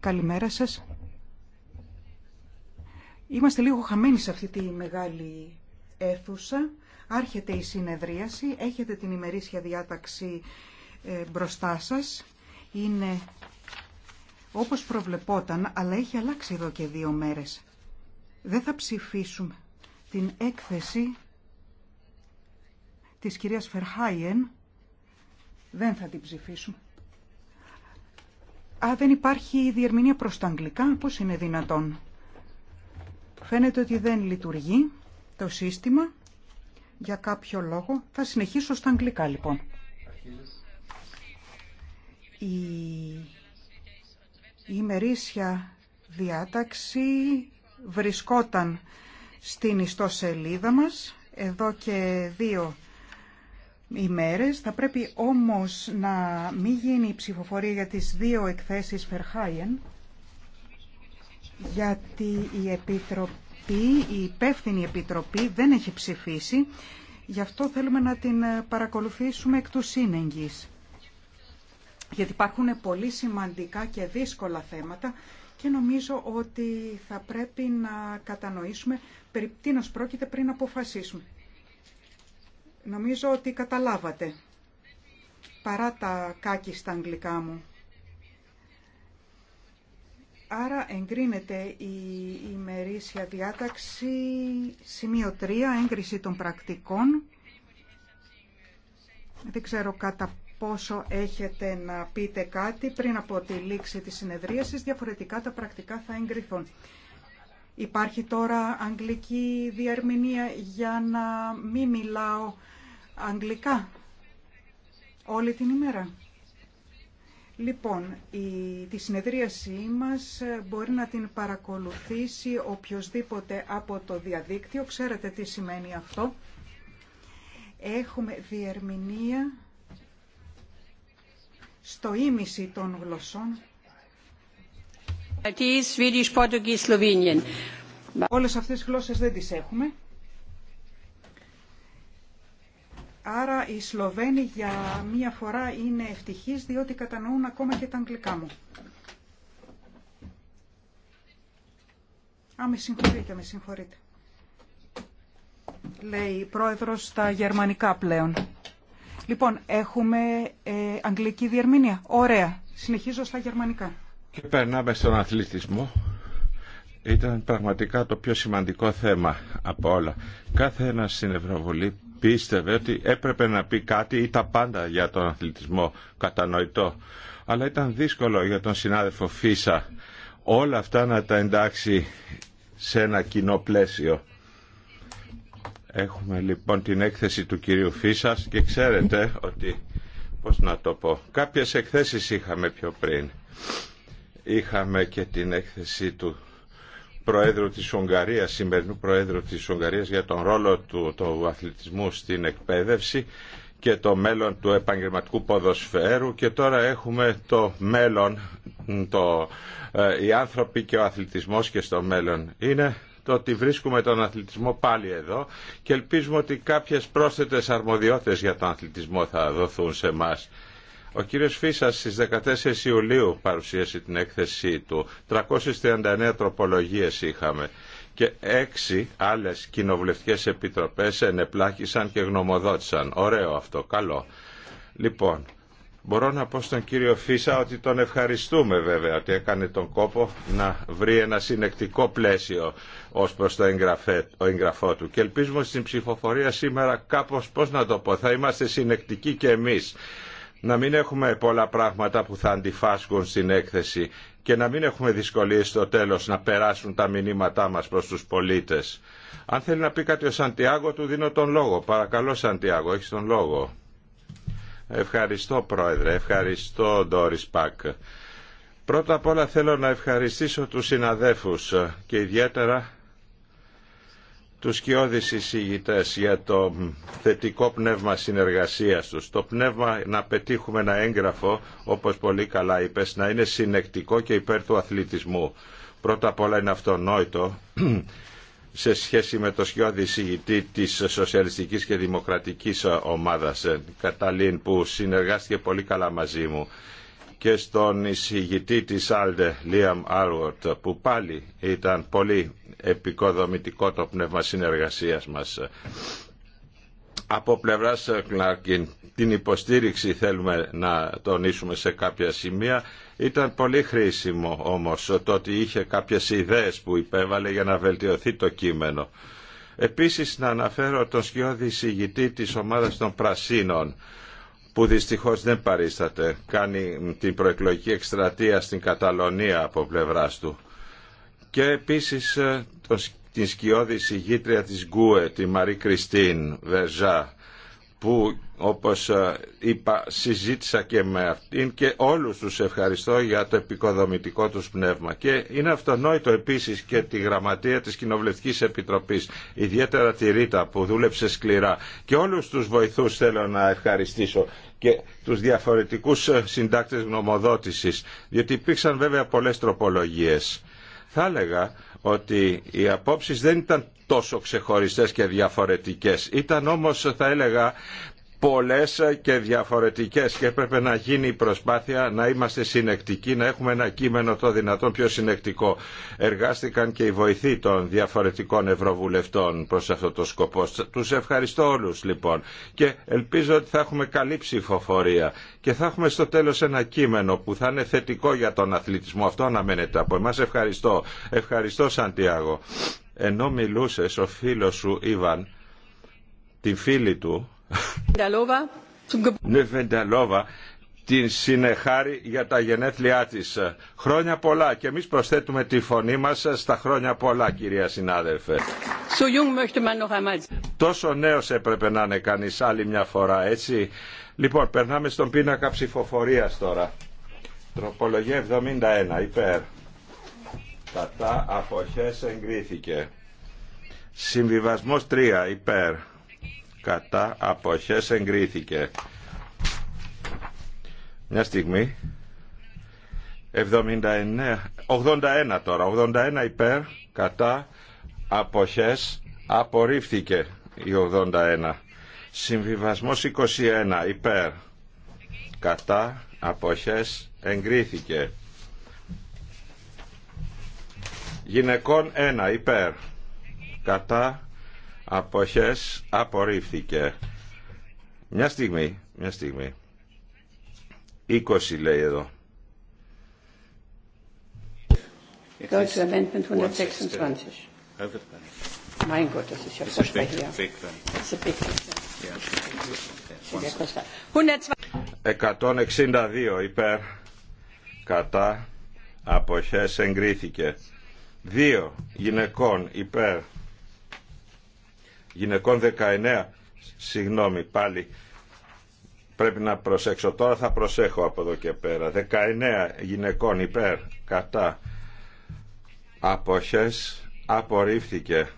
Καλημέρα σας. Είμαστε λίγο χαμένοι σε αυτή τη μεγάλη αίθουσα. Άρχεται η συνεδρίαση. Έχετε την ημερήσια διάταξη ε, μπροστά σας. Είναι όπως προβλεπόταν, αλλά έχει αλλάξει εδώ και δύο μέρες. Δεν θα ψηφίσουμε την έκθεση της κυρίας Φερχάιεν δεν θα την ψηφίσουν. Α, δεν υπάρχει διερμηνία προς τα αγγλικά. Πώς είναι δυνατόν. Φαίνεται ότι δεν λειτουργεί το σύστημα για κάποιο λόγο. Θα συνεχίσω στα αγγλικά λοιπόν. Η, η ημερήσια διάταξη βρισκόταν στην ιστοσελίδα μας εδώ και δύο ημέρες. Θα πρέπει όμως να μην γίνει η ψηφοφορία για τις δύο εκθέσεις Φερχάιεν, γιατί η Επιτροπή, η υπεύθυνη Επιτροπή δεν έχει ψηφίσει, γι' αυτό θέλουμε να την παρακολουθήσουμε εκ του Γιατί υπάρχουν πολύ σημαντικά και δύσκολα θέματα και νομίζω ότι θα πρέπει να κατανοήσουμε περί τίνος πρόκειται πριν αποφασίσουμε. Νομίζω ότι καταλάβατε, παρά τα κάκη στα αγγλικά μου. Άρα εγκρίνεται η ημερήσια διάταξη, σημείο 3, έγκριση των πρακτικών. Δεν ξέρω κατά πόσο έχετε να πείτε κάτι πριν από τη λήξη της συνεδρίασης, διαφορετικά τα πρακτικά θα εγκριθούν. Υπάρχει τώρα αγγλική διερμηνία για να μην μιλάω αγγλικά όλη την ημέρα. Λοιπόν, η, τη συνεδρίασή μας ε, μπορεί να την παρακολουθήσει οποιοδήποτε από το διαδίκτυο. Ξέρετε τι σημαίνει αυτό. Έχουμε διερμηνία στο ίμιση των γλωσσών Όλες αυτές τις γλώσσες δεν τις έχουμε. Άρα οι Σλοβαίνοι για μία φορά είναι ευτυχείς διότι κατανοούν ακόμα και τα αγγλικά μου. Α, με συγχωρείτε, με συγχωρείτε. Λέει η πρόεδρος στα γερμανικά πλέον. Λοιπόν, έχουμε ε, αγγλική διερμηνία. Ωραία. Συνεχίζω στα γερμανικά. Και περνάμε στον αθλητισμό. Ήταν πραγματικά το πιο σημαντικό θέμα από όλα. Κάθε ένα στην Ευρωβουλή πίστευε ότι έπρεπε να πει κάτι ή τα πάντα για τον αθλητισμό. Κατανοητό. Αλλά ήταν δύσκολο για τον συνάδελφο Φίσα όλα αυτά να τα εντάξει σε ένα κοινό πλαίσιο. Έχουμε λοιπόν την έκθεση του κυρίου Φίσας και ξέρετε ότι, πώς να το πω, κάποιες εκθέσεις είχαμε πιο πριν είχαμε και την έκθεση του Προέδρου της Ουγγαρίας, σημερινού Προέδρου της Ουγγαρίας για τον ρόλο του, του αθλητισμού στην εκπαίδευση και το μέλλον του επαγγελματικού ποδοσφαίρου και τώρα έχουμε το μέλλον, το, ε, οι άνθρωποι και ο αθλητισμός και στο μέλλον. Είναι το ότι βρίσκουμε τον αθλητισμό πάλι εδώ και ελπίζουμε ότι κάποιες πρόσθετες αρμοδιότητες για τον αθλητισμό θα δοθούν σε μας ο κύριος Φίσας στις 14 Ιουλίου παρουσίασε την έκθεσή του. 339 τροπολογίες είχαμε και έξι άλλες κοινοβουλευτικές επιτροπές ενεπλάκησαν και γνωμοδότησαν. Ωραίο αυτό, καλό. Λοιπόν, μπορώ να πω στον κύριο Φίσα ότι τον ευχαριστούμε βέβαια ότι έκανε τον κόπο να βρει ένα συνεκτικό πλαίσιο ως προς το εγγραφό του και ελπίζουμε στην ψηφοφορία σήμερα κάπως, πώς να το πω, θα είμαστε συνεκτικοί και εμείς να μην έχουμε πολλά πράγματα που θα αντιφάσκουν στην έκθεση και να μην έχουμε δυσκολίες στο τέλος να περάσουν τα μηνύματά μας προς τους πολίτες. Αν θέλει να πει κάτι ο Σαντιάγο, του δίνω τον λόγο. Παρακαλώ Σαντιάγο, έχεις τον λόγο. Ευχαριστώ Πρόεδρε, ευχαριστώ Ντόρις Πακ. Πρώτα απ' όλα θέλω να ευχαριστήσω τους συναδέφους και ιδιαίτερα τους σκιώδεις εισηγητές για το θετικό πνεύμα συνεργασίας τους. Το πνεύμα να πετύχουμε ένα έγγραφο, όπως πολύ καλά είπες, να είναι συνεκτικό και υπέρ του αθλητισμού. Πρώτα απ' όλα είναι αυτονόητο σε σχέση με το σκιώδη εισηγητή της Σοσιαλιστικής και Δημοκρατικής Ομάδας, ε, Καταλήν, που συνεργάστηκε πολύ καλά μαζί μου και στον εισηγητή της Άλτε, Λίαμ Άλουορτ, που πάλι ήταν πολύ επικοδομητικό το πνεύμα συνεργασίας μας. Από πλευράς ε, Κλάρκιν, την υποστήριξη θέλουμε να τονίσουμε σε κάποια σημεία. Ήταν πολύ χρήσιμο όμως το ότι είχε κάποιες ιδέες που υπέβαλε για να βελτιωθεί το κείμενο. Επίσης να αναφέρω τον σκιώδη εισηγητή της ομάδας των Πρασίνων που δυστυχώς δεν παρίσταται. Κάνει την προεκλογική εκστρατεία στην Καταλωνία από πλευρά του. Και επίσης ε, την σκιώδη συγγήτρια της Γκουε, τη Μαρή Κριστίν Βερζά, που όπως ε, είπα συζήτησα και με αυτήν και όλους τους ευχαριστώ για το επικοδομητικό τους πνεύμα και είναι αυτονόητο επίσης και τη γραμματεία της Κοινοβουλευτικής Επιτροπή, ιδιαίτερα τη Ρίτα που δούλεψε σκληρά και όλου του βοηθού θέλω να ευχαριστήσω και τους διαφορετικούς ε, συντάκτες γνωμοδότησης, διότι υπήρξαν βέβαια πολλές τροπολογίες. Θα έλεγα ότι οι απόψεις δεν ήταν τόσο ξεχωριστές και διαφορετικές. Ήταν όμως, θα έλεγα, πολλές και διαφορετικές και έπρεπε να γίνει η προσπάθεια να είμαστε συνεκτικοί, να έχουμε ένα κείμενο το δυνατόν πιο συνεκτικό. Εργάστηκαν και οι βοηθοί των διαφορετικών ευρωβουλευτών προς αυτό το σκοπό. Τους ευχαριστώ όλους λοιπόν και ελπίζω ότι θα έχουμε καλή ψηφοφορία και θα έχουμε στο τέλος ένα κείμενο που θα είναι θετικό για τον αθλητισμό. Αυτό αναμένεται από εμάς. Ευχαριστώ. Ευχαριστώ Σαντιάγο. Ενώ μιλούσε ο φίλος σου Ιβαν, την φίλη του, Νεφενταλόβα την συνεχάρη για τα γενέθλιά της. Χρόνια πολλά και εμείς προσθέτουμε τη φωνή μας στα χρόνια πολλά κυρία συνάδελφε. Τόσο νέος έπρεπε να είναι κανείς άλλη μια φορά έτσι. Λοιπόν περνάμε στον πίνακα ψηφοφορίας τώρα. Τροπολογία 71 υπέρ. Κατά αποχές εγκρίθηκε. Συμβιβασμός 3 υπέρ κατά αποχές εγκρίθηκε. Μια στιγμή. 79, 81 τώρα. 81 υπέρ, κατά, αποχές, απορρίφθηκε η 81. Συμβιβασμός 21 υπέρ, κατά, αποχές, εγκρίθηκε. Γυναικών 1 υπέρ, κατά, Αποχές απορρίφθηκε. Μια στιγμή, μια στιγμή. 20 λέει εδώ. Deutsche Amendment 126. Mein Gott, das ist ja furchtbar hier. Das ist big 162 υπέρ κατά αποχές εγκρίθηκε. 2 γυναικών υπέρ γυναικών 19. Συγγνώμη πάλι. Πρέπει να προσέξω. Τώρα θα προσέχω από εδώ και πέρα. 19 γυναικών υπέρ, κατά, αποχές, απορρίφθηκε.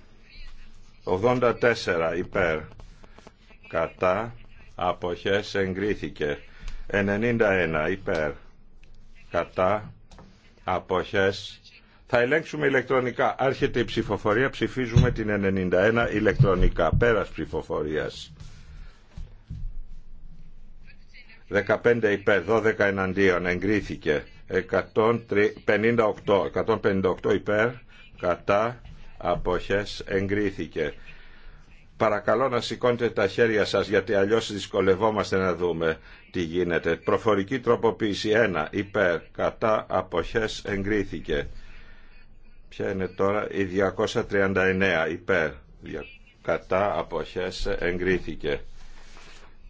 84 υπέρ, κατά, αποχές, εγκρίθηκε. 91 υπέρ, κατά, αποχές, θα ελέγξουμε ηλεκτρονικά. Άρχεται η ψηφοφορία. Ψηφίζουμε την 91 ηλεκτρονικά. Πέρας ψηφοφορίας. 15 υπέρ, 12 εναντίον. Εγκρίθηκε. 158, 158 υπέρ, κατά, αποχές, εγκρίθηκε. Παρακαλώ να σηκώνετε τα χέρια σας γιατί αλλιώς δυσκολευόμαστε να δούμε τι γίνεται. Προφορική τροποποίηση 1. Υπέρ, κατά, αποχές, εγκρίθηκε. Ποια είναι τώρα η 239 υπέρ. Κατά αποχές εγκρίθηκε.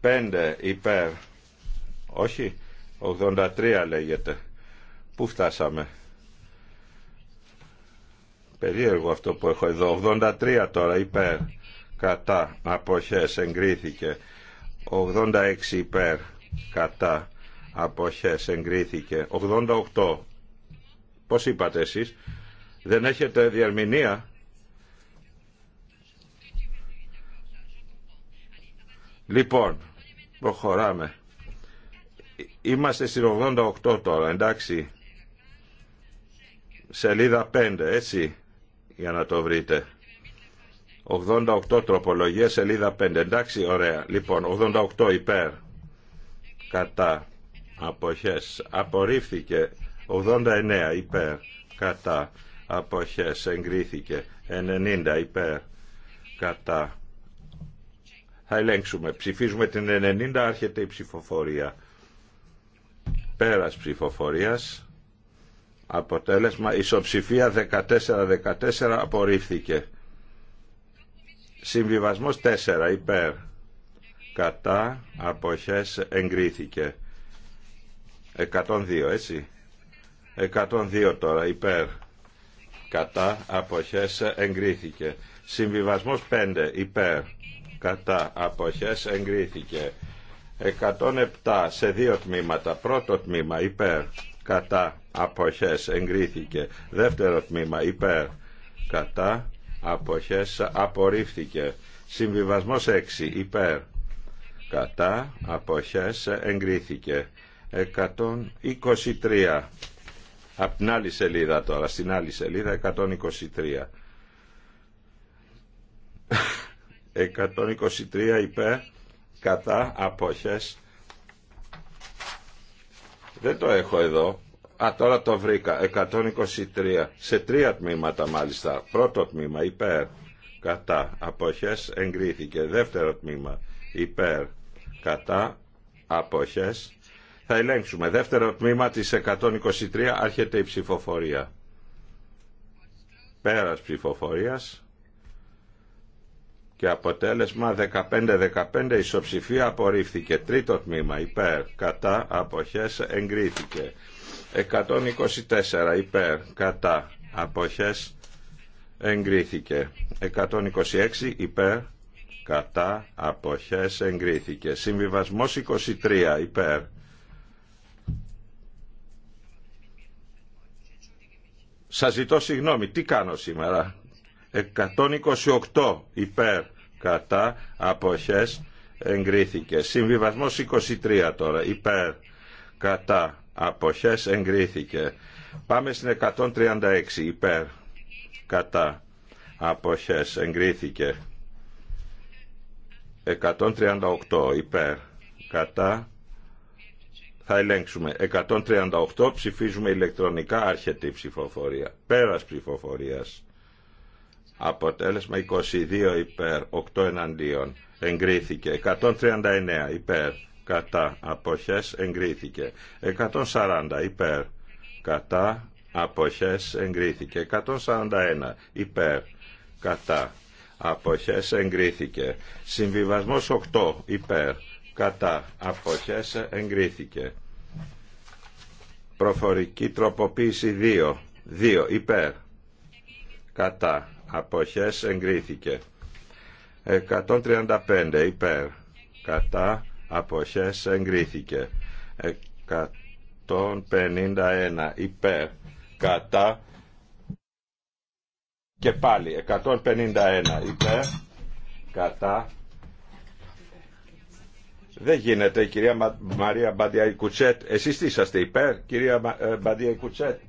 5 υπέρ. Όχι. 83 λέγεται. Πού φτάσαμε. Περίεργο αυτό που έχω εδώ. 83 τώρα υπέρ. Κατά αποχές εγκρίθηκε. 86 υπέρ. Κατά αποχές εγκρίθηκε. 88. Πώς είπατε εσείς. Δεν έχετε διερμηνία. Λοιπόν, προχωράμε. Είμαστε στην 88 τώρα, εντάξει. Σελίδα 5, έτσι, για να το βρείτε. 88 τροπολογία, σελίδα 5, εντάξει, ωραία. Λοιπόν, 88 υπέρ, κατά, αποχές, απορρίφθηκε. 89 υπέρ, κατά, αποχές εγκρίθηκε 90 υπέρ κατά θα ελέγξουμε ψηφίζουμε την 90 άρχεται η ψηφοφορία πέρας ψηφοφορίας αποτέλεσμα ισοψηφία 14-14 απορρίφθηκε συμβιβασμός 4 υπέρ κατά αποχές εγκρίθηκε 102 έτσι 102 τώρα υπέρ κατά αποχές εγκρίθηκε. Συμβιβασμός 5 υπέρ κατά αποχές εγκρίθηκε. 107 σε δύο τμήματα. Πρώτο τμήμα υπέρ κατά αποχές εγκρίθηκε. Δεύτερο τμήμα υπέρ κατά αποχές απορρίφθηκε. Συμβιβασμός 6 υπέρ κατά αποχές εγκρίθηκε. 123 από την άλλη σελίδα τώρα, στην άλλη σελίδα 123. 123 υπέρ, κατά, απόχες. Δεν το έχω εδώ. Α, τώρα το βρήκα. 123. Σε τρία τμήματα μάλιστα. Πρώτο τμήμα υπέρ, κατά, απόχες, εγκρίθηκε. Δεύτερο τμήμα υπέρ, κατά, απόχες, θα ελέγξουμε. Δεύτερο τμήμα της 123 άρχεται η ψηφοφορία. Πέρας ψηφοφορίας και αποτέλεσμα 15-15 ισοψηφία απορρίφθηκε. Τρίτο τμήμα υπέρ, κατά, αποχές εγκρίθηκε. 124 υπέρ, κατά, αποχές εγκρίθηκε. 126 υπέρ, κατά, αποχές εγκρίθηκε. Συμβιβασμός 23 υπέρ, Σας ζητώ συγγνώμη, τι κάνω σήμερα. 128 υπέρ κατά αποχές εγκρίθηκε. Συμβιβασμός 23 τώρα υπέρ κατά αποχές εγκρίθηκε. Πάμε στην 136 υπέρ κατά αποχές εγκρίθηκε. 138 υπέρ κατά θα ελέγξουμε. 138 ψηφίζουμε ηλεκτρονικά άρχεται ψηφοφορία. Πέρας ψηφοφορίας. Αποτέλεσμα 22 υπέρ, 8 εναντίον. Εγκρίθηκε. 139 υπέρ, κατά αποχές εγκρίθηκε. 140 υπέρ, κατά αποχές εγκρίθηκε. 141 υπέρ, κατά αποχές εγκρίθηκε. Συμβιβασμός 8 υπέρ, κατά αποχές εγκρίθηκε προφορική τροποποίηση 2 2 υπέρ κατά αποχές εγκρίθηκε 135 υπέρ κατά αποχές εγκρίθηκε 151 υπέρ κατά και πάλι 151 υπέρ κατά δεν γίνεται, κυρία Μαρία Μπαντιά Κουτσέτ. Εσείς τι είσαστε υπέρ, κυρία Μα... Ε, Μπαντιά Κουτσέτ.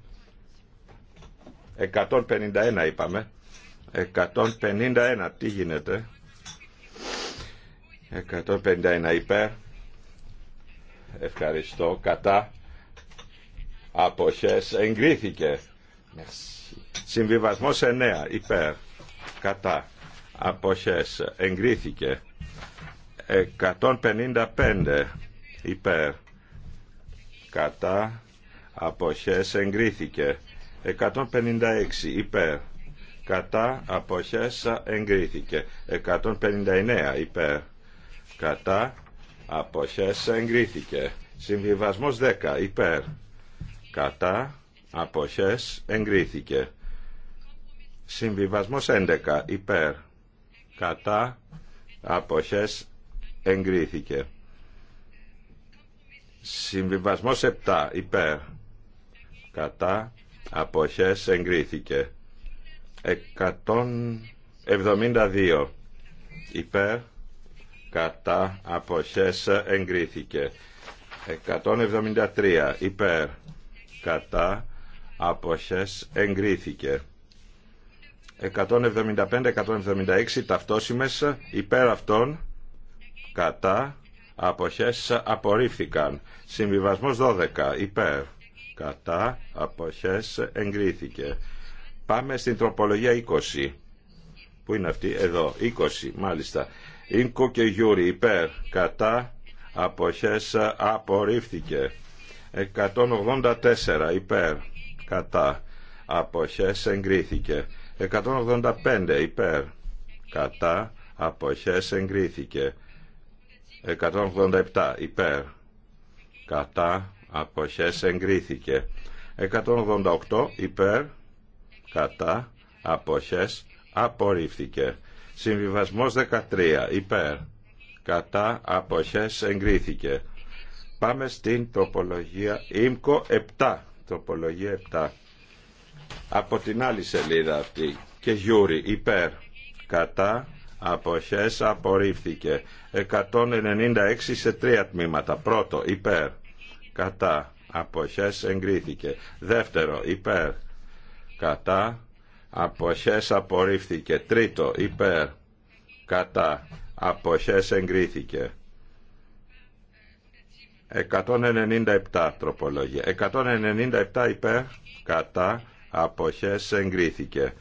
151 είπαμε. 151, τι γίνεται. 151 υπέρ. Ευχαριστώ. Κατά. Αποχές. Εγκρίθηκε. Συμβιβασμός 9 υπέρ. Κατά. Αποχές. Εγκρίθηκε. 155 υπέρ κατά αποχές εγκρίθηκε 156 υπέρ κατά αποχές εγκρίθηκε 159 υπέρ κατά αποχές εγκρίθηκε συμβιβασμός 10 υπέρ κατά αποχές εγκρίθηκε συμβιβασμός 11 υπέρ κατά αποχές εγκρίθηκε. Συμβιβασμός 7 υπέρ κατά αποχές εγκρίθηκε. 172 υπέρ κατά αποχές εγκρίθηκε. 173 υπέρ κατά αποχές εγκρίθηκε. 175-176 ταυτόσημες υπέρ αυτών κατά, αποχές απορρίφθηκαν. Συμβιβασμός 12 υπέρ, κατά, αποχές εγκρίθηκε. Πάμε στην τροπολογία 20. Πού είναι αυτή, εδώ, 20 μάλιστα. Ίνκο και Γιούρι υπέρ, κατά, αποχές απορρίφθηκε. 184 υπέρ, κατά, αποχές εγκρίθηκε. 185 υπέρ, κατά, αποχές εγκρίθηκε. 187 υπέρ κατά αποχές εγκρίθηκε 188 υπέρ κατά αποχές απορρίφθηκε συμβιβασμός 13 υπέρ κατά αποχές εγκρίθηκε πάμε στην τοπολογία ΙΜΚΟ 7 τοπολογία 7 από την άλλη σελίδα αυτή και Γιούρι υπέρ κατά αποχές απορρίφθηκε 196 σε τρία τμήματα πρώτο υπέρ κατά αποχές εγκρίθηκε δεύτερο υπέρ κατά αποχές απορρίφθηκε τρίτο υπέρ κατά αποχές εγκρίθηκε 197 τροπολογία 197 υπέρ κατά αποχές εγκρίθηκε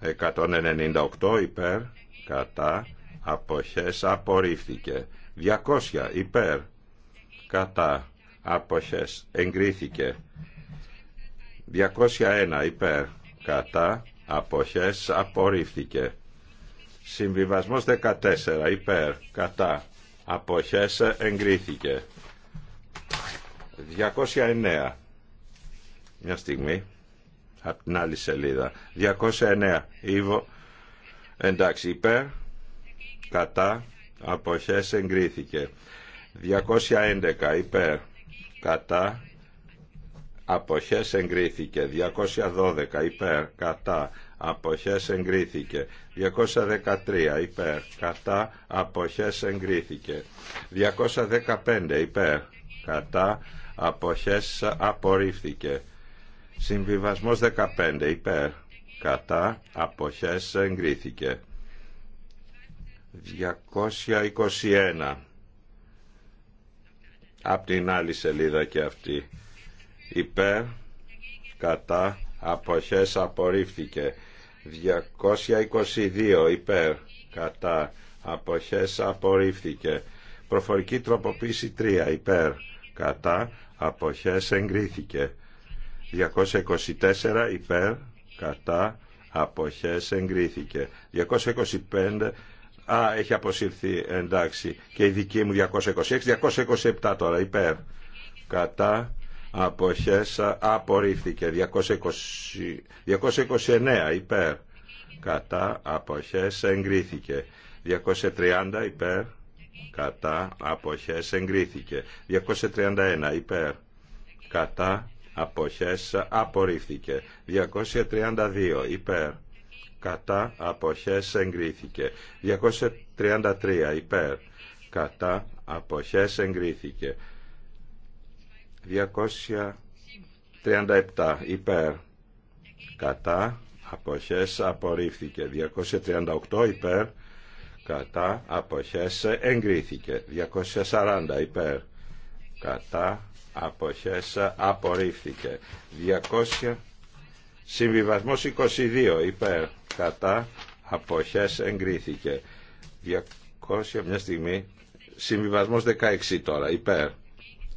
198 υπέρ κατά αποχές απορρίφθηκε 200 υπέρ κατά αποχές εγκρίθηκε 201 υπέρ κατά αποχές απορρίφθηκε συμβιβασμός 14 υπέρ κατά αποχές εγκρίθηκε 209 μια στιγμή από την άλλη σελίδα. 209. Ήβο. Εντάξει, υπέρ. Κατά. Αποχές εγκρίθηκε. 211. Υπέρ. Κατά. Αποχές εγκρίθηκε. 212. Υπέρ. Κατά. Αποχές εγκρίθηκε. 213 υπέρ. Κατά αποχές εγκρίθηκε. 215 υπέρ. Κατά αποχές απορρίφθηκε. Συμβιβασμός 15 υπέρ κατά αποχές εγκρίθηκε. 221 Απ' την άλλη σελίδα και αυτή υπέρ κατά αποχές απορρίφθηκε 222 υπέρ κατά αποχές απορρίφθηκε προφορική τροποποίηση 3 υπέρ κατά αποχές εγκρίθηκε 224 υπέρ κατά αποχές εγκρίθηκε. 225 Α, έχει αποσύρθει, εντάξει. Και η δική μου 226, 227 τώρα, υπέρ. Κατά, αποχές, απορρίφθηκε. 229, υπέρ. Κατά, αποχές, εγκρίθηκε. 230, υπέρ. Κατά, αποχές, εγκρίθηκε. 231, υπέρ. Κατά, αποχές απορρίφθηκε. 232 υπέρ κατά αποχές εγκρίθηκε. 233 υπέρ κατά αποχές εγκρίθηκε. 237 υπέρ κατά αποχές απορρίφθηκε. 238 υπέρ κατά αποχές εγκρίθηκε. 240 υπέρ κατά αποχές απορρίφθηκε 200 συμβιβασμός 22 υπέρ κατά αποχές εγκρίθηκε 200 μια στιγμή συμβιβασμός 16 τώρα υπέρ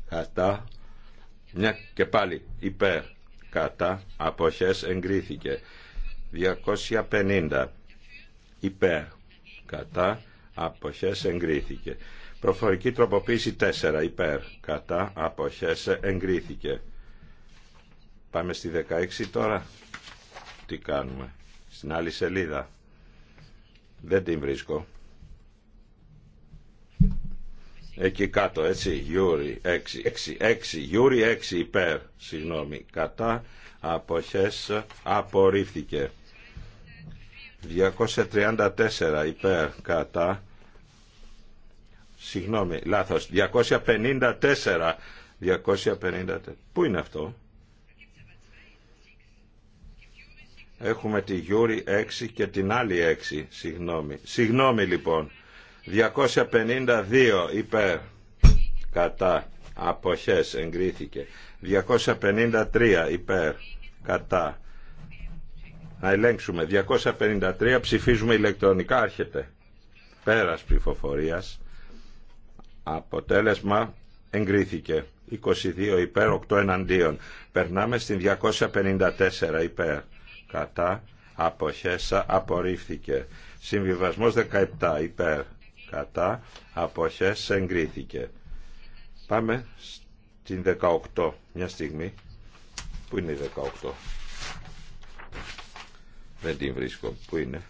κατά μια και πάλι υπέρ κατά αποχές εγκρίθηκε 250 υπέρ κατά αποχές εγκρίθηκε Προφορική τροποποίηση 4 υπέρ κατά αποχές εγκρίθηκε. Πάμε στη 16 τώρα. Τι κάνουμε. Στην άλλη σελίδα. Δεν την βρίσκω. Εκεί κάτω, έτσι, Γιούρι 6, 6, 6, 6 υπέρ, συγγνώμη, κατά αποχές απορρίφθηκε. 234 υπέρ, κατά Συγγνώμη, λάθος. 254. 254. Πού είναι αυτό? Έχουμε τη Γιούρι 6 και την άλλη 6. Συγγνώμη. Συγγνώμη λοιπόν. 252 υπέρ. Κατά. Αποχές εγκρίθηκε. 253 υπέρ. Κατά. Να ελέγξουμε. 253 ψηφίζουμε ηλεκτρονικά. Άρχεται. Πέρας ψηφοφορίας. Αποτέλεσμα εγκρίθηκε. 22 υπέρ, 8 εναντίον. Περνάμε στην 254 υπέρ. Κατά αποχέσα απορρίφθηκε. Συμβιβασμός 17 υπέρ. Κατά αποχέσα εγκρίθηκε. Πάμε στην 18 μια στιγμή. Πού είναι η 18? Δεν την βρίσκω. Πού είναι.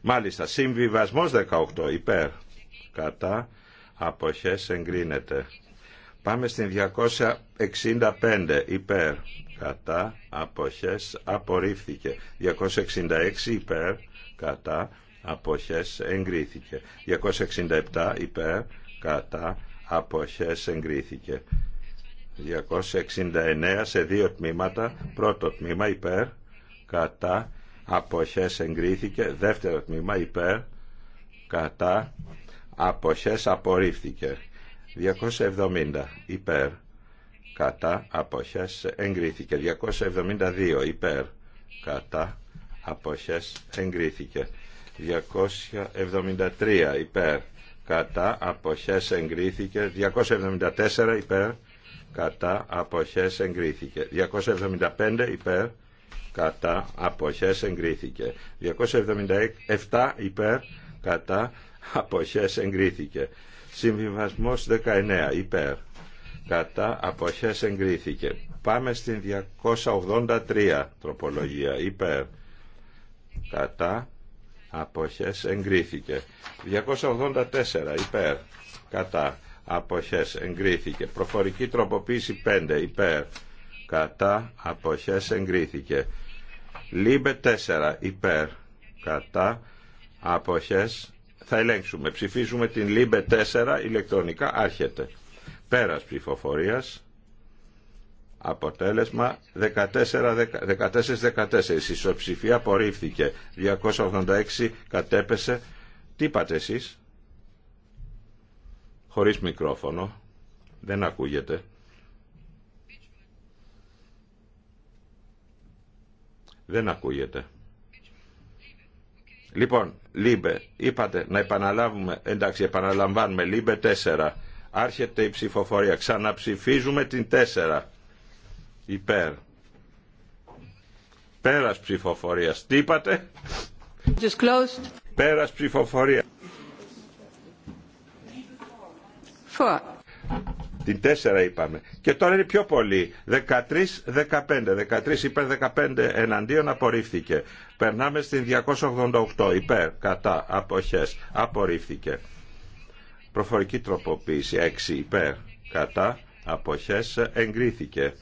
Μάλιστα, συμβιβασμός 18 υπέρ. Κατά αποχές εγκρίνεται. Πάμε στην 265 υπέρ κατά αποχές απορρίφθηκε. 266 υπέρ κατά αποχές εγκρίθηκε. 267 υπέρ κατά αποχές εγκρίθηκε. 269 σε δύο τμήματα. Πρώτο τμήμα υπέρ κατά αποχές εγκρίθηκε. Δεύτερο τμήμα υπέρ κατά αποχές απορρίφθηκε 270 υπέρ κατά αποχές εγκρίθηκε 272 υπέρ κατά αποχές εγκρίθηκε 273 υπέρ κατά αποχές εγκρίθηκε 274 υπέρ κατά αποχές εγκρίθηκε 275 υπέρ κατά αποχές εγκρίθηκε 277 υπέρ κατά αποχές εγκρίθηκε. Συμβιβασμός 19 υπέρ κατά αποχές εγκρίθηκε. Πάμε στην 283 τροπολογία υπέρ κατά αποχές εγκρίθηκε. 284 υπέρ κατά αποχές εγκρίθηκε. Προφορική τροποποίηση 5 υπέρ κατά αποχές εγκρίθηκε. Λίμπε 4 υπέρ κατά αποχές θα ελέγξουμε. Ψηφίζουμε την ΛΥΜΠΕ 4 ηλεκτρονικά. Άρχεται. Πέρας ψηφοφορίας. Αποτέλεσμα 14-14. Η ισοψηφία απορρίφθηκε. 286 κατέπεσε. Τι είπατε εσείς. Χωρίς μικρόφωνο. Δεν ακούγεται. Δεν ακούγεται. Λοιπόν, Λίμπε, είπατε να επαναλάβουμε, εντάξει επαναλαμβάνουμε, Λίμπε 4. Άρχεται η ψηφοφορία. Ξαναψηφίζουμε την 4. Υπέρ. Πέρας ψηφοφορίας. Τι είπατε? Πέρας ψηφοφορία. Four. Την 4 είπαμε. Και τώρα είναι πιο πολύ. 13-15. 13 υπέρ 15 εναντίον απορρίφθηκε. Περνάμε στην 288 υπέρ κατά αποχές. Απορρίφθηκε. Προφορική τροποποίηση 6 υπέρ κατά αποχές εγκρίθηκε.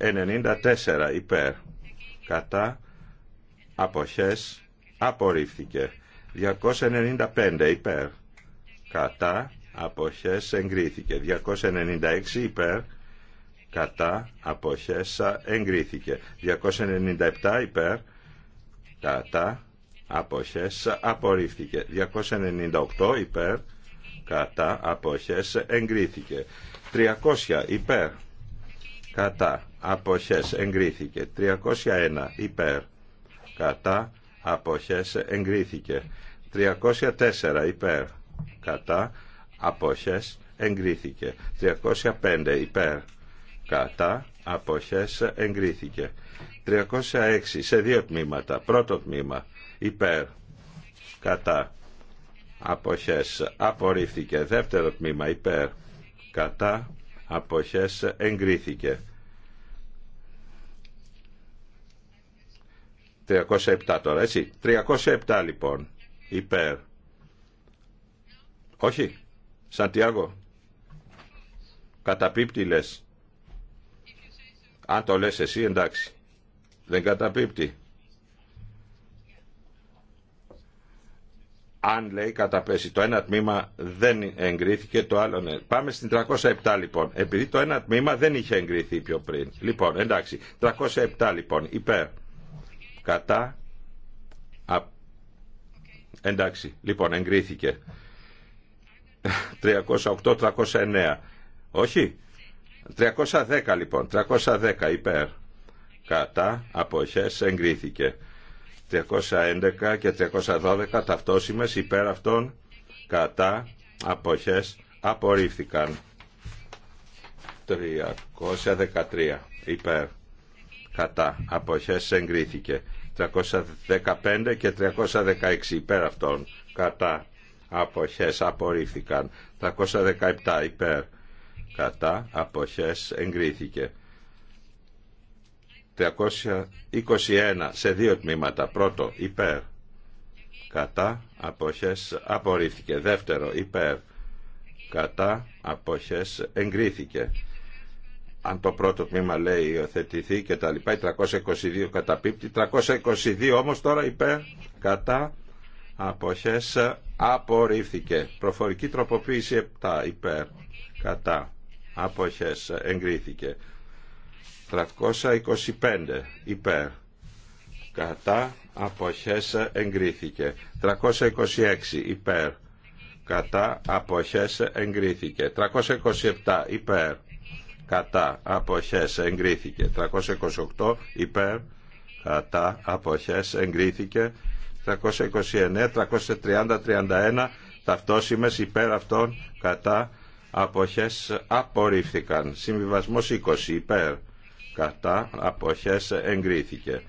294 υπέρ κατά αποχές απορρίφθηκε. 295 υπέρ κατά αποχές εγκρίθηκε 296 υπέρ κατά αποχές εγκρίθηκε 297 υπέρ κατά αποχές απορρίφθηκε 298 υπέρ κατά αποχές εγκρίθηκε 300 υπέρ κατά αποχές εγκρίθηκε 301 υπέρ κατά αποχές εγκρίθηκε 304 υπέρ κατά αποχές εγκρίθηκε 305 υπέρ κατά αποχές εγκρίθηκε 306 σε δύο τμήματα πρώτο τμήμα υπέρ κατά αποχές απορρίφθηκε δεύτερο τμήμα υπέρ κατά αποχές εγκρίθηκε 307 τώρα έτσι 307 λοιπόν υπέρ όχι Σαντιάγο, καταπίπτει λες. Αν το λες εσύ εντάξει. Δεν καταπίπτει. Αν λέει καταπέσει το ένα τμήμα δεν εγκρίθηκε το άλλο ναι. Πάμε στην 307 λοιπόν. Επειδή το ένα τμήμα δεν είχε εγκριθεί πιο πριν. Λοιπόν εντάξει. 307 λοιπόν υπέρ. Κατά. Εντάξει. Λοιπόν εγκρίθηκε. 308-309. Όχι. 310 λοιπόν. 310 υπέρ. Κατά αποχές εγκρίθηκε. 311 και 312 ταυτόσημες υπέρ αυτών. Κατά αποχές απορρίφθηκαν. 313 υπέρ. Κατά αποχές εγκρίθηκε. 315 και 316 υπέρ αυτών. Κατά αποχές απορρίφθηκαν 317 υπέρ κατά αποχές εγκρίθηκε 321 σε δύο τμήματα πρώτο υπέρ κατά αποχές απορρίφθηκε δεύτερο υπέρ κατά αποχές εγκρίθηκε αν το πρώτο τμήμα λέει υιοθετηθεί και τα λοιπά 322 καταπίπτει 322 όμως τώρα υπέρ κατά αποχές απορρίφθηκε. Προφορική τροποποίηση 7 υπέρ κατά αποχές εγκρίθηκε. 325 υπέρ κατά αποχές εγκρίθηκε. 326 υπέρ κατά αποχές εγκρίθηκε. 327 υπέρ κατά αποχές εγκρίθηκε. 328 υπέρ κατά αποχές εγκρίθηκε. 329, 330, 31 ταυτόσημες υπέρ αυτών κατά αποχές απορρίφθηκαν. Συμβιβασμός 20 υπέρ κατά αποχές εγκρίθηκε.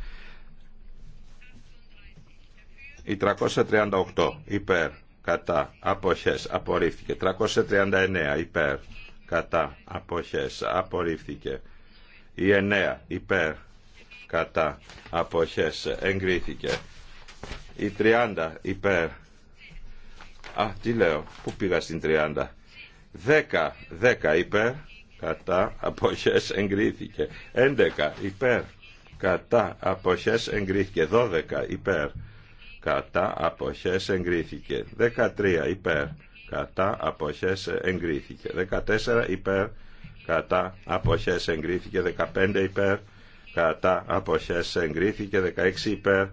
Η 338 υπέρ κατά αποχές απορρίφθηκε. 339 υπέρ κατά αποχές απορρίφθηκε. Η 9 υπέρ κατά αποχές εγκρίθηκε. Η 30 υπέρ. Α, τι λέω. Πού πήγα στην 30. 10, 10 υπέρ. Κατά αποχές εγκρίθηκε. 11 υπέρ. Κατά αποχές εγκρίθηκε. 12 υπέρ. Κατά αποχές εγκρίθηκε. 13 υπέρ. Κατά αποχές εγκρίθηκε. 14 υπέρ. Κατά αποχές εγκρίθηκε. 15 υπέρ. Κατά αποχές εγκρίθηκε. 16 υπέρ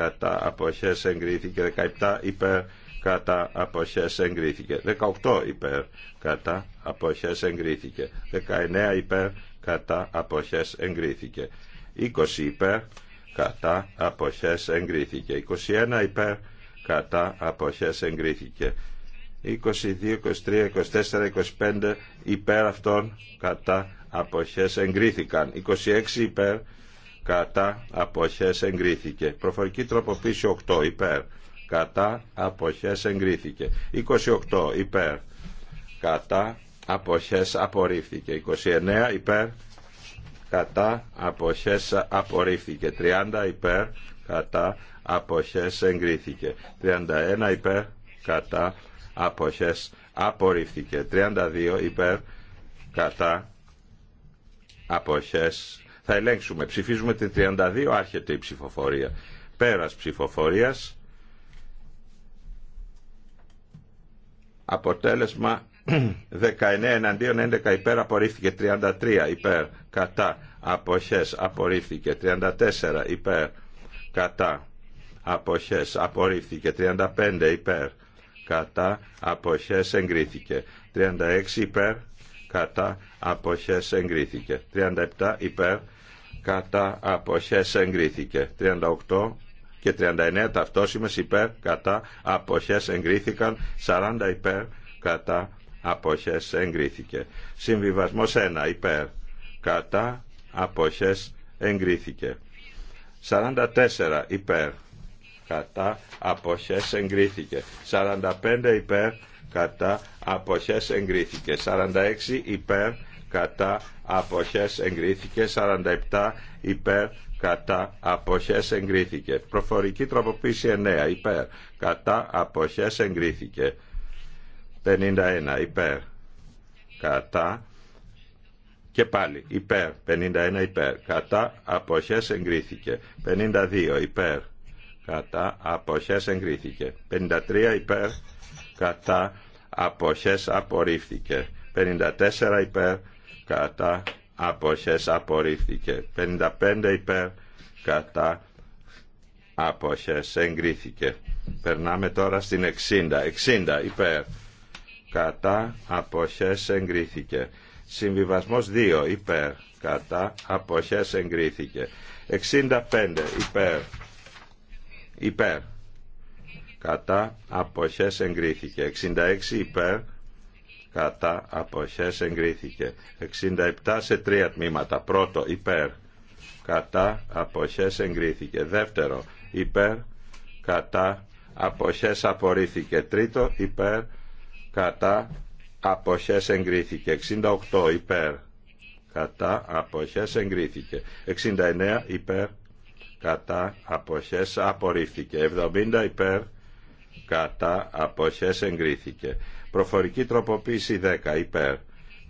κατά αποχές εγκρίθηκε 17 υπέρ κατά αποχές εγκρίθηκε 18 υπέρ κατά αποχές εγκρίθηκε 19 υπέρ κατά αποχές εγκρίθηκε 20 υπέρ κατά αποχές εγκρίθηκε 21 υπέρ κατά αποχές εγκρίθηκε 22, 23, 24, 25 υπέρ αυτών κατά αποχές εγκρίθηκαν 26 υπέρ κατά αποχές εγκρίθηκε. Προφορική τροποποίηση 8 υπέρ κατά αποχές εγκρίθηκε. 28 υπέρ κατά αποχές απορρίφθηκε. 29 υπέρ κατά αποχές απορρίφθηκε. 30 υπέρ κατά αποχές εγκρίθηκε. 31 υπέρ κατά αποχές απορρίφθηκε. 32 υπέρ κατά αποχές θα ελέγξουμε. Ψηφίζουμε την 32. Άρχεται η ψηφοφορία. Πέρας ψηφοφορίας. Αποτέλεσμα 19 εναντίον 11 υπέρ απορρίφθηκε 33 υπέρ κατά αποχές απορρίφθηκε 34 υπέρ κατά αποχές απορρίφθηκε 35 υπέρ κατά αποχές εγκρίθηκε 36 υπέρ κατά αποχές εγκρίθηκε. 37 υπέρ κατά αποχές εγκρίθηκε. 38 και 39 ταυτόσιμες υπέρ κατά αποχές εγκρίθηκαν. 40 υπέρ κατά αποχές εγκρίθηκε. Συμβιβασμός 1 υπέρ κατά αποχές εγκρίθηκε. 44 υπέρ κατά αποχές εγκρίθηκε. 45 υπέρ κατά αποχές εγκρίθηκε 46 υπέρ κατά αποχές εγκρίθηκε 47 υπέρ κατά αποχές εγκρίθηκε προφορική τροποποίηση 9 υπέρ κατά αποχές εγκρίθηκε 51 υπέρ κατά και πάλι υπέρ 51 υπέρ κατά αποχές εγκρίθηκε 52 υπέρ κατά αποχές εγκρίθηκε 53 υπέρ κατά αποχές απορρίφθηκε 54 υπέρ κατά αποχές απορρίφθηκε 55 υπέρ κατά αποχές εγκρίθηκε περνάμε τώρα στην 60 60 υπέρ κατά αποχές εγκρίθηκε συμβιβασμός 2 υπέρ κατά αποχές εγκρίθηκε 65 υπέρ υπέρ κατά αποχές εγκρίθηκε 66 υπέρ κατά αποχές εγκρίθηκε 67 σε τρία τμήματα πρώτο υπέρ κατά αποχές εγκρίθηκε δεύτερο υπέρ κατά αποχές απορρίφθηκε τρίτο υπέρ κατά αποχές εγκρίθηκε 68 υπέρ κατά αποχές εγκρίθηκε 69 υπέρ κατά αποχές απορρίφθηκε 70 υπέρ κατά αποχές εγκρίθηκε. Προφορική τροποποίηση 10 υπέρ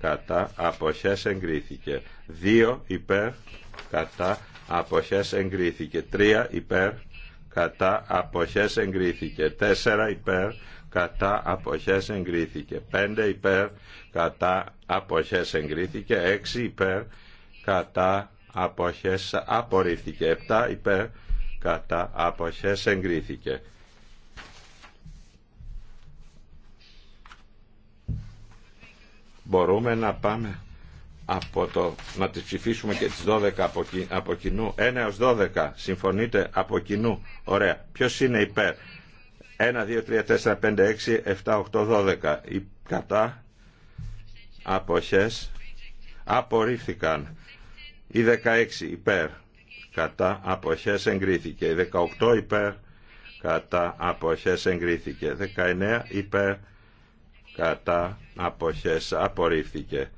κατά αποχές εγκρίθηκε. 2 υπέρ κατά αποχές εγκρίθηκε. 3 υπέρ κατά αποχές εγκρίθηκε. 4 υπέρ κατά αποχές εγκρίθηκε. 5 υπέρ κατά αποχές εγκρίθηκε. 6 υπέρ κατά αποχές απορρίφθηκε. 7 υπέρ κατά αποχές εγκρίθηκε. μπορούμε να πάμε από το, να τις ψηφίσουμε και τις 12 από, από κοινού 1 έως 12 συμφωνείτε από κοινού ωραία ποιος είναι υπέρ 1, 2, 3, 4, 5, 6, 7, 8, 12 κατά αποχές απορρίφθηκαν Οι 16 υπέρ κατά αποχές εγκρίθηκε Οι 18 υπέρ κατά αποχές εγκρίθηκε 19 υπέρ κατά αποχές απορρίφθηκε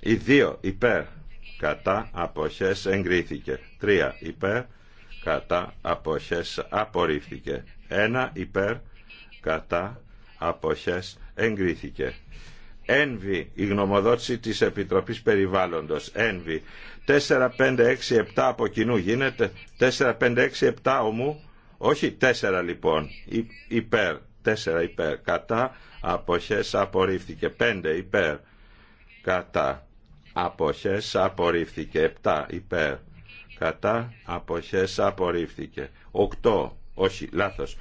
Οι 2 υπέρ κατά αποχές εγκρίθηκε Τρία υπέρ κατά αποχές απορρίφθηκε Ένα υπέρ κατά αποχές εγκρίθηκε Ένβη, η γνωμοδότηση της Επιτροπής Περιβάλλοντος. Ένβη. 4, 5, 6, 7 από κοινού γίνεται. 4, 5, 6, 7 ομού. Όχι 4 λοιπόν. Υπέρ. 4 υπέρ κατά αποχές απορρίφθηκε 5 υπέρ κατά αποχές απορρίφθηκε 7 υπέρ κατά αποχές απορρίφθηκε 8 όχι λάθος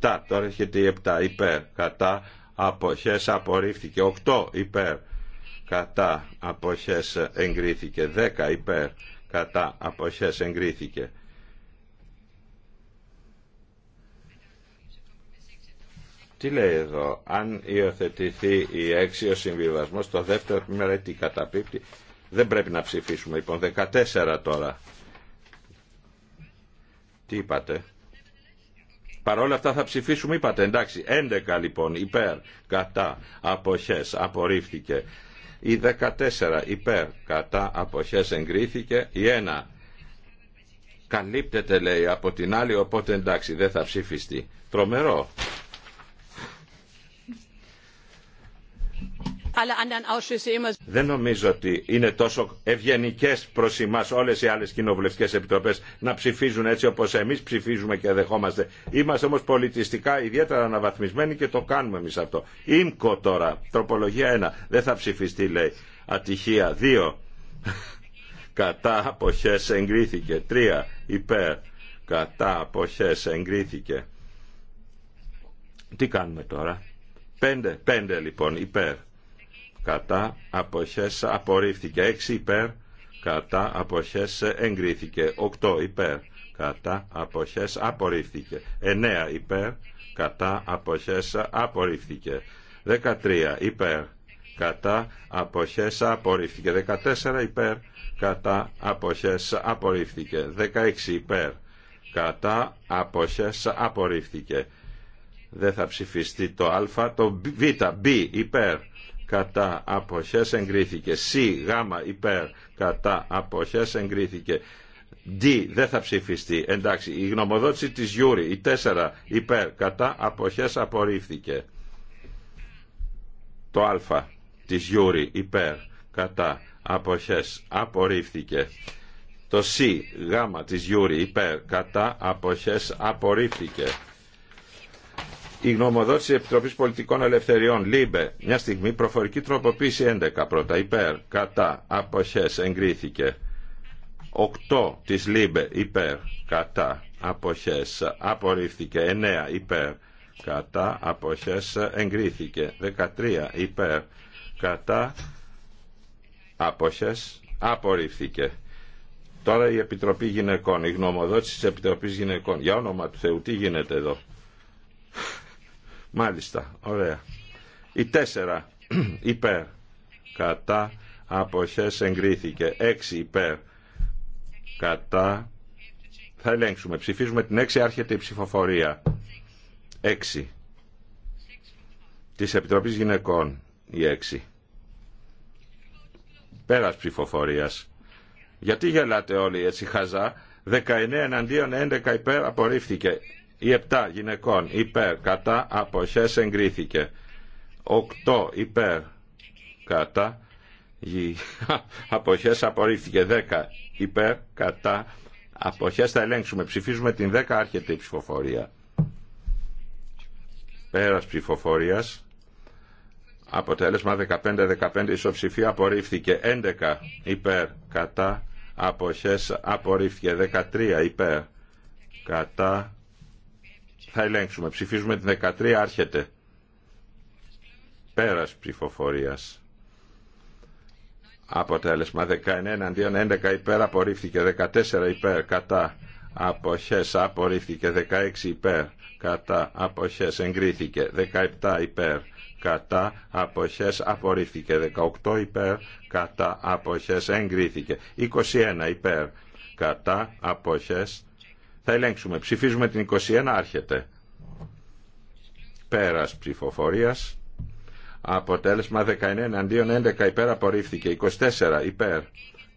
7 τώρα έχετε 7 υπέρ κατά αποχές απορρίφθηκε 8 υπέρ κατά αποχές εγκρίθηκε 10 υπέρ κατά αποχές εγκρίθηκε Τι λέει εδώ, αν υιοθετηθεί η έξι ο συμβιβασμό, το δεύτερο τμήμα τι καταπίπτει. Δεν πρέπει να ψηφίσουμε λοιπόν. 14 τώρα. Τι είπατε. Παρόλα αυτά θα ψηφίσουμε, είπατε, εντάξει, 11 λοιπόν, υπέρ, κατά, αποχές, απορρίφθηκε. Η 14 υπέρ, κατά, αποχές, εγκρίθηκε. Η 1 καλύπτεται λέει από την άλλη, οπότε εντάξει, δεν θα ψηφιστεί. Τρομερό. Δεν νομίζω ότι είναι τόσο ευγενικέ προ εμά όλε οι άλλε κοινοβουλευτικέ επιτροπέ να ψηφίζουν έτσι όπω εμεί ψηφίζουμε και δεχόμαστε. Είμαστε όμω πολιτιστικά ιδιαίτερα αναβαθμισμένοι και το κάνουμε εμεί αυτό. Ήμκο τώρα, τροπολογία 1. Δεν θα ψηφιστεί λέει. Ατυχία 2. Κατά αποχέ εγκρίθηκε. 3. Υπέρ. Κατά αποχέ εγκρίθηκε. Τι κάνουμε τώρα. Πέντε πέντε λοιπόν υπέρ κατά αποχές απορρίφθηκε 6 υπέρ κατά αποχές εγκρίθηκε 8 υπέρ κατά αποχές απορρίφθηκε 9 υπέρ κατά αποχές απορρίφθηκε 13 υπέρ κατά αποχές απορρίφθηκε 14 υπέρ κατά αποχές απορρίφθηκε 16 υπέρ κατά αποχές απορρίφθηκε δεν θα ψηφιστεί το α το β, β υπέρ κατά αποχές εγκρίθηκε. Σ Γ υπέρ, κατά αποχές εγκρίθηκε. D δεν θα ψηφιστεί. Εντάξει, η γνωμοδότηση της Γιούρη, η 4 υπέρ, κατά αποχές απορρίφθηκε. Το α της Γιούρη υπέρ, κατά αποχές απορρίφθηκε. Το C Γ της Γιούρη υπέρ, κατά αποχές απορρίφθηκε. Η γνωμοδότηση τη Επιτροπή Πολιτικών Ελευθεριών, ΛΥΜΠΕ, μια στιγμή, προφορική τροποποίηση 11 πρώτα, υπέρ, κατά, αποχέ, εγκρίθηκε. 8 της ΛΥΜΠΕ, υπέρ, κατά, αποχέ, απορρίφθηκε. 9 υπέρ, κατά, αποχέ, εγκρίθηκε. 13 υπέρ, κατά, αποχέ, απορρίφθηκε. Τώρα η Επιτροπή Γυναικών, η γνωμοδότηση τη Επιτροπή Γυναικών. Για όνομα του Θεού, τι γίνεται εδώ. Μάλιστα, ωραία. Η 4 υπέρ κατά αποχές εγκρίθηκε. 6 υπέρ κατά θα ελέγξουμε. Ψηφίζουμε την 6 άρχεται η ψηφοφορία. 6 της Επιτροπής Γυναικών η 6 πέρας ψηφοφορίας γιατί γελάτε όλοι έτσι χαζά 19 εναντίον 11 υπέρ απορρίφθηκε η 7 γυναικών υπέρ κατά αποχές εγκρίθηκε. 8 υπέρ κατά αποχές απορρίφθηκε. 10 υπέρ κατά αποχές θα ελέγξουμε. Ψηφίζουμε την 10 άρχεται η ψηφοφορία. Πέρας ψηφοφορίας. Αποτέλεσμα 15-15 ισοψηφία απορρίφθηκε. 11 υπέρ κατά αποχές απορρίφθηκε. 13 υπέρ κατά θα ελέγξουμε. Ψηφίζουμε την 13. Άρχεται. Πέρας ψηφοφορίας. Αποτέλεσμα 19 αντίον 11 υπέρ απορρίφθηκε. 14 υπέρ κατά αποχές απορρίφθηκε. 16 υπέρ κατά αποχές εγκρίθηκε. 17 υπέρ κατά αποχές απορρίφθηκε 18 υπέρ κατά αποχές εγκρίθηκε 21 υπέρ κατά αποχές θα ελέγξουμε. Ψηφίζουμε την 21. Άρχεται. Πέρας ψηφοφορίας. Αποτέλεσμα 19 αντίον 11 υπέρ απορρίφθηκε. 24 υπέρ.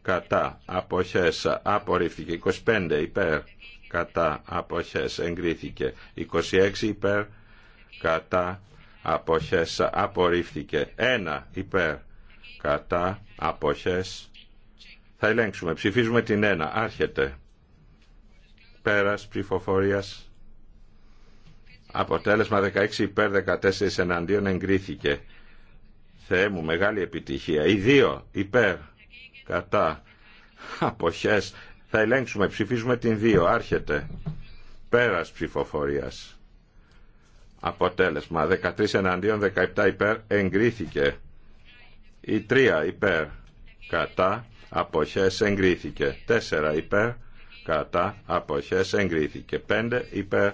Κατά. Αποχές. Απορρίφθηκε. 25 υπέρ. Κατά. Αποχές. Εγκρίθηκε. 26 υπέρ. Κατά. Αποχές. Απορρίφθηκε. 1 υπέρ. Κατά. Αποχές. Θα ελέγξουμε. Ψηφίζουμε την 1. Άρχεται πέρας ψηφοφορίας αποτέλεσμα 16 υπέρ 14 εναντίον εγκρίθηκε Θεέ μου μεγάλη επιτυχία οι δύο υπέρ κατά αποχές θα ελέγξουμε ψηφίζουμε την 2 άρχεται πέρας ψηφοφορίας αποτέλεσμα 13 εναντίον 17 υπέρ εγκρίθηκε η 3 υπέρ κατά αποχές εγκρίθηκε 4 υπέρ κατά αποχές εγκρίθηκε 5 υπέρ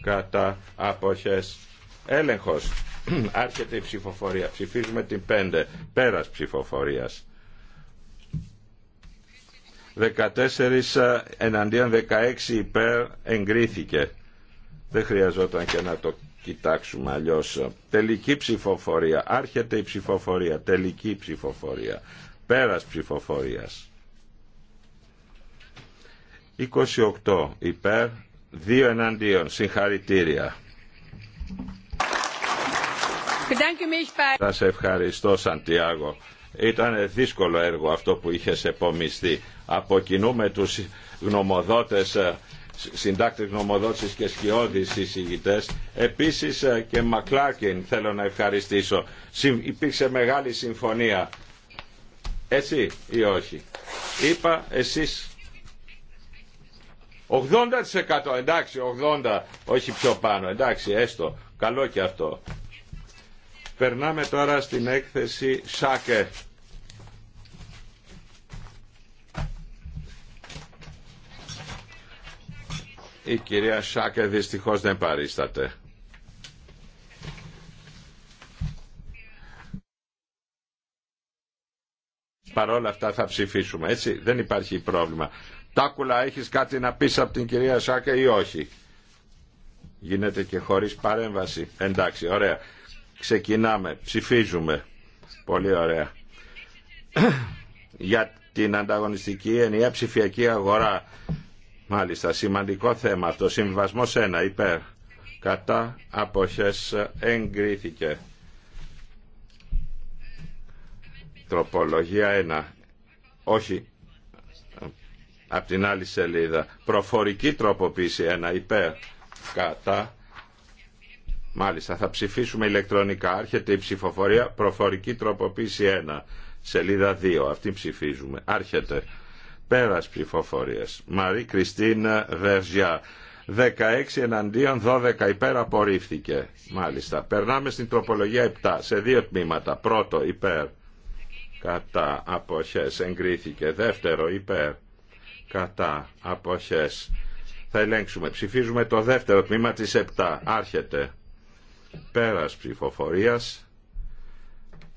κατά αποχές έλεγχος άρχεται η ψηφοφορία ψηφίζουμε την 5 πέρας ψηφοφορίας 14 ε, εναντίον 16 υπέρ εγκρίθηκε δεν χρειαζόταν και να το κοιτάξουμε αλλιώς τελική ψηφοφορία άρχεται η ψηφοφορία τελική ψηφοφορία πέρας ψηφοφορίας 28 υπέρ, 2 εναντίον. Συγχαρητήρια. Θα σε ευχαριστώ Σαντιάγο. Ήταν δύσκολο έργο αυτό που είχες επομιστεί. Αποκινούμε τους γνωμοδότες ε, συντάκτη γνωμοδότη και σκιώδης συζητητές. Επίσης ε, και Μακλάκιν θέλω να ευχαριστήσω. Υπήρξε μεγάλη συμφωνία. Έτσι ή όχι. Είπα εσείς 80% εντάξει 80 όχι πιο πάνω εντάξει έστω καλό και αυτό. Περνάμε τώρα στην έκθεση Σάκε. Η κυρία Σάκε δυστυχώς δεν παρίσταται. Παρόλα αυτά θα ψηφίσουμε, έτσι. Δεν υπάρχει πρόβλημα. Τάκουλα, έχεις κάτι να πεις από την κυρία Σάκα ή όχι. Γίνεται και χωρίς παρέμβαση. Εντάξει, ωραία. Ξεκινάμε, ψηφίζουμε. Πολύ ωραία. Για την ανταγωνιστική ενιαία ψηφιακή αγορά. Μάλιστα, σημαντικό θέμα Το Συμβασμός 1, υπέρ. Κατά αποχές εγκρίθηκε. Τροπολογία 1. Όχι, Απ' την άλλη σελίδα. Προφορική τροποποίηση 1 υπέρ κατά. Μάλιστα, θα ψηφίσουμε ηλεκτρονικά. Άρχεται η ψηφοφορία. Προφορική τροποποίηση 1. Σελίδα 2. Αυτή ψηφίζουμε. Άρχεται. Πέρας ψηφοφορίας. Μαρή Κριστίνα Βερζιά. 16 εναντίον 12 υπέρ απορρίφθηκε. Μάλιστα. Περνάμε στην τροπολογία 7 σε δύο τμήματα. Πρώτο υπέρ κατά αποχές εγκρίθηκε. Δεύτερο υπέρ κατά αποχές θα ελέγξουμε ψηφίζουμε το δεύτερο τμήμα της 7 άρχεται πέρας ψηφοφορίας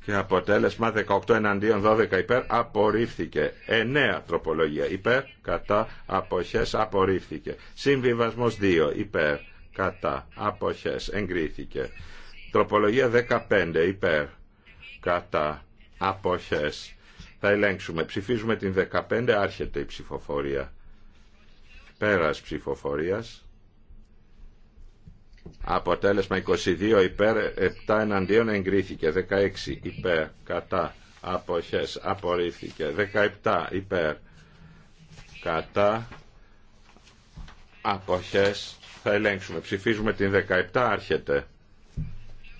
και αποτέλεσμα 18 εναντίον 12 υπέρ απορρίφθηκε 9 τροπολογία υπέρ κατά αποχές απορρίφθηκε συμβιβασμός 2 υπέρ κατά αποχές εγκρίθηκε τροπολογία 15 υπέρ κατά αποχές θα ελέγξουμε. Ψηφίζουμε την 15. Άρχεται η ψηφοφορία. Πέρας ψηφοφορίας. Αποτέλεσμα 22 υπέρ, 7 εναντίον εγκρίθηκε. 16 υπέρ, κατά, αποχές, απορρίφθηκε. 17 υπέρ, κατά, αποχές. Θα ελέγξουμε. Ψηφίζουμε την 17. Άρχεται.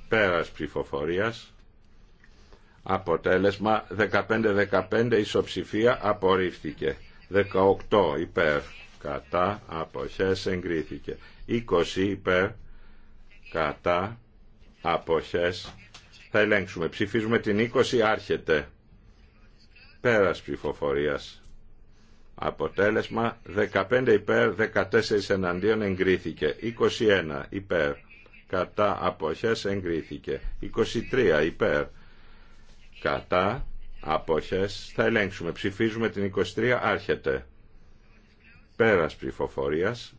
Πέρας ψηφοφορίας. Αποτέλεσμα 15-15 ισοψηφία απορρίφθηκε. 18 υπέρ κατά αποχές εγκρίθηκε. 20 υπέρ κατά αποχές θα ελέγξουμε. Ψηφίζουμε την 20 άρχεται. Πέρας ψηφοφορίας. Αποτέλεσμα 15 υπέρ 14 εναντίον εγκρίθηκε. 21 υπέρ κατά αποχές εγκρίθηκε. 23 υπέρ κατά, αποχές, θα ελέγξουμε. Ψηφίζουμε την 23, άρχεται. Πέρας ψηφοφορίας.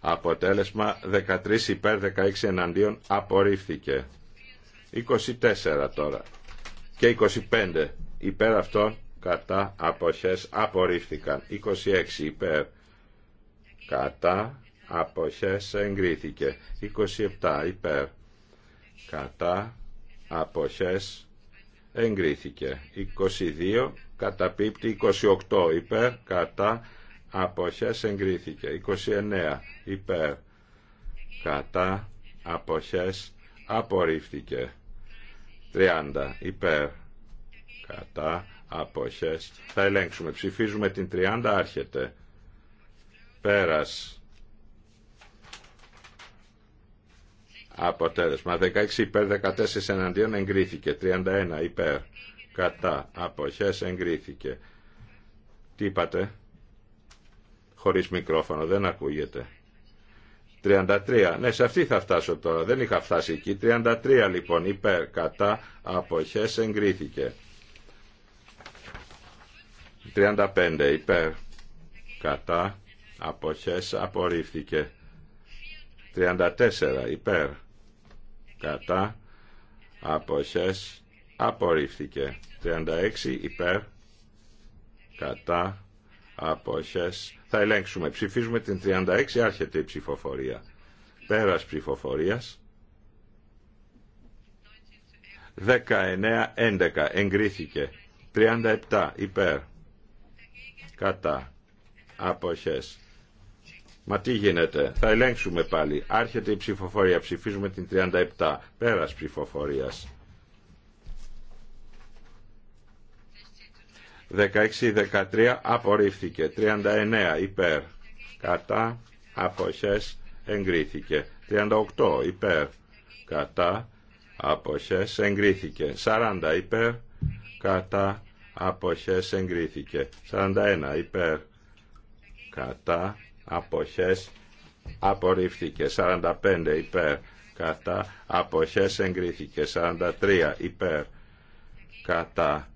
Αποτέλεσμα 13 υπέρ 16 εναντίον απορρίφθηκε. 24 τώρα και 25 υπέρ αυτών κατά αποχές απορρίφθηκαν. 26 υπέρ κατά αποχές εγκρίθηκε. 27 υπέρ κατά αποχές εγκρίθηκε 22 καταπίπτει 28 υπέρ κατά αποχές εγκρίθηκε 29 υπέρ κατά αποχές απορρίφθηκε 30 υπέρ κατά αποχές θα ελέγξουμε ψηφίζουμε την 30 άρχεται πέρας Αποτέλεσμα 16 υπέρ 14 εναντίον εγκρίθηκε. 31 υπέρ κατά αποχές εγκρίθηκε. Τι είπατε? Χωρίς μικρόφωνο δεν ακούγεται. 33. Ναι, σε αυτή θα φτάσω τώρα. Δεν είχα φτάσει εκεί. 33 λοιπόν υπέρ κατά αποχές εγκρίθηκε. 35 υπέρ κατά αποχές απορρίφθηκε. 34 υπέρ κατά αποχές απορρίφθηκε 36 υπέρ κατά αποχές θα ελέγξουμε ψηφίζουμε την 36 άρχεται η ψηφοφορία πέρας ψηφοφορίας 19-11 εγκρίθηκε 37 υπέρ κατά αποχές Μα τι γίνεται, θα ελέγξουμε πάλι. Άρχεται η ψηφοφορία, ψηφίζουμε την 37, πέρας ψηφοφορίας. 16-13 απορρίφθηκε, 39 υπέρ, κατά, αποχές, εγκρίθηκε. 38 υπέρ, κατά, αποχές, εγκρίθηκε. 40 υπέρ, κατά, αποχές, εγκρίθηκε. 41 υπέρ, κατά, αποχές απορρίφθηκε 45 υπέρ κατά αποχές εγκρίθηκε 43 υπέρ κατά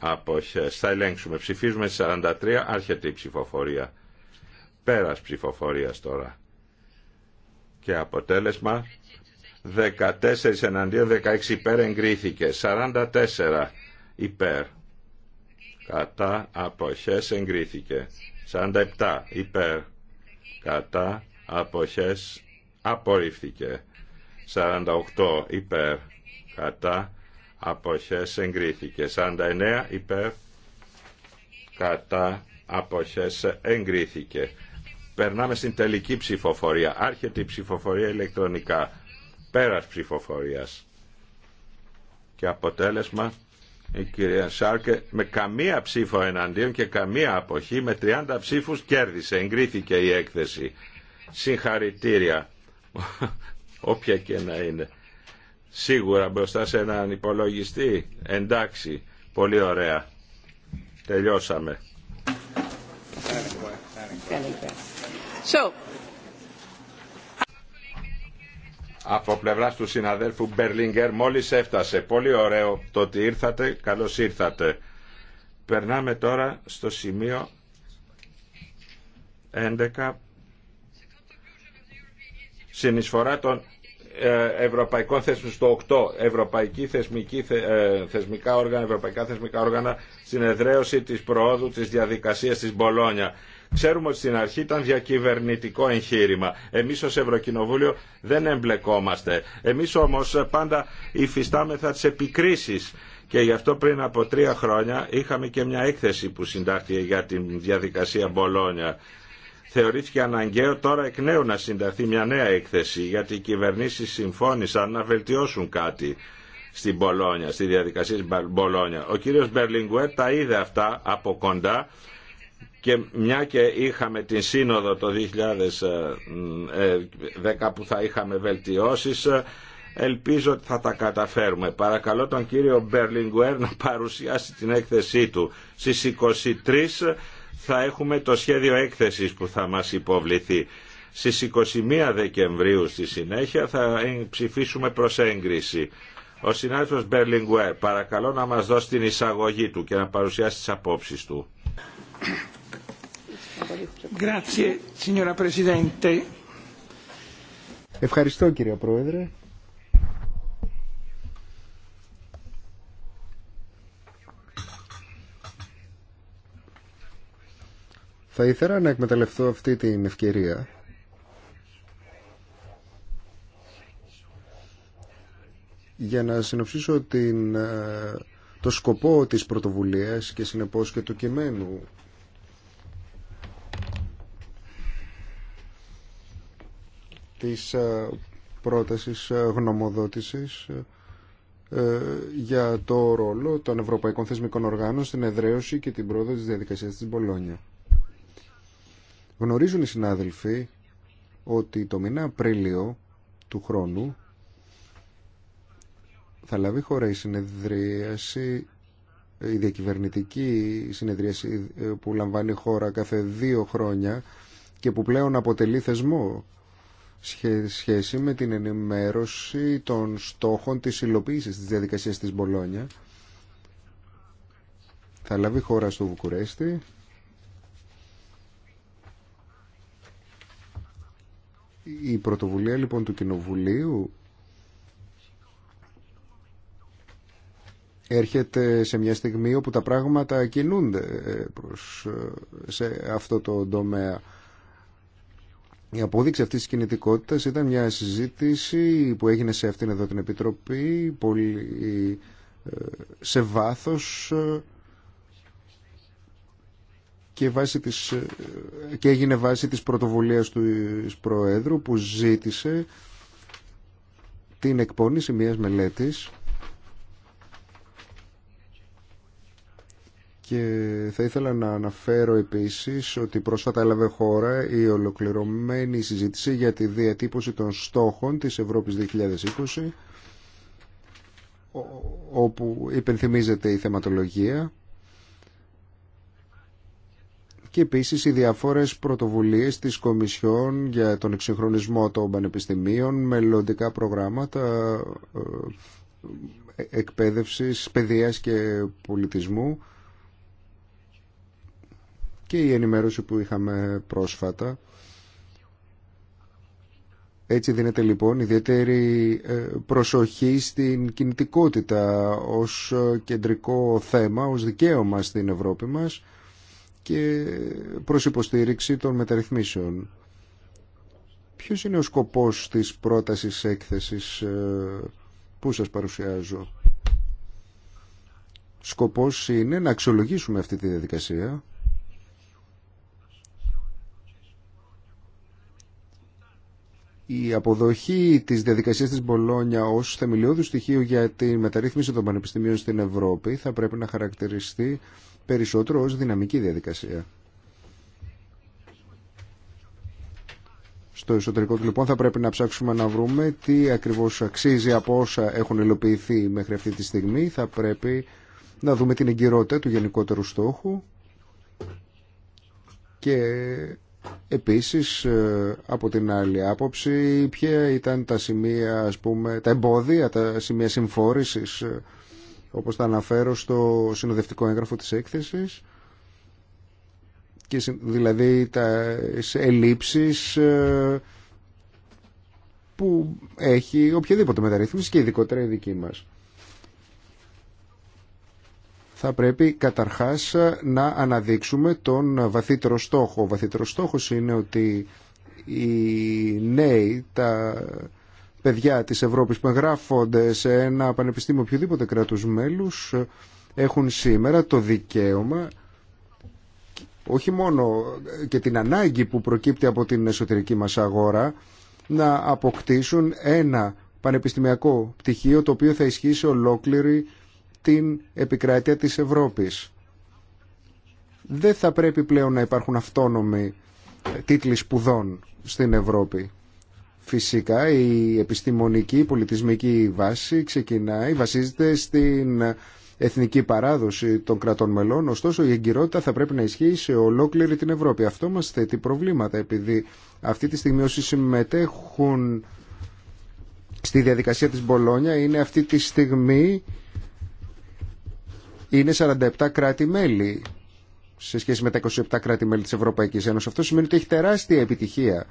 αποχές θα ελέγξουμε ψηφίζουμε 43 άρχεται η ψηφοφορία πέρας ψηφοφορίας τώρα και αποτέλεσμα 14 εναντίον 16 υπέρ εγκρίθηκε 44 υπέρ κατά αποχές εγκρίθηκε 47 υπέρ κατά αποχές απορρίφθηκε 48 υπέρ κατά αποχές εγκρίθηκε 49 υπέρ κατά αποχές εγκρίθηκε περνάμε στην τελική ψηφοφορία άρχεται η ψηφοφορία ηλεκτρονικά πέρας ψηφοφορίας και αποτέλεσμα η κυρία Σάρκε με καμία ψήφο εναντίον και καμία αποχή με 30 ψήφους κέρδισε, εγκρίθηκε η έκθεση. Συγχαρητήρια, όποια και να είναι. Σίγουρα μπροστά σε έναν υπολογιστή, εντάξει, πολύ ωραία. Τελειώσαμε. από πλευράς του συναδέλφου Μπερλίνγκερ μόλις έφτασε. Πολύ ωραίο το ότι ήρθατε. Καλώς ήρθατε. Περνάμε τώρα στο σημείο 11. Συνεισφορά των ε, ευρωπαϊκών θεσμών στο 8 ευρωπαϊκή θεσμική, ε, θεσμικά όργανα, ευρωπαϊκά θεσμικά όργανα στην της προόδου της διαδικασίας της Μπολόνια. Ξέρουμε ότι στην αρχή ήταν διακυβερνητικό εγχείρημα. Εμείς ως Ευρωκοινοβούλιο δεν εμπλεκόμαστε. Εμείς όμως πάντα υφιστάμεθα τις επικρίσεις και γι' αυτό πριν από τρία χρόνια είχαμε και μια έκθεση που συντάχθηκε για την διαδικασία Μπολόνια. Θεωρήθηκε αναγκαίο τώρα εκ νέου να συνταθεί μια νέα έκθεση γιατί οι κυβερνήσεις συμφώνησαν να βελτιώσουν κάτι στην στη διαδικασία Μπολόνια. Ο κύριος Μπερλιγκουέρ τα είδε αυτά από κοντά και μια και είχαμε την σύνοδο το 2010 που θα είχαμε βελτιώσεις ελπίζω ότι θα τα καταφέρουμε παρακαλώ τον κύριο Μπερλιγκουέρ να παρουσιάσει την έκθεσή του στις 23 θα έχουμε το σχέδιο έκθεσης που θα μας υποβληθεί στις 21 Δεκεμβρίου στη συνέχεια θα ψηφίσουμε προς έγκριση ο συνάδελφος Μπερλιγκουέρ παρακαλώ να μας δώσει την εισαγωγή του και να παρουσιάσει τις απόψεις του Ευχαριστώ κύριε Πρόεδρε. Θα ήθελα να εκμεταλλευτώ αυτή την ευκαιρία για να συνοψίσω την, ε, το σκοπό της πρωτοβουλίας και συνεπώς και του κειμένου της ε, πρότασης ε, γνωμοδότησης ε, για το ρόλο των Ευρωπαϊκών Θεσμικών Οργάνων στην εδραίωση και την πρόοδο της διαδικασίας της Μπολόνια. Γνωρίζουν οι συνάδελφοι ότι το μήνα Απρίλιο του χρόνου θα λάβει χώρα η συνεδρίαση η διακυβερνητική συνεδρίαση που λαμβάνει χώρα κάθε δύο χρόνια και που πλέον αποτελεί θεσμό σχέση με την ενημέρωση των στόχων της υλοποίησης της διαδικασίας της Μπολόνια. Θα λάβει χώρα στο Βουκουρέστι. Η πρωτοβουλία λοιπόν του Κοινοβουλίου έρχεται σε μια στιγμή όπου τα πράγματα κινούνται ε, προς, ε, σε αυτό το τομέα. Η απόδειξη αυτής της κινητικότητας ήταν μια συζήτηση που έγινε σε αυτήν εδώ την Επιτροπή πολύ, ε, σε βάθος ε, και, βάση της, ε, και έγινε βάση της πρωτοβουλίας του Προέδρου που ζήτησε την εκπόνηση μιας μελέτης Και θα ήθελα να αναφέρω επίσης ότι πρόσφατα έλαβε χώρα η ολοκληρωμένη συζήτηση για τη διατύπωση των στόχων της Ευρώπης 2020 όπου υπενθυμίζεται η θεματολογία και επίσης οι διαφόρες πρωτοβουλίες της Κομισιόν για τον εξυγχρονισμό των πανεπιστημίων, μελλοντικά προγράμματα ε, ε, εκπαίδευσης, παιδείας και πολιτισμού και η ενημέρωση που είχαμε πρόσφατα. Έτσι δίνεται λοιπόν ιδιαίτερη ε, προσοχή στην κινητικότητα ως ε, κεντρικό θέμα, ως δικαίωμα στην Ευρώπη μας και προς υποστήριξη των μεταρρυθμίσεων. Ποιος είναι ο σκοπός της πρότασης έκθεσης ε, που σας παρουσιάζω. Σκοπός είναι να αξιολογήσουμε αυτή τη διαδικασία η αποδοχή της διαδικασία της Μπολόνια ως θεμελιώδου στοιχείο για τη μεταρρύθμιση των πανεπιστημίων στην Ευρώπη θα πρέπει να χαρακτηριστεί περισσότερο ως δυναμική διαδικασία. Στο εσωτερικό του λοιπόν θα πρέπει να ψάξουμε να βρούμε τι ακριβώς αξίζει από όσα έχουν υλοποιηθεί μέχρι αυτή τη στιγμή. Θα πρέπει να δούμε την εγκυρότητα του γενικότερου στόχου και Επίσης, ε, από την άλλη άποψη, ποια ήταν τα σημεία, ας τα εμπόδια, τα σημεία συμφόρησης, ε, όπως τα αναφέρω στο συνοδευτικό έγγραφο της έκθεσης, και δηλαδή τα ελλείψεις ε, που έχει οποιαδήποτε μεταρρύθμιση και ειδικότερα η δική μας θα πρέπει καταρχάς να αναδείξουμε τον βαθύτερο στόχο. Ο βαθύτερος στόχος είναι ότι οι νέοι, τα παιδιά της Ευρώπης που εγγράφονται σε ένα πανεπιστήμιο οποιοδήποτε κράτους μέλους έχουν σήμερα το δικαίωμα όχι μόνο και την ανάγκη που προκύπτει από την εσωτερική μας αγορά να αποκτήσουν ένα πανεπιστημιακό πτυχίο το οποίο θα ισχύσει ολόκληρη την επικράτεια της Ευρώπης. Δεν θα πρέπει πλέον να υπάρχουν αυτόνομοι τίτλοι σπουδών στην Ευρώπη. Φυσικά η επιστημονική, πολιτισμική βάση ξεκινάει, βασίζεται στην εθνική παράδοση των κρατών μελών, ωστόσο η εγκυρότητα θα πρέπει να ισχύει σε ολόκληρη την Ευρώπη. Αυτό μας θέτει προβλήματα, επειδή αυτή τη στιγμή όσοι συμμετέχουν στη διαδικασία της Μπολόνια είναι αυτή τη στιγμή είναι 47 κράτη-μέλη σε σχέση με τα 27 κράτη-μέλη της Ευρωπαϊκής Ένωσης. Αυτό σημαίνει ότι έχει τεράστια επιτυχία.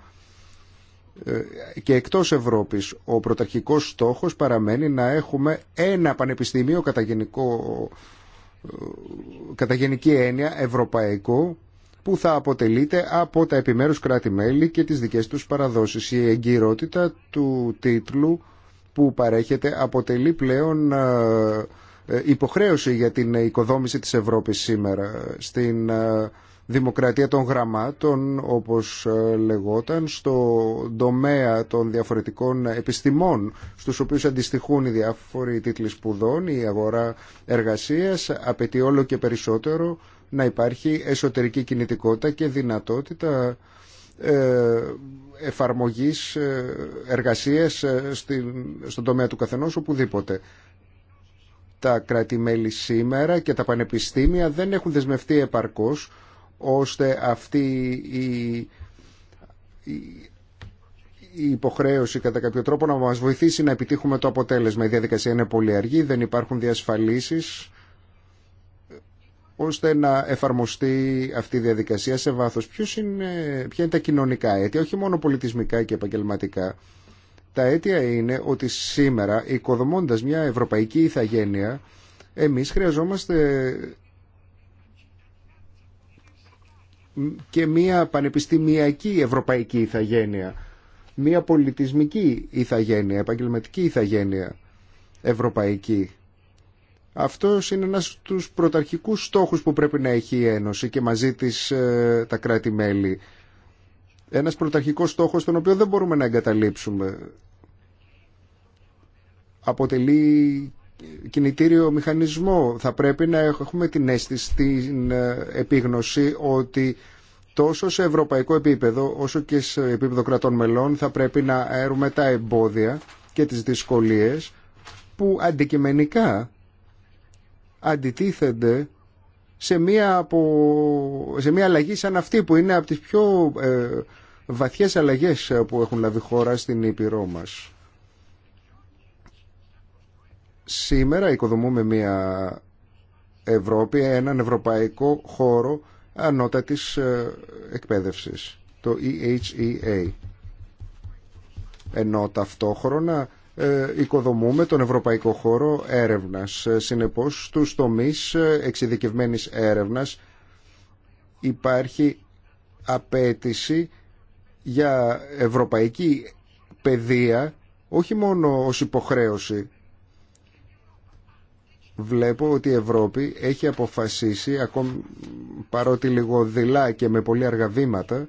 Ε, και εκτός Ευρώπης ο πρωταρχικός στόχος παραμένει να έχουμε ένα πανεπιστήμιο κατά, γενικό, ε, γενική έννοια ευρωπαϊκό που θα αποτελείται από τα επιμέρους κράτη-μέλη και τις δικές τους παραδόσεις. Η εγκυρότητα του τίτλου που παρέχεται αποτελεί πλέον ε, ε, υποχρέωση για την οικοδόμηση της Ευρώπης σήμερα στην ε, δημοκρατία των γραμμάτων όπως ε, λεγόταν στο τομέα των διαφορετικών επιστημών στους οποίους αντιστοιχούν οι διάφοροι τίτλοι σπουδών η αγορά εργασίας απαιτεί όλο και περισσότερο να υπάρχει εσωτερική κινητικότητα και δυνατότητα εφαρμογής εργασίας στον τομέα του καθενός οπουδήποτε τα κράτη-μέλη σήμερα και τα πανεπιστήμια δεν έχουν δεσμευτεί επαρκώς ώστε αυτή η, η, υποχρέωση κατά κάποιο τρόπο να μας βοηθήσει να επιτύχουμε το αποτέλεσμα. Η διαδικασία είναι πολύ αργή, δεν υπάρχουν διασφαλίσεις ώστε να εφαρμοστεί αυτή η διαδικασία σε βάθος. Ποιος είναι, ποια είναι τα κοινωνικά αίτια, όχι μόνο πολιτισμικά και επαγγελματικά. Τα αίτια είναι ότι σήμερα, οικοδομώντας μια ευρωπαϊκή ηθαγένεια, εμείς χρειαζόμαστε και μια πανεπιστημιακή ευρωπαϊκή ηθαγένεια, μια πολιτισμική ηθαγένεια, επαγγελματική ηθαγένεια ευρωπαϊκή. Αυτό είναι ένας τους πρωταρχικούς στόχους που πρέπει να έχει η Ένωση και μαζί της ε, τα κράτη-μέλη ένας πρωταρχικός στόχος τον οποίο δεν μπορούμε να εγκαταλείψουμε. Αποτελεί κινητήριο μηχανισμό. Θα πρέπει να έχουμε την αίσθηση, την ε, επίγνωση ότι τόσο σε ευρωπαϊκό επίπεδο όσο και σε επίπεδο κρατών μελών θα πρέπει να έρουμε τα εμπόδια και τις δυσκολίες που αντικειμενικά αντιτίθενται σε μια, σε μια αλλαγή σαν αυτή που είναι από τις πιο ε, βαθιές αλλαγές που έχουν λάβει χώρα στην Ήπειρό μας. Σήμερα οικοδομούμε μια Ευρώπη, έναν ευρωπαϊκό χώρο ανώτατης ε, εκπαίδευσης, το EHEA. Ενώ ταυτόχρονα ε, οικοδομούμε τον ευρωπαϊκό χώρο έρευνας. Ε, συνεπώς, στους τομείς ε, εξειδικευμένης έρευνας υπάρχει απέτηση για ευρωπαϊκή παιδεία, όχι μόνο ως υποχρέωση. Βλέπω ότι η Ευρώπη έχει αποφασίσει, ακόμη παρότι λίγο δειλά και με πολύ αργά βήματα,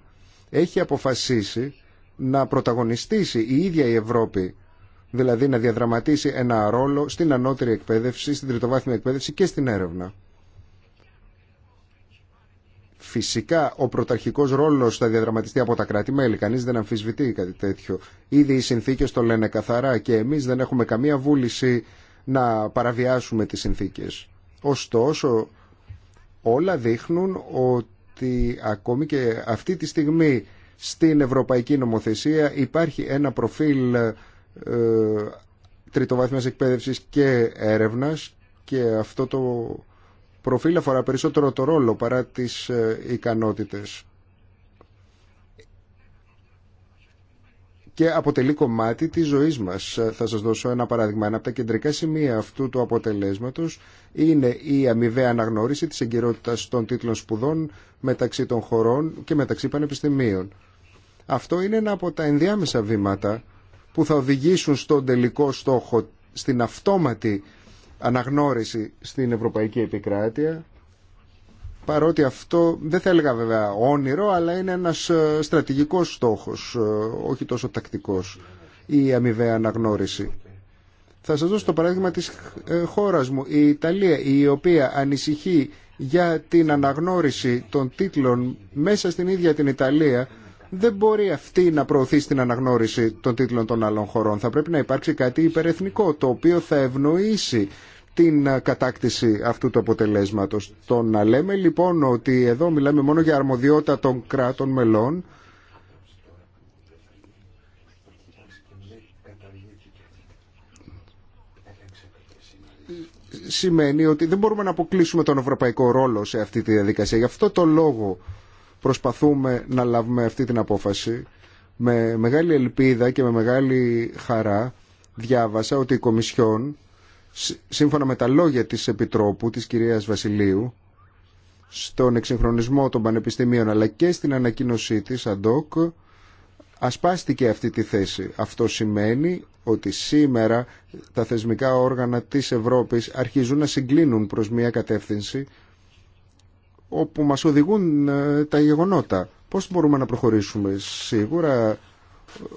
έχει αποφασίσει να πρωταγωνιστήσει η ίδια η Ευρώπη δηλαδή να διαδραματίσει ένα ρόλο στην ανώτερη εκπαίδευση, στην τριτοβάθμια εκπαίδευση και στην έρευνα. Φυσικά ο πρωταρχικό ρόλο θα διαδραματιστεί από τα κράτη-μέλη. Κανεί δεν αμφισβητεί κάτι τέτοιο. Ήδη οι συνθήκε το λένε καθαρά και εμεί δεν έχουμε καμία βούληση να παραβιάσουμε τι συνθήκε. Ωστόσο, όλα δείχνουν ότι ακόμη και αυτή τη στιγμή στην ευρωπαϊκή νομοθεσία υπάρχει ένα προφίλ ε, τριτοβάθμιας εκπαίδευσης και έρευνας και αυτό το προφίλ αφορά περισσότερο το ρόλο παρά τις ε, ικανότητες. και αποτελεί κομμάτι της ζωής μας. Θα σας δώσω ένα παράδειγμα. Ένα από τα κεντρικά σημεία αυτού του αποτελέσματος είναι η αμοιβαία αναγνώριση της εγκυρότητας των τίτλων σπουδών μεταξύ των χωρών και μεταξύ πανεπιστημίων. Αυτό είναι ένα από τα ενδιάμεσα βήματα που θα οδηγήσουν στον τελικό στόχο, στην αυτόματη αναγνώριση στην Ευρωπαϊκή Επικράτεια παρότι αυτό δεν θα έλεγα βέβαια όνειρο αλλά είναι ένας ε, στρατηγικός στόχος ε, όχι τόσο τακτικός η αμοιβαία αναγνώριση. Θα σας δώσω το παράδειγμα της ε, χώρας μου, η Ιταλία, η οποία ανησυχεί για την αναγνώριση των τίτλων μέσα στην ίδια την Ιταλία δεν μπορεί αυτή να προωθεί την αναγνώριση των τίτλων των άλλων χωρών. Θα πρέπει να υπάρξει κάτι υπερεθνικό, το οποίο θα ευνοήσει την κατάκτηση αυτού του αποτελέσματος. Το να λέμε λοιπόν ότι εδώ μιλάμε μόνο για αρμοδιότητα των κράτων μελών, σημαίνει ότι δεν μπορούμε να αποκλείσουμε τον ευρωπαϊκό ρόλο σε αυτή τη διαδικασία. Γι' αυτό το λόγο προσπαθούμε να λάβουμε αυτή την απόφαση. Με μεγάλη ελπίδα και με μεγάλη χαρά διάβασα ότι η Κομισιόν, σύμφωνα με τα λόγια της Επιτρόπου, της κυρίας Βασιλείου, στον εξυγχρονισμό των πανεπιστημίων αλλά και στην ανακοίνωσή της ΑΝΤΟΚ ασπάστηκε αυτή τη θέση. Αυτό σημαίνει ότι σήμερα τα θεσμικά όργανα της Ευρώπης αρχίζουν να συγκλίνουν προς μια κατεύθυνση όπου μας οδηγούν ε, τα γεγονότα. Πώς μπορούμε να προχωρήσουμε. Σίγουρα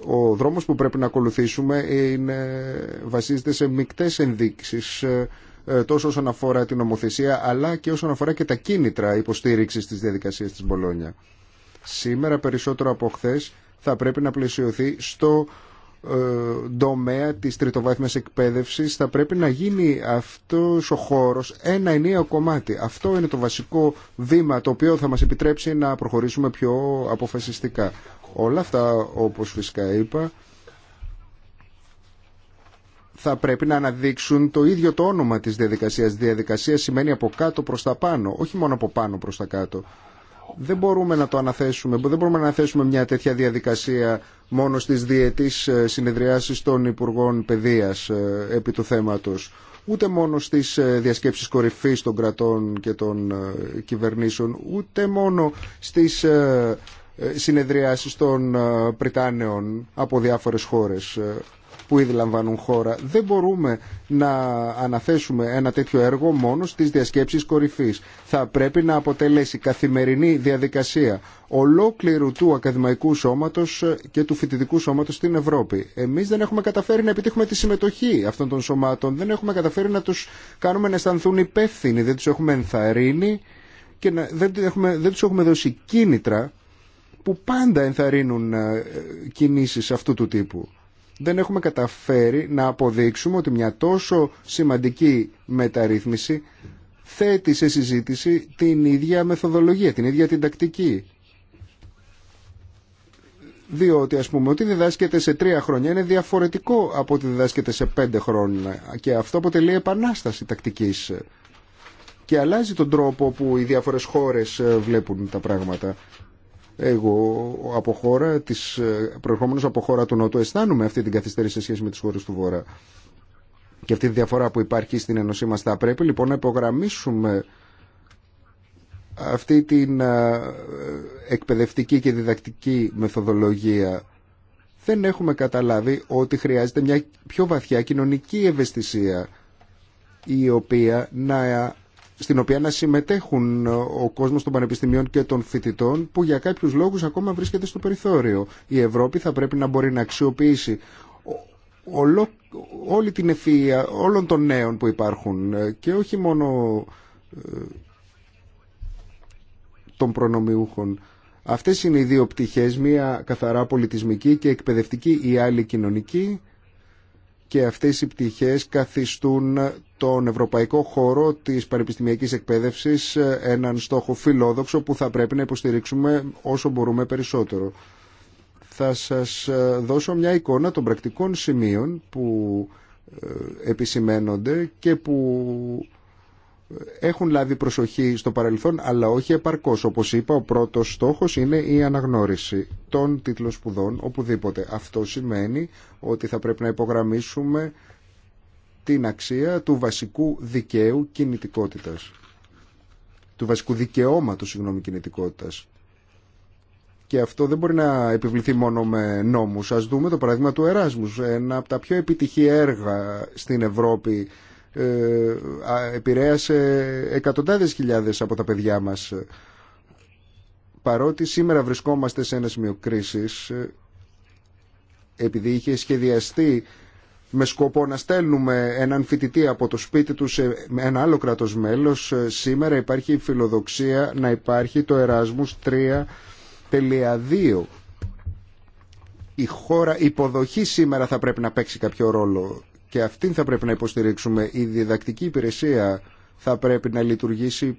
ο δρόμος που πρέπει να ακολουθήσουμε είναι, βασίζεται σε μικτές ενδείξεις ε, ε, τόσο όσον αφορά την νομοθεσία αλλά και όσον αφορά και τα κίνητρα υποστήριξης της διαδικασίας της Μπολόνια. Σήμερα περισσότερο από χθε θα πρέπει να πλαισιωθεί στο ε, τομέα της τριτοβάθμιας εκπαίδευσης θα πρέπει να γίνει αυτός ο χώρος ένα ενιαίο κομμάτι. Αυτό είναι το βασικό βήμα το οποίο θα μας επιτρέψει να προχωρήσουμε πιο αποφασιστικά. Όλα αυτά όπως φυσικά είπα θα πρέπει να αναδείξουν το ίδιο το όνομα της διαδικασίας. Διαδικασία σημαίνει από κάτω προς τα πάνω, όχι μόνο από πάνω προς τα κάτω δεν μπορούμε να το αναθέσουμε, δεν μπορούμε να αναθέσουμε μια τέτοια διαδικασία μόνο στις διετής ε, συνεδριάσεις των Υπουργών Παιδείας ε, επί του θέματος, ούτε μόνο στις ε, διασκέψεις κορυφής των κρατών και των κυβερνήσεων, ούτε μόνο στις συνεδριάσεις των Πριτάνεων από διάφορες χώρες που ήδη λαμβάνουν χώρα. Δεν μπορούμε να αναθέσουμε ένα τέτοιο έργο μόνο στις διασκέψεις κορυφής. Θα πρέπει να αποτελέσει καθημερινή διαδικασία ολόκληρου του ακαδημαϊκού σώματος και του φοιτητικού σώματος στην Ευρώπη. Εμείς δεν έχουμε καταφέρει να επιτύχουμε τη συμμετοχή αυτών των σωμάτων. Δεν έχουμε καταφέρει να τους κάνουμε να αισθανθούν υπεύθυνοι. Δεν τους έχουμε ενθαρρύνει και να, δεν, έχουμε, τους έχουμε δώσει κίνητρα που πάντα ενθαρρύνουν ε, ε, κινήσεις αυτού του τύπου δεν έχουμε καταφέρει να αποδείξουμε ότι μια τόσο σημαντική μεταρρύθμιση θέτει σε συζήτηση την ίδια μεθοδολογία, την ίδια την τακτική. Διότι ας πούμε ότι διδάσκεται σε τρία χρόνια είναι διαφορετικό από ότι διδάσκεται σε πέντε χρόνια και αυτό αποτελεί επανάσταση τακτικής και αλλάζει τον τρόπο που οι διάφορες χώρες ε, βλέπουν τα πράγματα. Εγώ από της, προερχόμενος από χώρα του Νότου αισθάνομαι αυτή την καθυστέρηση σε σχέση με τις χώρες του Βόρα. Και αυτή τη διαφορά που υπάρχει στην Ένωσή μας θα πρέπει λοιπόν να υπογραμμίσουμε αυτή την εκπαιδευτική και διδακτική μεθοδολογία δεν έχουμε καταλάβει ότι χρειάζεται μια πιο βαθιά κοινωνική ευαισθησία η οποία να στην οποία να συμμετέχουν ε, ο κόσμος των πανεπιστημίων και των φοιτητών που για κάποιους λόγους ακόμα βρίσκεται στο περιθώριο. Η Ευρώπη θα πρέπει να μπορεί να αξιοποιήσει όλο, όλη την ευφυΐα όλων των νέων που υπάρχουν ε, και όχι μόνο ε, των προνομιούχων. Αυτές είναι οι δύο πτυχές, μία καθαρά πολιτισμική και εκπαιδευτική, η άλλη κοινωνική και αυτές οι πτυχές καθιστούν τον ευρωπαϊκό χώρο της πανεπιστημιακής εκπαίδευσης ε, έναν στόχο φιλόδοξο που θα πρέπει να υποστηρίξουμε όσο μπορούμε περισσότερο. Θα σας ε, δώσω μια εικόνα των πρακτικών σημείων που ε, επισημένονται και που έχουν λάβει προσοχή στο παρελθόν αλλά όχι επαρκώς. Όπως είπα ο πρώτος στόχος είναι η αναγνώριση των τίτλων σπουδών οπουδήποτε. Αυτό σημαίνει ότι θα πρέπει να υπογραμμίσουμε την αξία του βασικού δικαίου κινητικότητας. Του βασικού δικαιώματο συγγνώμη, κινητικότητα. Και αυτό δεν μπορεί να επιβληθεί μόνο με νόμους. Ας δούμε το παράδειγμα του Εράσμους, ένα από τα πιο επιτυχή έργα στην Ευρώπη ε, επηρέασε εκατοντάδες χιλιάδες από τα παιδιά μας. Παρότι σήμερα βρισκόμαστε σε ένα σημείο κρίσης, ε, επειδή είχε σχεδιαστεί με σκοπό να στέλνουμε έναν φοιτητή από το σπίτι του σε ένα άλλο κράτος μέλος, ε, σήμερα υπάρχει η φιλοδοξία να υπάρχει το Erasmus 3.2. Η χώρα υποδοχή σήμερα θα πρέπει να παίξει κάποιο ρόλο και αυτήν θα πρέπει να υποστηρίξουμε. Η διδακτική υπηρεσία θα πρέπει να λειτουργήσει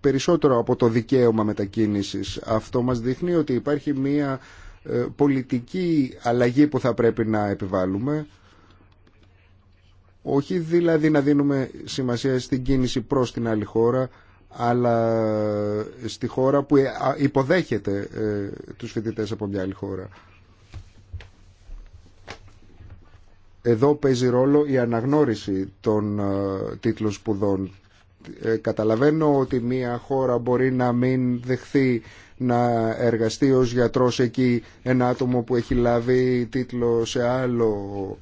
περισσότερο από το δικαίωμα μετακίνησης. Αυτό μας δείχνει ότι υπάρχει μια ε, πολιτική αλλαγή που θα πρέπει να επιβάλλουμε. Όχι δηλαδή να δίνουμε σημασία στην κίνηση προς την άλλη χώρα, αλλά ε, στη χώρα που ε, υποδέχεται τους φοιτητές από μια άλλη χώρα. Εδώ παίζει ρόλο η αναγνώριση των ε, τίτλων σπουδών. Ε, καταλαβαίνω ότι μια χώρα μπορεί να μην δεχθεί να εργαστεί ως γιατρός εκεί ένα άτομο που έχει λάβει τίτλο σε άλλο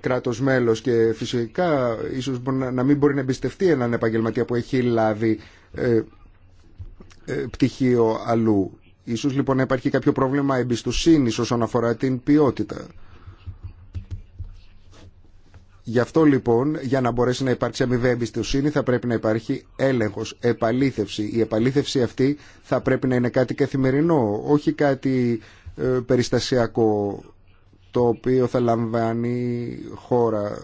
κράτος μέλος και φυσικά ίσως να μην μπορεί να εμπιστευτεί έναν επαγγελματία που έχει λάβει ε, πτυχίο αλλού. Ίσως λοιπόν να υπάρχει κάποιο πρόβλημα εμπιστοσύνης όσον αφορά την ποιότητα. Γι' αυτό λοιπόν, για να μπορέσει να υπάρξει αμοιβή εμπιστοσύνη, θα πρέπει να υπάρχει έλεγχο, επαλήθευση. Η επαλήθευση αυτή θα πρέπει να είναι κάτι καθημερινό, όχι κάτι ε, περιστασιακό το οποίο θα λαμβάνει χώρα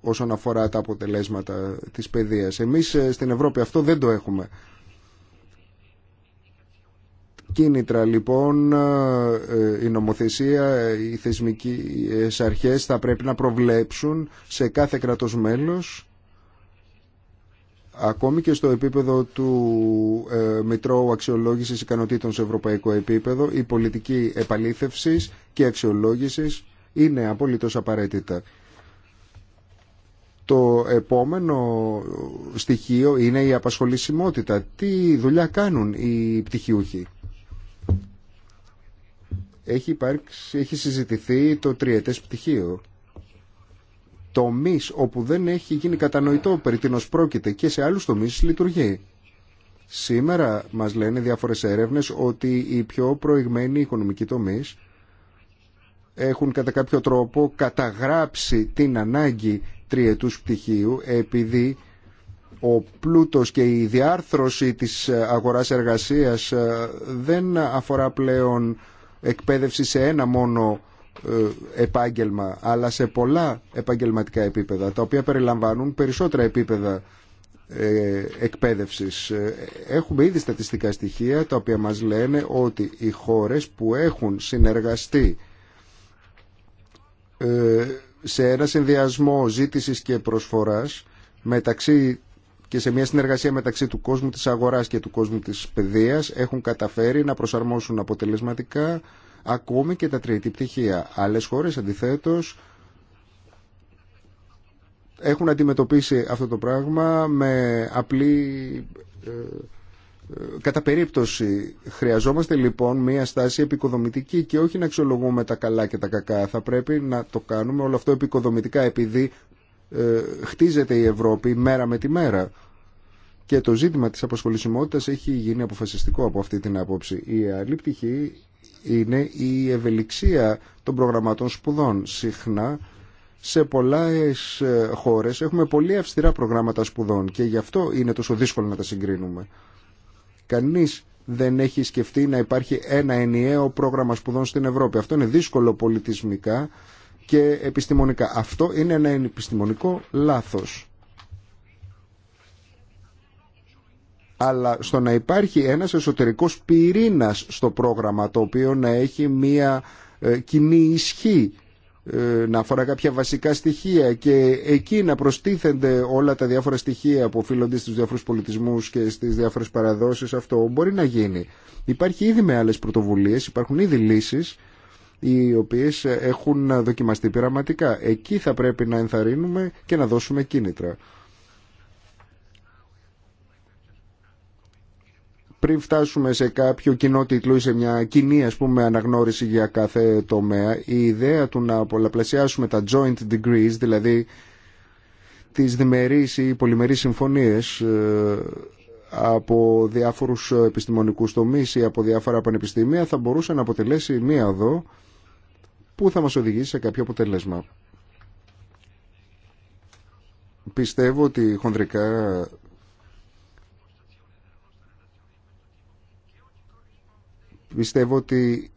όσον αφορά τα αποτελέσματα της παιδείας. Εμείς ε, στην Ευρώπη αυτό δεν το έχουμε κίνητρα λοιπόν ε, ε, η νομοθεσία, οι θεσμικές αρχές θα πρέπει να προβλέψουν σε κάθε κρατος μέλος ακόμη και στο επίπεδο του ε, Μητρώου Αξιολόγησης Ικανοτήτων σε ευρωπαϊκό επίπεδο η πολιτική επαλήθευσης και αξιολόγησης είναι απολύτως απαραίτητα. Το επόμενο στοιχείο είναι η απασχολησιμότητα. Τι δουλειά κάνουν οι πτυχιούχοι έχει, υπάρξει, έχει συζητηθεί το τριετές πτυχίο. Τομείς όπου δεν έχει γίνει κατανοητό περί τίνος πρόκειται και σε άλλους τομείς λειτουργεί. Σήμερα μας λένε διάφορες έρευνες ότι οι πιο προηγμένοι οικονομικοί τομείς έχουν κατά κάποιο τρόπο καταγράψει την ανάγκη τριετούς πτυχίου επειδή ο πλούτος και η διάρθρωση της αγοράς εργασίας ε, δεν αφορά πλέον εκπαίδευση σε ένα μόνο ε, επάγγελμα, αλλά σε πολλά επαγγελματικά επίπεδα, τα οποία περιλαμβάνουν περισσότερα επίπεδα ε, εκπαίδευσης. Ε, έχουμε ήδη στατιστικά στοιχεία τα οποία μας λένε ότι οι χώρες που έχουν συνεργαστεί σε ένα συνδυασμό ζήτησης και προσφοράς μεταξύ και σε μια συνεργασία μεταξύ του κόσμου της αγοράς και του κόσμου της παιδείας έχουν καταφέρει να προσαρμόσουν αποτελεσματικά ακόμη και τα τρίτη πτυχία. Άλλες χώρες αντιθέτως έχουν αντιμετωπίσει αυτό το πράγμα με απλή... Ε, ε, κατά περίπτωση χρειαζόμαστε λοιπόν μια στάση επικοδομητική και όχι να αξιολογούμε τα καλά και τα κακά θα πρέπει να το κάνουμε όλο αυτό επικοδομητικά επειδή ε, χτίζεται η Ευρώπη μέρα με τη μέρα. Και το ζήτημα της αποσχολησιμότητας έχει γίνει αποφασιστικό από αυτή την άποψη. Η άλλη πτυχή είναι η ευελιξία των προγραμματών σπουδών. Συχνά σε πολλές ε, χώρες έχουμε πολύ αυστηρά προγράμματα σπουδών και γι' αυτό είναι τόσο δύσκολο να τα συγκρίνουμε. Κανείς δεν έχει σκεφτεί να υπάρχει ένα ενιαίο πρόγραμμα σπουδών στην Ευρώπη. Αυτό είναι δύσκολο πολιτισμικά και επιστημονικά. Αυτό είναι ένα επιστημονικό λάθος. Αλλά στο να υπάρχει ένας εσωτερικός πυρήνας στο πρόγραμμα το οποίο να έχει μία ε, κοινή ισχύ ε, να αφορά κάποια βασικά στοιχεία και εκεί να προστίθενται όλα τα διάφορα στοιχεία που οφείλονται στους διάφορους πολιτισμούς και στις διάφορες παραδόσεις αυτό μπορεί να γίνει. Υπάρχει ήδη με άλλες πρωτοβουλίες, υπάρχουν ήδη λύσεις οι οποίες έχουν δοκιμαστεί πειραματικά. Εκεί θα πρέπει να ενθαρρύνουμε και να δώσουμε κίνητρα. πριν φτάσουμε σε κάποιο κοινό τίτλο ή σε μια κοινή πούμε, αναγνώριση για κάθε τομέα, η ιδέα του να πολλαπλασιάσουμε τα joint degrees, δηλαδή τις διμερείς ή πολυμερείς συμφωνίες, ε, από διάφορους επιστημονικούς τομείς ή από διάφορα πανεπιστήμια θα μπορούσε να αποτελέσει μία εδώ που θα μας οδηγήσει σε κάποιο αποτέλεσμα. Πιστεύω ότι χονδρικά πιστεύω ότι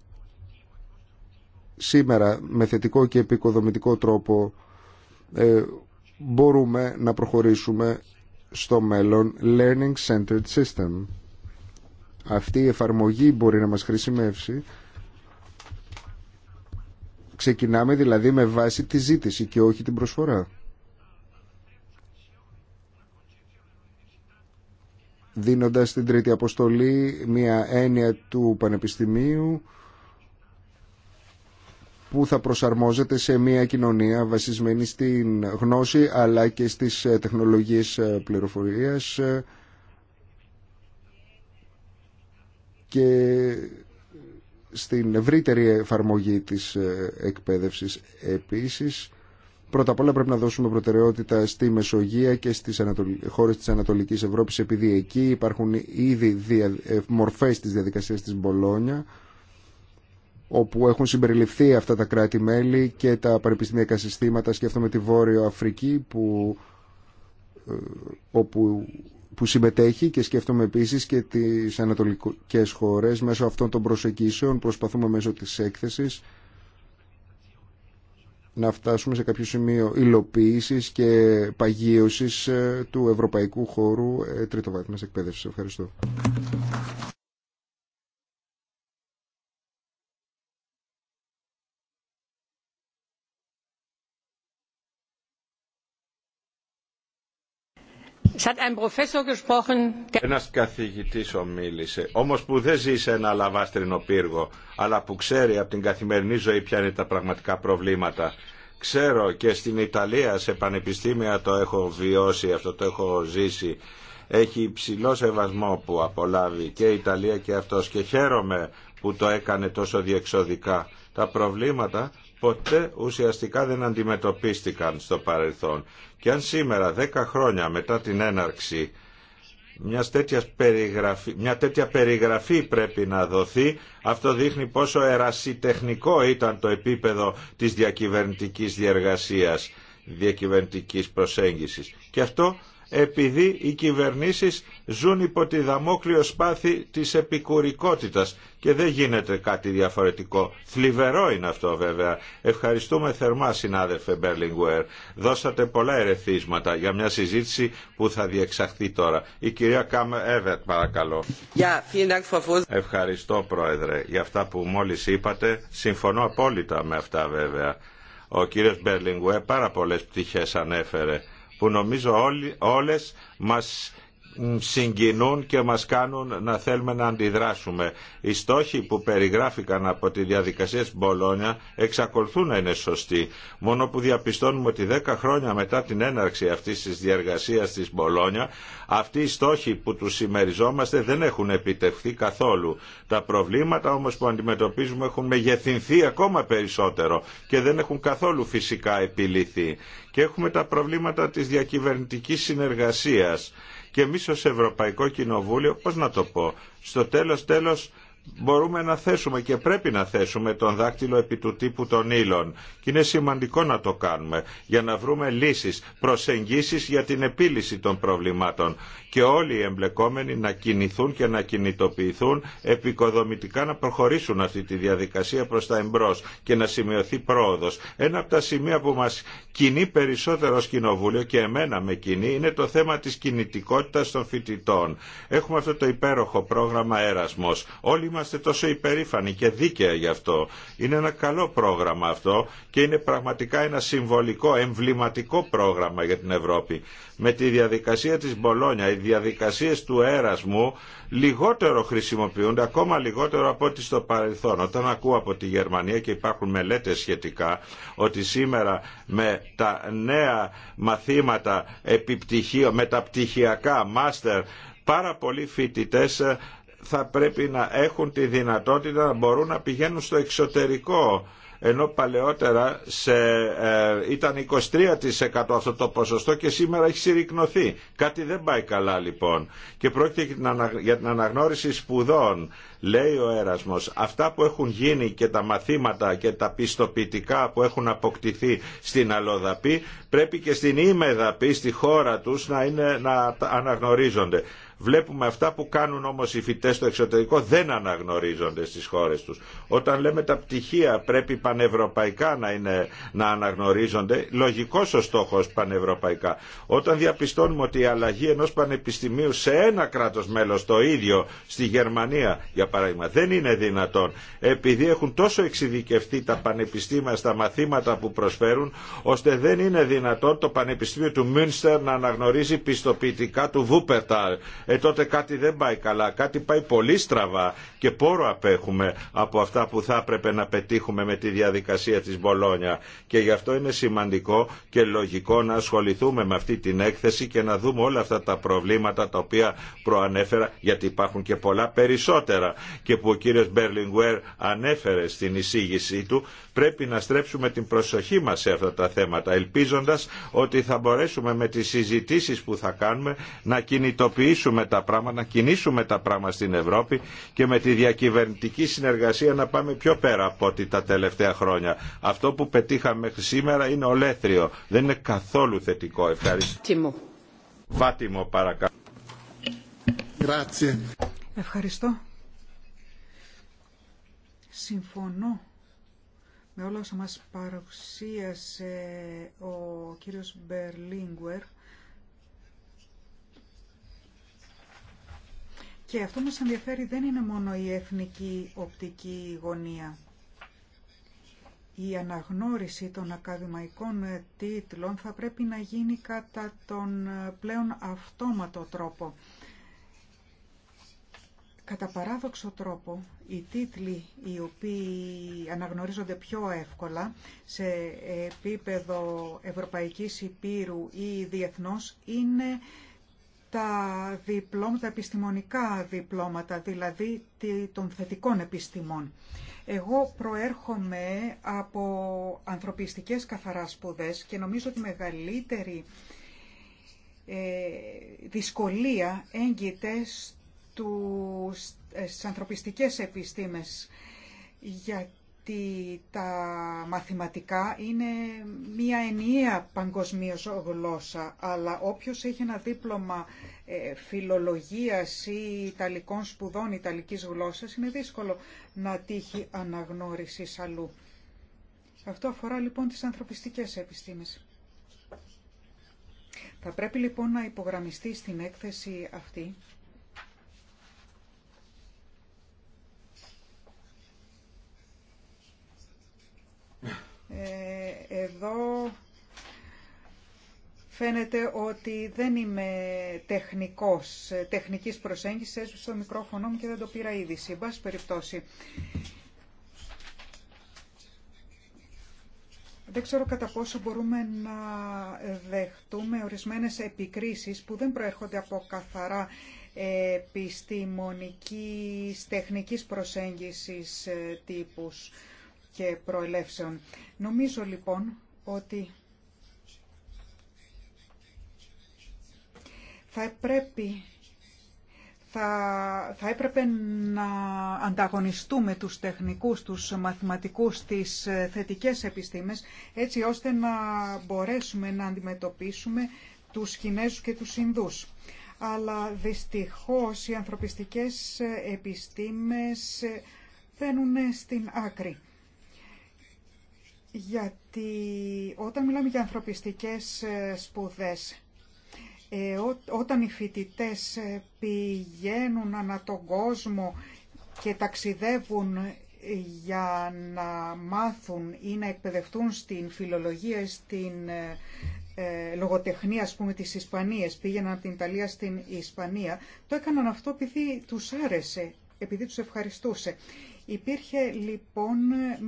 σήμερα με θετικό και επικοδομητικό τρόπο ε, μπορούμε να προχωρήσουμε στο μέλλον Learning Centered System. Αυτή η εφαρμογή μπορεί να μας χρησιμεύσει. Ξεκινάμε δηλαδή με βάση τη ζήτηση και όχι την προσφορά. Δίνοντας την τρίτη αποστολή μια έννοια του πανεπιστημίου που θα προσαρμόζεται σε μια κοινωνία βασισμένη στην γνώση αλλά και στις ε, τεχνολογίες ε, πληροφορίας ε, και στην ευρύτερη εφαρμογή της εκπαίδευσης επίσης. Πρώτα απ' όλα πρέπει να δώσουμε προτεραιότητα στη Μεσογεία και στις χώρες της Ανατολικής Ευρώπης επειδή εκεί υπάρχουν ήδη μορφές της διαδικασίας της Μπολόνια όπου έχουν συμπεριληφθεί αυτά τα κράτη-μέλη και τα πανεπιστημιακά συστήματα. Σκέφτομαι τη Βόρειο Αφρική που, ε, όπου, που συμμετέχει και σκέφτομαι επίσης και τις ανατολικές χώρες. Μέσω αυτών των προσεγγίσεων προσπαθούμε μέσω της έκθεσης να φτάσουμε σε κάποιο σημείο υλοποίηση και παγίωσης ε, του ευρωπαϊκού χώρου ε, βάθμιας εκπαίδευσης. Ευχαριστώ. Ένας καθηγητής ομίλησε, όμως που δεν ζει σε ένα λαβάστρινο πύργο, αλλά που ξέρει από την καθημερινή ζωή ποια είναι τα πραγματικά προβλήματα. Ξέρω και στην Ιταλία σε πανεπιστήμια το έχω βιώσει, αυτό το έχω ζήσει. Έχει υψηλό σεβασμό που απολάβει και η Ιταλία και αυτός και χαίρομαι που το έκανε τόσο διεξοδικά. Τα προβλήματα ποτέ ουσιαστικά δεν αντιμετωπίστηκαν στο παρελθόν. Και αν σήμερα, δέκα χρόνια μετά την έναρξη, μια τέτοια περιγραφή, μια περιγραφή πρέπει να δοθεί. Αυτό δείχνει πόσο ερασιτεχνικό ήταν το επίπεδο της διακυβερνητικής διεργασίας, διακυβερνητικής προσέγγισης. Και αυτό επειδή οι κυβερνήσεις ζουν υπό τη δαμόκλειο σπάθη της επικουρικότητας και δεν γίνεται κάτι διαφορετικό. Θλιβερό είναι αυτό βέβαια. Ευχαριστούμε θερμά συνάδελφε Μπέρλιγκουερ. Δώσατε πολλά ερεθίσματα για μια συζήτηση που θα διεξαχθεί τώρα. Η κυρία Κάμε Εύερτ παρακαλώ. Ευχαριστώ πρόεδρε για αυτά που μόλις είπατε. Συμφωνώ απόλυτα με αυτά βέβαια. Ο κύριος Μπερλιγκουέρ πάρα πολλές πτυχές ανέφερε που νομίζω όλοι, όλες μας συγκινούν και μας κάνουν να θέλουμε να αντιδράσουμε. Οι στόχοι που περιγράφηκαν από τη διαδικασία της Μπολόνια εξακολουθούν να είναι σωστοί. Μόνο που διαπιστώνουμε ότι 10 χρόνια μετά την έναρξη αυτής της διαργασίας της Μπολόνια αυτοί οι στόχοι που τους συμμεριζόμαστε δεν έχουν επιτευχθεί καθόλου. Τα προβλήματα όμως που αντιμετωπίζουμε έχουν μεγεθυνθεί ακόμα περισσότερο και δεν έχουν καθόλου φυσικά επιλυθεί. Και έχουμε τα προβλήματα της διακυβερνητικής συνεργασίας και εμείς ως Ευρωπαϊκό Κοινοβούλιο, πώς να το πω, στο τέλος τέλος μπορούμε να θέσουμε και πρέπει να θέσουμε τον δάκτυλο επί του τύπου των ύλων. Και είναι σημαντικό να το κάνουμε για να βρούμε λύσεις, προσεγγίσεις για την επίλυση των προβλημάτων και όλοι οι εμπλεκόμενοι να κινηθούν και να κινητοποιηθούν επικοδομητικά να προχωρήσουν αυτή τη διαδικασία προς τα εμπρός και να σημειωθεί πρόοδος. Ένα από τα σημεία που μας κινεί περισσότερο ως Κοινοβούλιο και εμένα με κινεί είναι το θέμα της κινητικότητας των φοιτητών. Έχουμε αυτό το υπέροχο πρόγραμμα Έρασμος. Όλοι είμαστε τόσο υπερήφανοι και δίκαια γι' αυτό. Είναι ένα καλό πρόγραμμα αυτό και είναι πραγματικά ένα συμβολικό, εμβληματικό πρόγραμμα για την Ευρώπη. Με τη διαδικασία της Μπολόνια, διαδικασίες του έρασμου λιγότερο χρησιμοποιούνται, ακόμα λιγότερο από ό,τι στο παρελθόν. Όταν ακούω από τη Γερμανία και υπάρχουν μελέτες σχετικά ότι σήμερα με τα νέα μαθήματα επιπτυχίο, με τα πτυχιακά, μάστερ, πάρα πολλοί φοιτητέ ε, θα πρέπει να έχουν τη δυνατότητα να μπορούν να πηγαίνουν στο εξωτερικό ενώ παλαιότερα ε, ήταν 23% αυτό το ποσοστό και σήμερα έχει συρρυκνωθεί. Κάτι δεν πάει καλά λοιπόν. Και πρόκειται για την αναγνώριση σπουδών. Λέει ο Έρασμος, αυτά που έχουν γίνει και τα μαθήματα και τα πιστοποιητικά που έχουν αποκτηθεί στην Αλοδαπή πρέπει και στην Ήμεδαπή, στη χώρα τους, να, είναι, να αναγνωρίζονται. Βλέπουμε αυτά που κάνουν όμως οι φοιτές στο εξωτερικό δεν αναγνωρίζονται στις χώρες τους. Όταν λέμε τα πτυχία πρέπει πανευρωπαϊκά να, είναι, να αναγνωρίζονται, λογικός ο στόχος πανευρωπαϊκά. Όταν διαπιστώνουμε ότι η αλλαγή ενός πανεπιστημίου σε ένα κράτος μέλος το ίδιο, στη Γερμανία για παράδειγμα, δεν είναι δυνατόν επειδή έχουν τόσο εξειδικευτεί τα πανεπιστήμια στα μαθήματα που προσφέρουν, ώστε δεν είναι δυνατόν το Πανεπιστήμιο του Μίνστερ να αναγνωρίζει πιστοποιητικά του Βούπερταλ ε τότε κάτι δεν πάει καλά, κάτι πάει πολύ στραβά και πόρο απέχουμε από αυτά που θα έπρεπε να πετύχουμε με τη διαδικασία της Μπολόνια. Και γι' αυτό είναι σημαντικό και λογικό να ασχοληθούμε με αυτή την έκθεση και να δούμε όλα αυτά τα προβλήματα τα οποία προανέφερα, γιατί υπάρχουν και πολλά περισσότερα και που ο κύριος Μπερλιγκουέρ ανέφερε στην εισήγησή του Πρέπει να στρέψουμε την προσοχή μας σε αυτά τα θέματα, ελπίζοντας ότι θα μπορέσουμε με τις συζητήσεις που θα κάνουμε να κινητοποιήσουμε τα πράγματα, να κινήσουμε τα πράγματα στην Ευρώπη και με τη διακυβερνητική συνεργασία να πάμε πιο πέρα από ότι τα τελευταία χρόνια. Αυτό που πετύχαμε μέχρι σήμερα είναι ολέθριο. Δεν είναι καθόλου θετικό. Ευχαριστώ. παρακαλώ. Ευχαριστώ. Συμφωνώ με όλα όσα μας παρουσίασε ο κύριος Μπερλίνγκουερ και αυτό μας ενδιαφέρει δεν είναι μόνο η εθνική οπτική γωνία. Η αναγνώριση των ακαδημαϊκών τίτλων θα πρέπει να γίνει κατά τον πλέον αυτόματο τρόπο Κατά παράδοξο τρόπο, οι τίτλοι οι οποίοι αναγνωρίζονται πιο εύκολα σε επίπεδο Ευρωπαϊκής Υπήρου ή διεθνώς είναι τα διπλώματα, επιστημονικά διπλώματα, δηλαδή των θετικών επιστημών. Εγώ προέρχομαι από ανθρωπιστικές καθαρά σπουδές και νομίζω ότι μεγαλύτερη ε, δυσκολία έγκυται τους ε, στις ανθρωπιστικές επιστήμες, γιατί τα μαθηματικά είναι μία ενιαία παγκοσμίω γλώσσα, αλλά όποιος έχει ένα δίπλωμα ε, φιλολογίας ή ιταλικών σπουδών ιταλικής γλώσσας, είναι δύσκολο να τύχει αναγνώριση αλλού. Αυτό αφορά λοιπόν τις ανθρωπιστικές επιστήμες. Θα πρέπει λοιπόν να υπογραμμιστεί στην έκθεση αυτή Ε, εδώ φαίνεται ότι δεν είμαι τεχνικός, τεχνικής προσέγγισης, έσβησε το μικρόφωνο μου και δεν το πήρα είδηση. περιπτώσει, δεν ξέρω κατά πόσο μπορούμε να δεχτούμε ορισμένες επικρίσεις που δεν προέρχονται από καθαρά επιστημονικής, τεχνικής προσέγγισης ε, τύπους και προελεύσεων. Νομίζω λοιπόν ότι θα πρέπει θα, έπρεπε να ανταγωνιστούμε τους τεχνικούς, τους μαθηματικούς, τις ε, θετικές επιστήμες, έτσι ώστε να μπορέσουμε να αντιμετωπίσουμε τους Κινέζους και τους Ινδούς. Αλλά δυστυχώς οι ανθρωπιστικές επιστήμες φαίνουν ε, στην άκρη γιατί όταν μιλάμε για ανθρωπιστικές ε, σπουδές, ε, όταν οι φοιτητές ε, πηγαίνουν ανά τον κόσμο και ταξιδεύουν για να μάθουν ή να εκπαιδευτούν στην φιλολογία, στην λογοτεχνία, ας πούμε, της Ισπανίας, πήγαιναν από την Ιταλία στην Ισπανία, το έκαναν αυτό επειδή τους άρεσε, επειδή τους ευχαριστούσε. Υπήρχε λοιπόν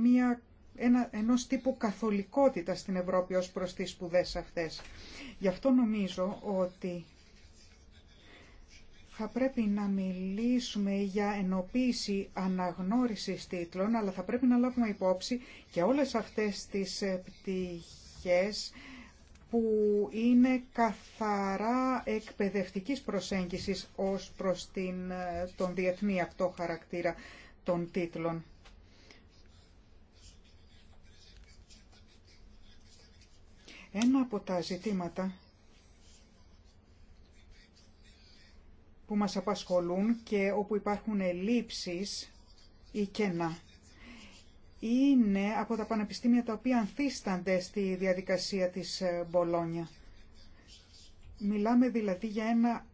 μια ένα, ενός τύπου καθολικότητα στην Ευρώπη ως προς τις σπουδέ αυτές. Γι' αυτό νομίζω ότι θα πρέπει να μιλήσουμε για ενοποίηση αναγνώρισης τίτλων, αλλά θα πρέπει να λάβουμε υπόψη και όλες αυτές τις πτυχές που είναι καθαρά εκπαιδευτικής προσέγγισης ως προς την, ε, τον διεθνή αυτό χαρακτήρα των τίτλων. Ένα από τα ζητήματα που μας απασχολούν και όπου υπάρχουν ελλείψεις ή κενά είναι από τα πανεπιστήμια τα οποία ανθίστανται στη διαδικασία της ε, Μπολόνια. Μιλάμε δηλαδή για ένα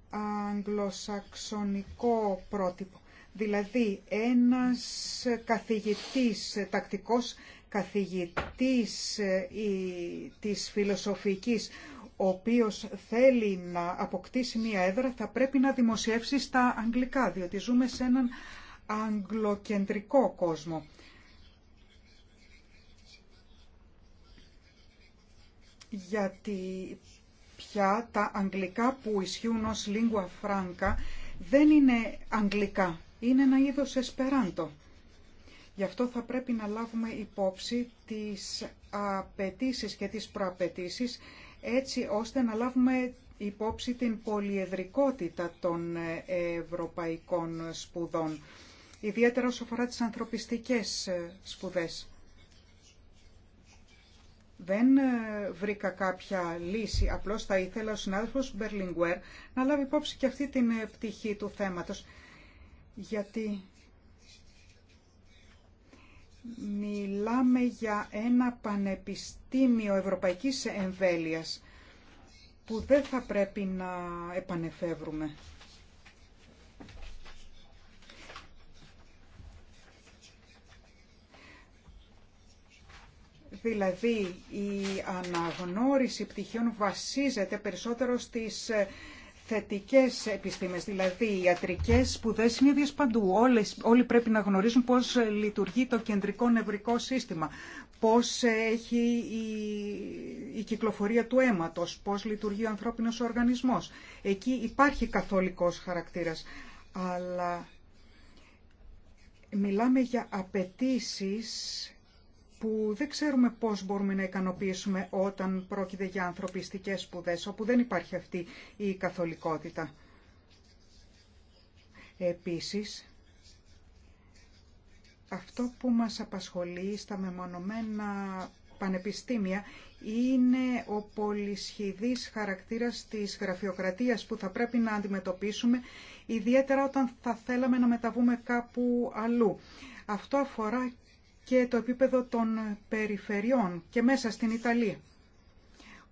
αγγλοσαξονικό πρότυπο. Δηλαδή ένας καθηγητής τακτικός καθηγητής ε, της φιλοσοφικής ο οποίος θέλει να αποκτήσει μία έδρα θα πρέπει να δημοσιεύσει στα αγγλικά, διότι ζούμε σε έναν αγγλοκεντρικό κόσμο. Γιατί πια τα αγγλικά που ισχύουν ως lingua franca δεν είναι αγγλικά, είναι ένα είδος εσπεράντο. Γι' αυτό θα πρέπει να λάβουμε υπόψη τις απαιτήσει και τις προαπαιτήσει έτσι ώστε να λάβουμε υπόψη την πολυεδρικότητα των ευρωπαϊκών σπουδών, ιδιαίτερα όσο αφορά τις ανθρωπιστικές σπουδές. Δεν βρήκα κάποια λύση, απλώς θα ήθελα ο συνάδελφος Μπερλιγκουέρ να λάβει υπόψη και αυτή την πτυχή του θέματος, γιατί Μιλάμε για ένα πανεπιστήμιο ευρωπαϊκής εμβέλειας που δεν θα πρέπει να επανεφεύρουμε. Δηλαδή η αναγνώριση πτυχίων βασίζεται περισσότερο στις ε, θετικές επιστήμες, δηλαδή οι ιατρικές σπουδέ είναι ίδιες παντού. Όλες, όλοι πρέπει να γνωρίζουν πώς λειτουργεί το κεντρικό νευρικό σύστημα, πώς έχει η, κυκλοφορία του αίματος, πώς λειτουργεί ο ανθρώπινος οργανισμός. Εκεί υπάρχει καθολικός χαρακτήρας, αλλά μιλάμε για απαιτήσει που δεν ξέρουμε πώς μπορούμε να ικανοποιήσουμε όταν πρόκειται για ανθρωπιστικές σπουδέ, όπου δεν υπάρχει αυτή η καθολικότητα. Επίσης, αυτό που μας απασχολεί στα μεμονωμένα πανεπιστήμια είναι ο πολυσχηδής χαρακτήρας της γραφειοκρατίας που θα πρέπει να αντιμετωπίσουμε, ιδιαίτερα όταν θα θέλαμε να μεταβούμε κάπου αλλού. Αυτό αφορά και το επίπεδο των περιφερειών και μέσα στην Ιταλία.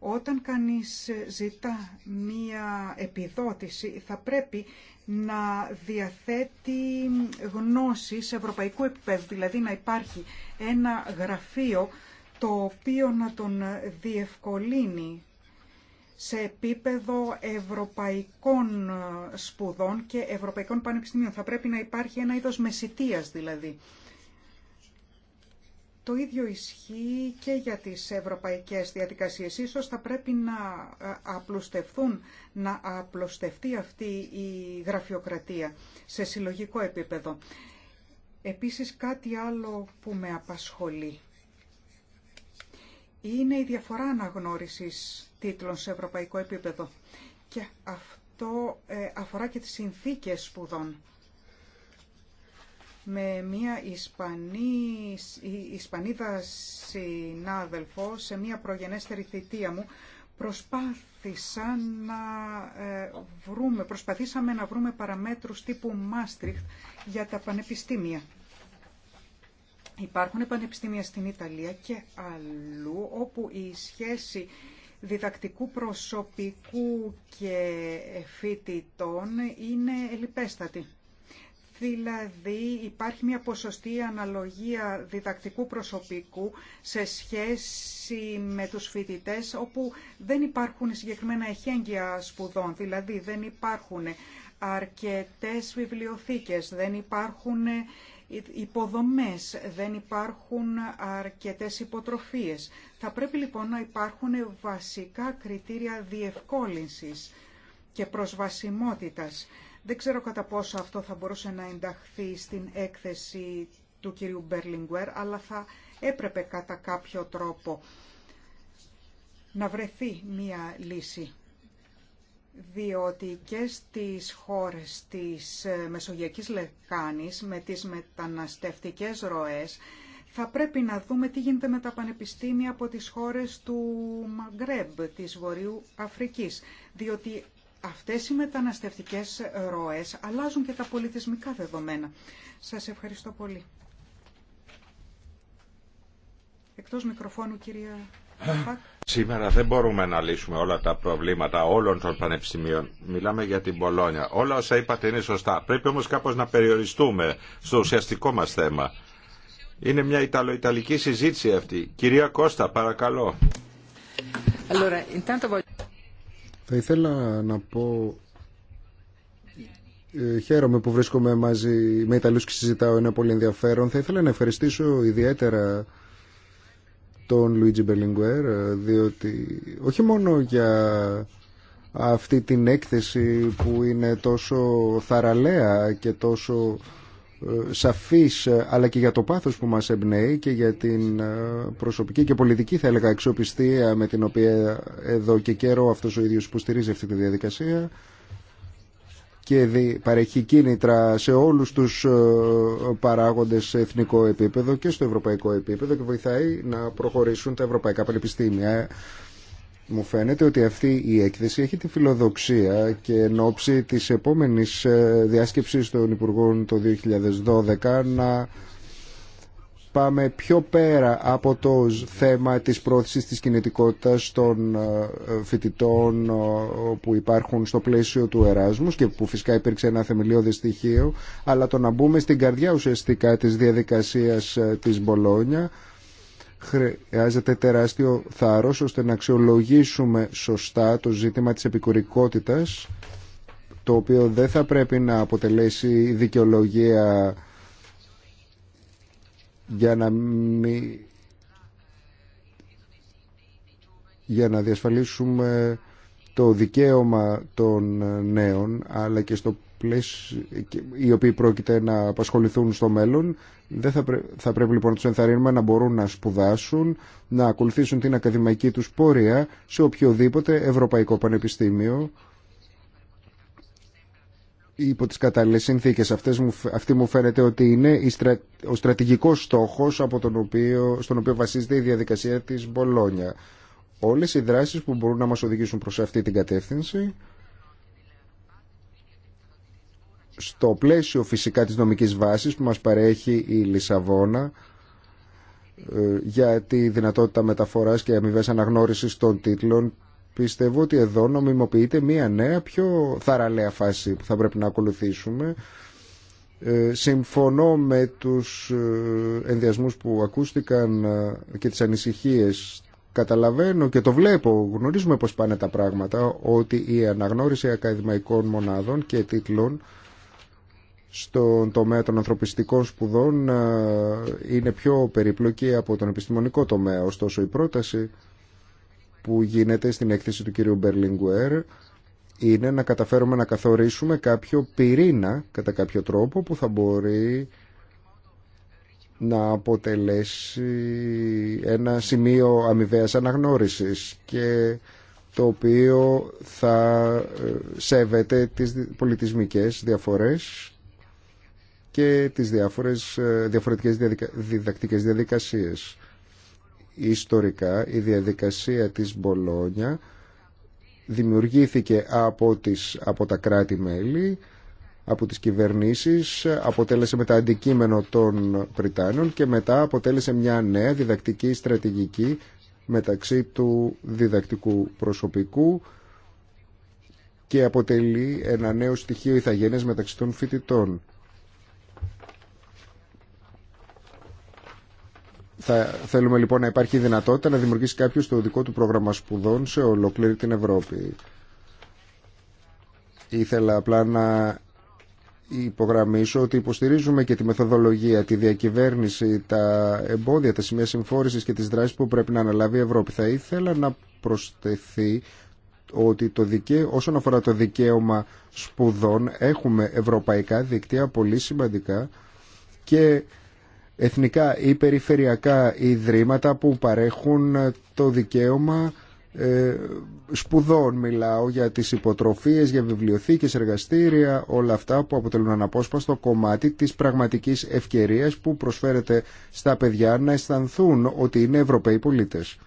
Όταν κανείς ζητά μία επιδότηση θα πρέπει να διαθέτει γνώση σε ευρωπαϊκού επίπεδου, δηλαδή να υπάρχει ένα γραφείο το οποίο να τον διευκολύνει σε επίπεδο ευρωπαϊκών σπουδών και ευρωπαϊκών πανεπιστημίων. Θα πρέπει να υπάρχει ένα είδος μεσητείας δηλαδή. Το ίδιο ισχύει και για τις ευρωπαϊκές διαδικασίες. Ίσως θα πρέπει να ε, απλουστευτούν, να απλουστευτεί αυτή η γραφειοκρατία σε συλλογικό επίπεδο. Επίσης κάτι άλλο που με απασχολεί είναι η διαφορά αναγνώρισης τίτλων σε ευρωπαϊκό επίπεδο και αυτό ε, αφορά και τις συνθήκες σπουδών με μία Ισπανή, Ισπανίδα συνάδελφο σε μία προγενέστερη θητεία μου προσπάθησα να ε, βρούμε, προσπαθήσαμε να βρούμε παραμέτρους τύπου Μάστριχτ για τα πανεπιστήμια. Υπάρχουν πανεπιστήμια στην Ιταλία και αλλού όπου η σχέση διδακτικού προσωπικού και φοιτητών είναι ελιπέστατη. Δηλαδή υπάρχει μια ποσοστή αναλογία διδακτικού προσωπικού σε σχέση με τους φοιτητές όπου δεν υπάρχουν συγκεκριμένα εχέγγυα σπουδών, δηλαδή δεν υπάρχουν αρκετές βιβλιοθήκες, δεν υπάρχουν υποδομές, δεν υπάρχουν αρκετές υποτροφίες. Θα πρέπει λοιπόν να υπάρχουν βασικά κριτήρια διευκόλυνσης και προσβασιμότητας δεν ξέρω κατά πόσο αυτό θα μπορούσε να ενταχθεί στην έκθεση του κυρίου Μπερλιγκουέρ, αλλά θα έπρεπε κατά κάποιο τρόπο να βρεθεί μία λύση. Διότι και στις χώρες της Μεσογειακής Λεκάνης, με τις μεταναστευτικές ροές, θα πρέπει να δούμε τι γίνεται με τα πανεπιστήμια από τις χώρες του Μαγκρέμπ, της Βορείου Αφρικής. Διότι Αυτές οι μεταναστευτικές ροές αλλάζουν και τα πολιτισμικά δεδομένα. Σας ευχαριστώ πολύ. Εκτός μικροφώνου κυρία Σήμερα δεν μπορούμε να λύσουμε όλα τα προβλήματα όλων των πανεπιστημίων. Μιλάμε για την Πολόνια. Όλα όσα είπατε είναι σωστά. Πρέπει όμως κάπως να περιοριστούμε στο ουσιαστικό μας θέμα. Είναι μια Ιταλο-Ιταλική συζήτηση αυτή. Κυρία Κώστα, παρακαλώ. Θα ήθελα να πω ε, χαίρομαι που βρίσκομαι μαζί με Ιταλούς και συζητάω, ένα πολύ ενδιαφέρον. Θα ήθελα να ευχαριστήσω ιδιαίτερα τον Λουίτζι Μπελιγκουέρ, ε, διότι όχι μόνο για αυτή την έκθεση που είναι τόσο θαραλέα και τόσο ε, σαφής ε, αλλά και για το πάθος που μας εμπνέει και για την ε, προσωπική και πολιτική θα έλεγα αξιοπιστία με την οποία εδώ και καιρό αυτός ο ίδιος που στηρίζει αυτή τη διαδικασία και παρέχει κίνητρα σε όλους τους παράγοντες σε εθνικό επίπεδο και στο ευρωπαϊκό επίπεδο και βοηθάει να προχωρήσουν τα ευρωπαϊκά πανεπιστήμια. Μου φαίνεται ότι αυτή η έκθεση έχει τη φιλοδοξία και εν ώψη της επόμενης ε, διάσκεψης των Υπουργών το 2012 να πάμε πιο πέρα από το θέμα της πρόθεσης της κινητικότητας των ε, φοιτητών ε, που υπάρχουν στο πλαίσιο του Εράσμους και που φυσικά υπήρξε ένα θεμελιώδη στοιχείο αλλά το να μπούμε στην καρδιά ουσιαστικά της διαδικασίας της Μπολόνια χρειάζεται τεράστιο θάρρος ώστε να αξιολογήσουμε σωστά το ζήτημα της επικουρικότητας το οποίο δεν θα πρέπει να αποτελέσει δικαιολογία για να για να διασφαλίσουμε το δικαίωμα των νέων αλλά και στο οι οποίοι πρόκειται να απασχοληθούν στο μέλλον. Δεν θα, θα πρέπει λοιπόν να τους ενθαρρύνουμε να μπορούν να σπουδάσουν, να ακολουθήσουν την ακαδημαϊκή τους πορεία σε οποιοδήποτε ευρωπαϊκό πανεπιστήμιο υπό τις κατάλληλες συνθήκες. Αυτές μου, αυτή μου φαίνεται ότι είναι ο στρατηγικός στόχος από τον οποίο, στον οποίο βασίζεται η διαδικασία της Μπολόνια. Όλες οι δράσεις που μπορούν να μας οδηγήσουν προς αυτή την κατεύθυνση στο πλαίσιο φυσικά της νομικής βάσης που μας παρέχει η Λισαβόνα ε, για τη δυνατότητα μεταφοράς και αμοιβέ αναγνώρισης των τίτλων πιστεύω ότι εδώ νομιμοποιείται μια νέα πιο θαραλέα φάση που θα πρέπει να ακολουθήσουμε ε, συμφωνώ με τους ε, ενδιασμούς που ακούστηκαν και τις ανησυχίες καταλαβαίνω και το βλέπω, γνωρίζουμε πώς πάνε τα πράγματα, ότι η αναγνώριση ακαδημαϊκών μονάδων και τίτλων στον τομέα των ανθρωπιστικών σπουδών ε, είναι πιο περιπλοκή από τον επιστημονικό τομέα. Ωστόσο η πρόταση που γίνεται στην έκθεση του κυρίου Μπερλιγκουέρ είναι να καταφέρουμε να καθορίσουμε κάποιο πυρήνα κατά κάποιο τρόπο που θα μπορεί να αποτελέσει ένα σημείο αμοιβαίας αναγνώρισης και το οποίο θα ε, σέβεται τις πολιτισμικές διαφορές και τις διάφορες, ε, διαφορετικές διαδικα... διδακτικές διαδικασίες. Ιστορικά η διαδικασία της Μπολόνια δημιουργήθηκε από, τις, από τα κράτη-μέλη, από τις κυβερνήσεις, αποτέλεσε μετά αντικείμενο των Πριτάνων και μετά αποτέλεσε μια νέα διδακτική στρατηγική μεταξύ του διδακτικού προσωπικού και αποτελεί ένα νέο στοιχείο ηθαγένειας μεταξύ των φοιτητών. Θα θέλουμε λοιπόν να υπάρχει δυνατότητα να δημιουργήσει κάποιο το δικό του πρόγραμμα σπουδών σε ολόκληρη την Ευρώπη. Ήθελα απλά να υπογραμμίσω ότι υποστηρίζουμε και τη μεθοδολογία, τη διακυβέρνηση, τα εμπόδια, τα σημεία συμφόρηση και τις δράσεις που πρέπει να αναλάβει η Ευρώπη. Θα ήθελα να προσθεθεί ότι το όσον αφορά το δικαίωμα σπουδών έχουμε ευρωπαϊκά δίκτυα πολύ σημαντικά και εθνικά ή περιφερειακά ιδρύματα που παρέχουν το δικαίωμα ε, σπουδών. Μιλάω για τις υποτροφίες, για βιβλιοθήκες, εργαστήρια, όλα αυτά που αποτελούν αναπόσπαστο κομμάτι της πραγματικής ευκαιρίας που προσφέρεται στα παιδιά να αισθανθούν ότι είναι Ευρωπαίοι πολίτες.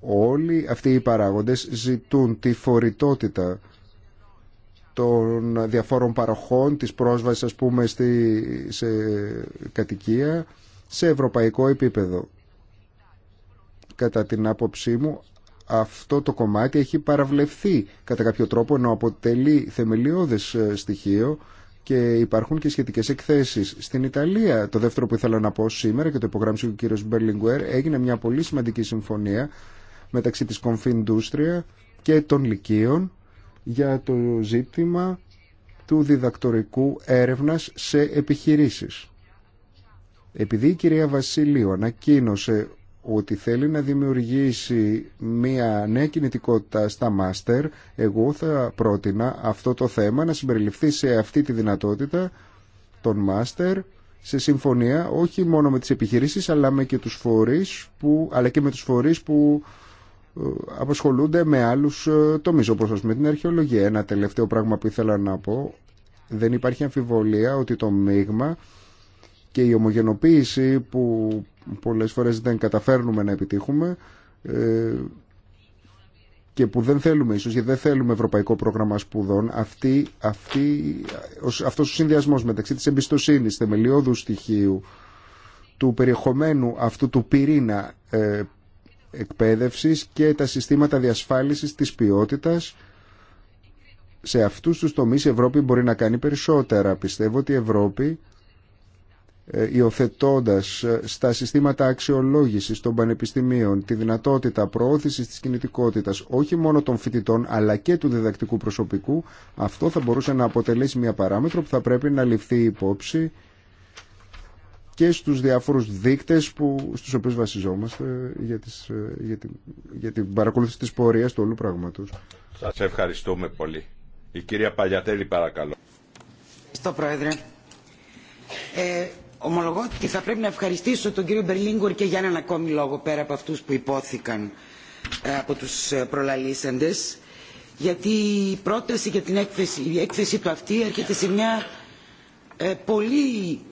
Όλοι αυτοί οι παράγοντες ζητούν τη φορητότητα των διαφόρων παροχών, της πρόσβασης ας πούμε στη, σε κατοικία σε ευρωπαϊκό επίπεδο. Κατά την άποψή μου αυτό το κομμάτι έχει παραβλεφθεί κατά κάποιο τρόπο ενώ αποτελεί θεμελιώδες ε, στοιχείο και υπάρχουν και σχετικές εκθέσεις. Στην Ιταλία, το δεύτερο που ήθελα να πω σήμερα και το υπογράμμισε ο κύριος Μπερλιγκουέρ, έγινε μια πολύ σημαντική συμφωνία μεταξύ της Confindustria και των Λυκείων για το ζήτημα του διδακτορικού έρευνας σε επιχειρήσεις. Επειδή η κυρία Βασιλείου ανακοίνωσε ότι θέλει να δημιουργήσει μία νέα κινητικότητα στα μάστερ, εγώ θα πρότεινα αυτό το θέμα να συμπεριληφθεί σε αυτή τη δυνατότητα των μάστερ σε συμφωνία όχι μόνο με τις επιχειρήσεις αλλά, με και, τους φορείς που, αλλά και με τους φορείς που απασχολούνται με άλλους ε, τομείς όπως με την αρχαιολογία. Ένα τελευταίο πράγμα που ήθελα να πω, δεν υπάρχει αμφιβολία ότι το μείγμα και η ομογενοποίηση που πολλές φορές δεν καταφέρνουμε να επιτύχουμε ε, και που δεν θέλουμε ίσως γιατί δεν θέλουμε ευρωπαϊκό πρόγραμμα σπουδών αυτή, αυτή, αυτός ο συνδυασμός μεταξύ της εμπιστοσύνης θεμελιώδου στοιχείου του περιεχομένου αυτού του πυρήνα ε, εκπαίδευσης και τα συστήματα διασφάλισης της ποιότητας. Σε αυτούς τους τομείς η Ευρώπη μπορεί να κάνει περισσότερα. Πιστεύω ότι η Ευρώπη ε, υιοθετώντα ε, στα συστήματα αξιολόγησης των πανεπιστημίων τη δυνατότητα προώθησης της κινητικότητας όχι μόνο των φοιτητών αλλά και του διδακτικού προσωπικού αυτό θα μπορούσε να αποτελέσει μια παράμετρο που θα πρέπει να ληφθεί υπόψη και στους διαφόρους δείκτες που, στους οποίους βασιζόμαστε για, τις, ε, για, την, για την παρακολούθηση της πορείας του όλου πράγματος. Σας ευχαριστούμε πολύ. Η κυρία Παλιατέλη παρακαλώ. Ευχαριστώ Πρόεδρε. Ε, ομολογώ ότι θα πρέπει να ευχαριστήσω τον κύριο Μπερλίνγκορ και για έναν ακόμη λόγο πέρα από αυτούς που υπόθηκαν ε, από τους ε, προλαλήσαντες γιατί η πρόταση για την έκθεση, η έκθεση του αυτή έρχεται σε μια ε,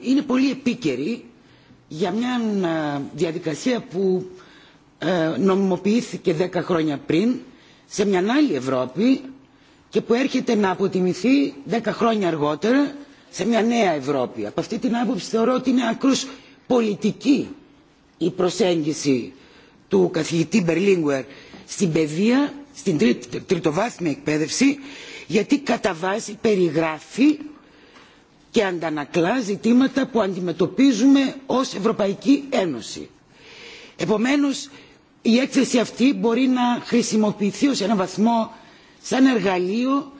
είναι πολύ επίκαιρη για μια ε, διαδικασία που ε, νομιμοποιήθηκε δέκα χρόνια πριν σε μια άλλη Ευρώπη και που έρχεται να αποτιμηθεί δέκα χρόνια αργότερα σε μια νέα Ευρώπη. Από αυτή την άποψη θεωρώ ότι είναι ακρούς πολιτική η προσέγγιση του καθηγητή Μπερλίνγκουερ στην παιδεία, στην τριτοβάθμια εκπαίδευση γιατί κατά βάση περιγράφει και αντανακλά ζητήματα που αντιμετωπίζουμε ως Ευρωπαϊκή Ένωση. Επομένως, η έκθεση αυτή μπορεί να χρησιμοποιηθεί ως ένα βαθμό σαν εργαλείο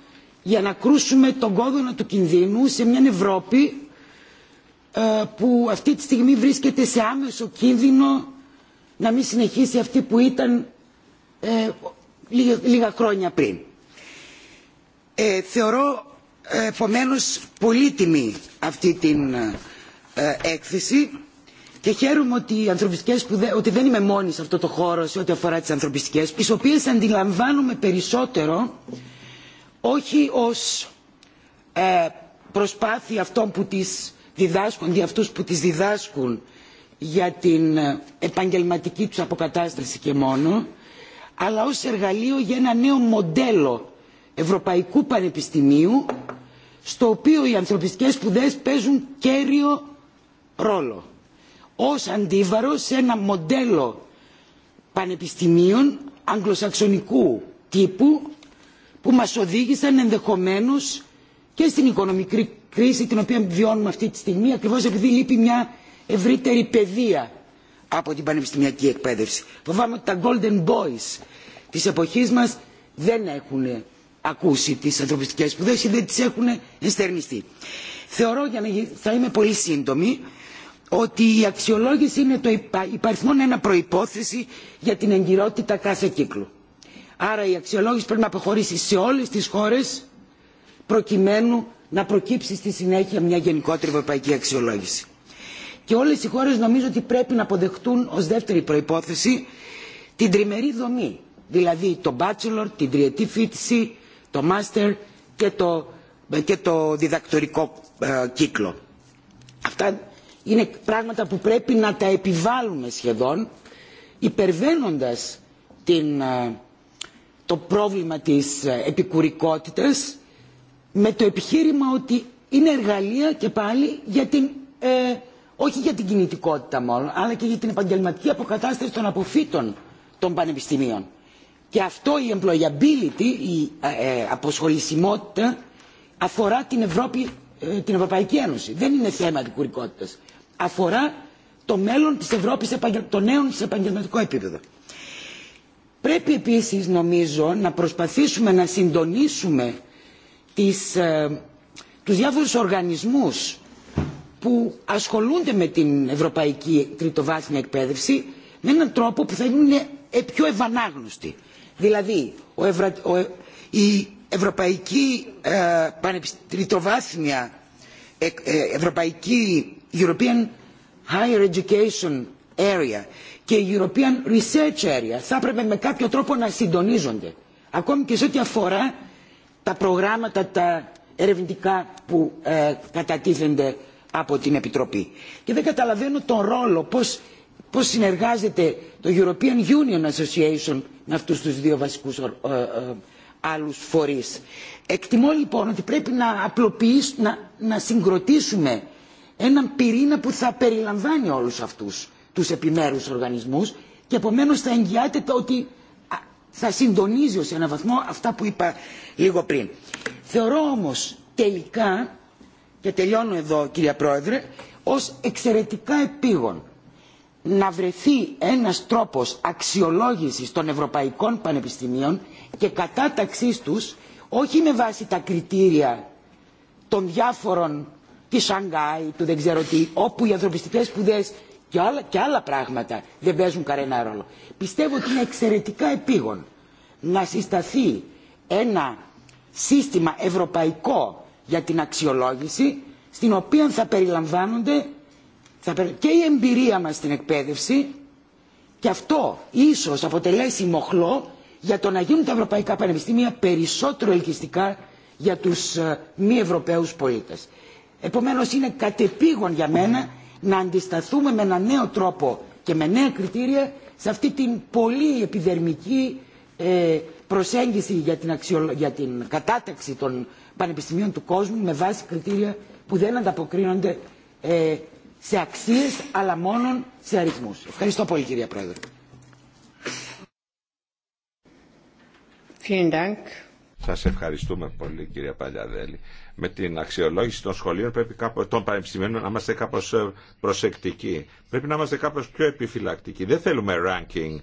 για να κρούσουμε τον κόδωνα του κινδύνου σε μια Ευρώπη ε, που αυτή τη στιγμή βρίσκεται σε άμεσο κίνδυνο να μην συνεχίσει αυτή που ήταν ε, λίγα, χρόνια πριν. Ε, θεωρώ επομένως πολύτιμη αυτή την ε, έκθεση και χαίρομαι ότι, οι ότι δεν είμαι μόνη σε αυτό το χώρο σε ό,τι αφορά τις ανθρωπιστικές τις οποίες αντιλαμβάνομαι περισσότερο όχι ως ε, προσπάθεια αυτών που τις διδάσκουν για αυτούς που τις διδάσκουν για την ε, επαγγελματική τους αποκατάσταση και μόνο αλλά ως εργαλείο για ένα νέο μοντέλο Ευρωπαϊκού Πανεπιστημίου στο οποίο οι ανθρωπιστικές σπουδές παίζουν κέριο ρόλο ως αντίβαρο σε ένα μοντέλο πανεπιστημίων αγγλοσαξονικού τύπου που μας οδήγησαν ενδεχομένως και στην οικονομική κρίση την οποία βιώνουμε αυτή τη στιγμή ακριβώς επειδή λείπει μια ευρύτερη παιδεία από την πανεπιστημιακή εκπαίδευση. Φοβάμαι ότι τα golden boys της εποχής μας δεν έχουν ακούσει τις ανθρωπιστικές σπουδέ ή δεν τις έχουν εστερνιστεί Θεωρώ, για θα είμαι πολύ σύντομη, ότι η αξιολόγηση είναι το υπαριθμόν ένα προϋπόθεση για την εγκυρότητα κάθε κύκλου. Άρα η αξιολόγηση πρέπει να αποχωρήσει σε όλες τις χώρες προκειμένου να προκύψει στη συνέχεια μια γενικότερη ευρωπαϊκή αξιολόγηση. Και όλες οι χώρες νομίζω ότι πρέπει να αποδεχτούν ως δεύτερη προϋπόθεση την τριμερή δομή, δηλαδή το bachelor, την τριετή φίτηση, το μάστερ και το, και διδακτορικό ε, κύκλο. Αυτά είναι πράγματα που πρέπει να τα επιβάλλουμε σχεδόν υπερβαίνοντας ε, το πρόβλημα της ε, επικουρικότητας με το επιχείρημα ότι είναι εργαλεία και πάλι για την, όχι για την κινητικότητα μόνο αλλά και για την επαγγελματική αποκατάσταση των αποφύτων των πανεπιστημίων και αυτό η employability, η ε, ε, αποσχολησιμότητα αφορά την, Ευρώπη, ε, την Ευρωπαϊκή Ένωση. Δεν είναι θέμα επικουρικότητας. Αφορά το μέλλον της Ευρώπης, το νέο σε επαγγελματικό επίπεδο. Πρέπει επίσης νομίζω να προσπαθήσουμε να συντονίσουμε τις, τους διάφορους οργανισμούς που ασχολούνται με την ευρωπαϊκή τριτοβάθμια εκπαίδευση με έναν τρόπο που θα είναι πιο ευανάγνωστοι. Δηλαδή, η ευρωπαϊκή ε, ε, ε, ευρωπαϊκή European Higher Education Area και η European Research Area θα έπρεπε με κάποιο τρόπο να συντονίζονται. Ακόμη και σε ό,τι αφορά τα προγράμματα, τα ερευνητικά που ε, κατατίθενται από την Επιτροπή. Και δεν καταλαβαίνω τον ρόλο πώς πώς συνεργάζεται το European Union Association με αυτούς τους δύο βασικούς ε, ε, άλλους φορείς. Εκτιμώ λοιπόν ότι πρέπει να απλοποιήσουμε, να, να συγκροτήσουμε έναν πυρήνα που θα περιλαμβάνει όλους αυτούς τους επιμέρους οργανισμούς και επομένως θα εγγυάται το ότι θα συντονίζει σε έναν βαθμό αυτά που είπα λίγο πριν. Θεωρώ όμως τελικά, και τελειώνω εδώ κυρία Πρόεδρε, ως εξαιρετικά επίγον να βρεθεί ένας τρόπος αξιολόγησης των ευρωπαϊκών πανεπιστημίων και κατάταξής τους όχι με βάση τα κριτήρια των διάφορων τη Σανγκάη, του δεν ξέρω τι, όπου οι ανθρωπιστικές σπουδές και άλλα, και άλλα πράγματα δεν παίζουν κανένα ρόλο. Πιστεύω ότι είναι εξαιρετικά επίγον να συσταθεί ένα σύστημα ευρωπαϊκό για την αξιολόγηση στην οποία θα περιλαμβάνονται και η εμπειρία μας στην εκπαίδευση και αυτό ίσως αποτελέσει μοχλό για το να γίνουν τα ευρωπαϊκά πανεπιστήμια περισσότερο ελκυστικά για τους ε, μη Ευρωπαίους πολίτες. Επομένως είναι κατεπήγον για μένα να αντισταθούμε με ένα νέο τρόπο και με νέα κριτήρια σε αυτή την πολύ επιδερμική ε, προσέγγιση για την, για την κατάταξη των πανεπιστημίων του κόσμου με βάση κριτήρια που δεν ανταποκρίνονται ε, σε αξίες αλλά μόνο σε αριθμούς. Ευχαριστώ πολύ κυρία Πρόεδρε. Σας ευχαριστούμε πολύ κυρία Παλιαδέλη. Με την αξιολόγηση των σχολείων πρέπει κάπως, των πανεπιστημίων να είμαστε κάπως ε, προσεκτικοί. Πρέπει να είμαστε κάπως πιο επιφυλακτικοί. Δεν θέλουμε ranking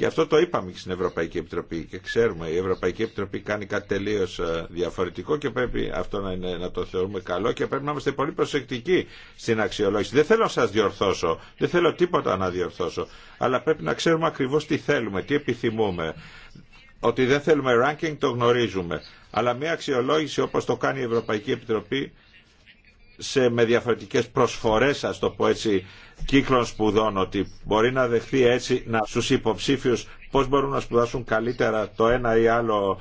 και αυτό το είπαμε και στην Ευρωπαϊκή Επιτροπή και ξέρουμε η Ευρωπαϊκή Επιτροπή κάνει κάτι τελείω ε, διαφορετικό και πρέπει αυτό να, είναι, να το θεωρούμε καλό και πρέπει να είμαστε πολύ προσεκτικοί στην αξιολόγηση. Δεν θέλω να σα διορθώσω, δεν θέλω τίποτα να διορθώσω, αλλά πρέπει να ξέρουμε ακριβώ τι θέλουμε, τι επιθυμούμε. Ότι δεν θέλουμε ranking το γνωρίζουμε, αλλά μια αξιολόγηση όπω το κάνει η Ευρωπαϊκή Επιτροπή σε, με διαφορετικές προσφορές, ας το πω έτσι, κύκλων σπουδών, ότι μπορεί να δεχθεί έτσι να, στους υποψήφιους πώς μπορούν να σπουδάσουν καλύτερα το ένα ή άλλο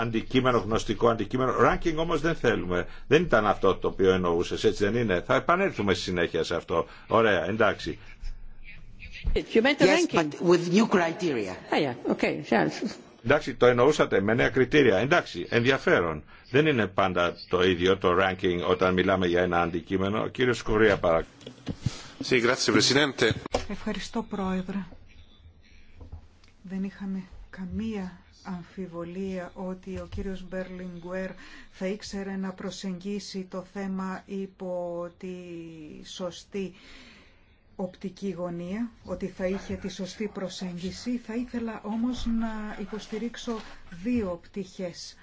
αντικείμενο, γνωστικό αντικείμενο. Ranking όμως δεν θέλουμε. Δεν ήταν αυτό το οποίο εννοούσες, έτσι δεν είναι. Θα επανέλθουμε στη συνέχεια σε αυτό. Ωραία, εντάξει. yes, But with new criteria. Ah, Εντάξει, το εννοούσατε με νέα κριτήρια. Εντάξει, ενδιαφέρον. Δεν είναι πάντα το ίδιο το ranking όταν μιλάμε για ένα αντικείμενο. Κύριε Σκουρία, παρακαλώ. Ευχαριστώ, Πρόεδρε. Δεν είχαμε καμία αμφιβολία ότι ο κύριος Μπερλιγκουέρ θα ήξερε να προσεγγίσει το θέμα υπό τη σωστή οπτική γωνία, ότι θα είχε τη σωστή προσέγγιση. Θα ήθελα όμως να υποστηρίξω δύο πτυχές.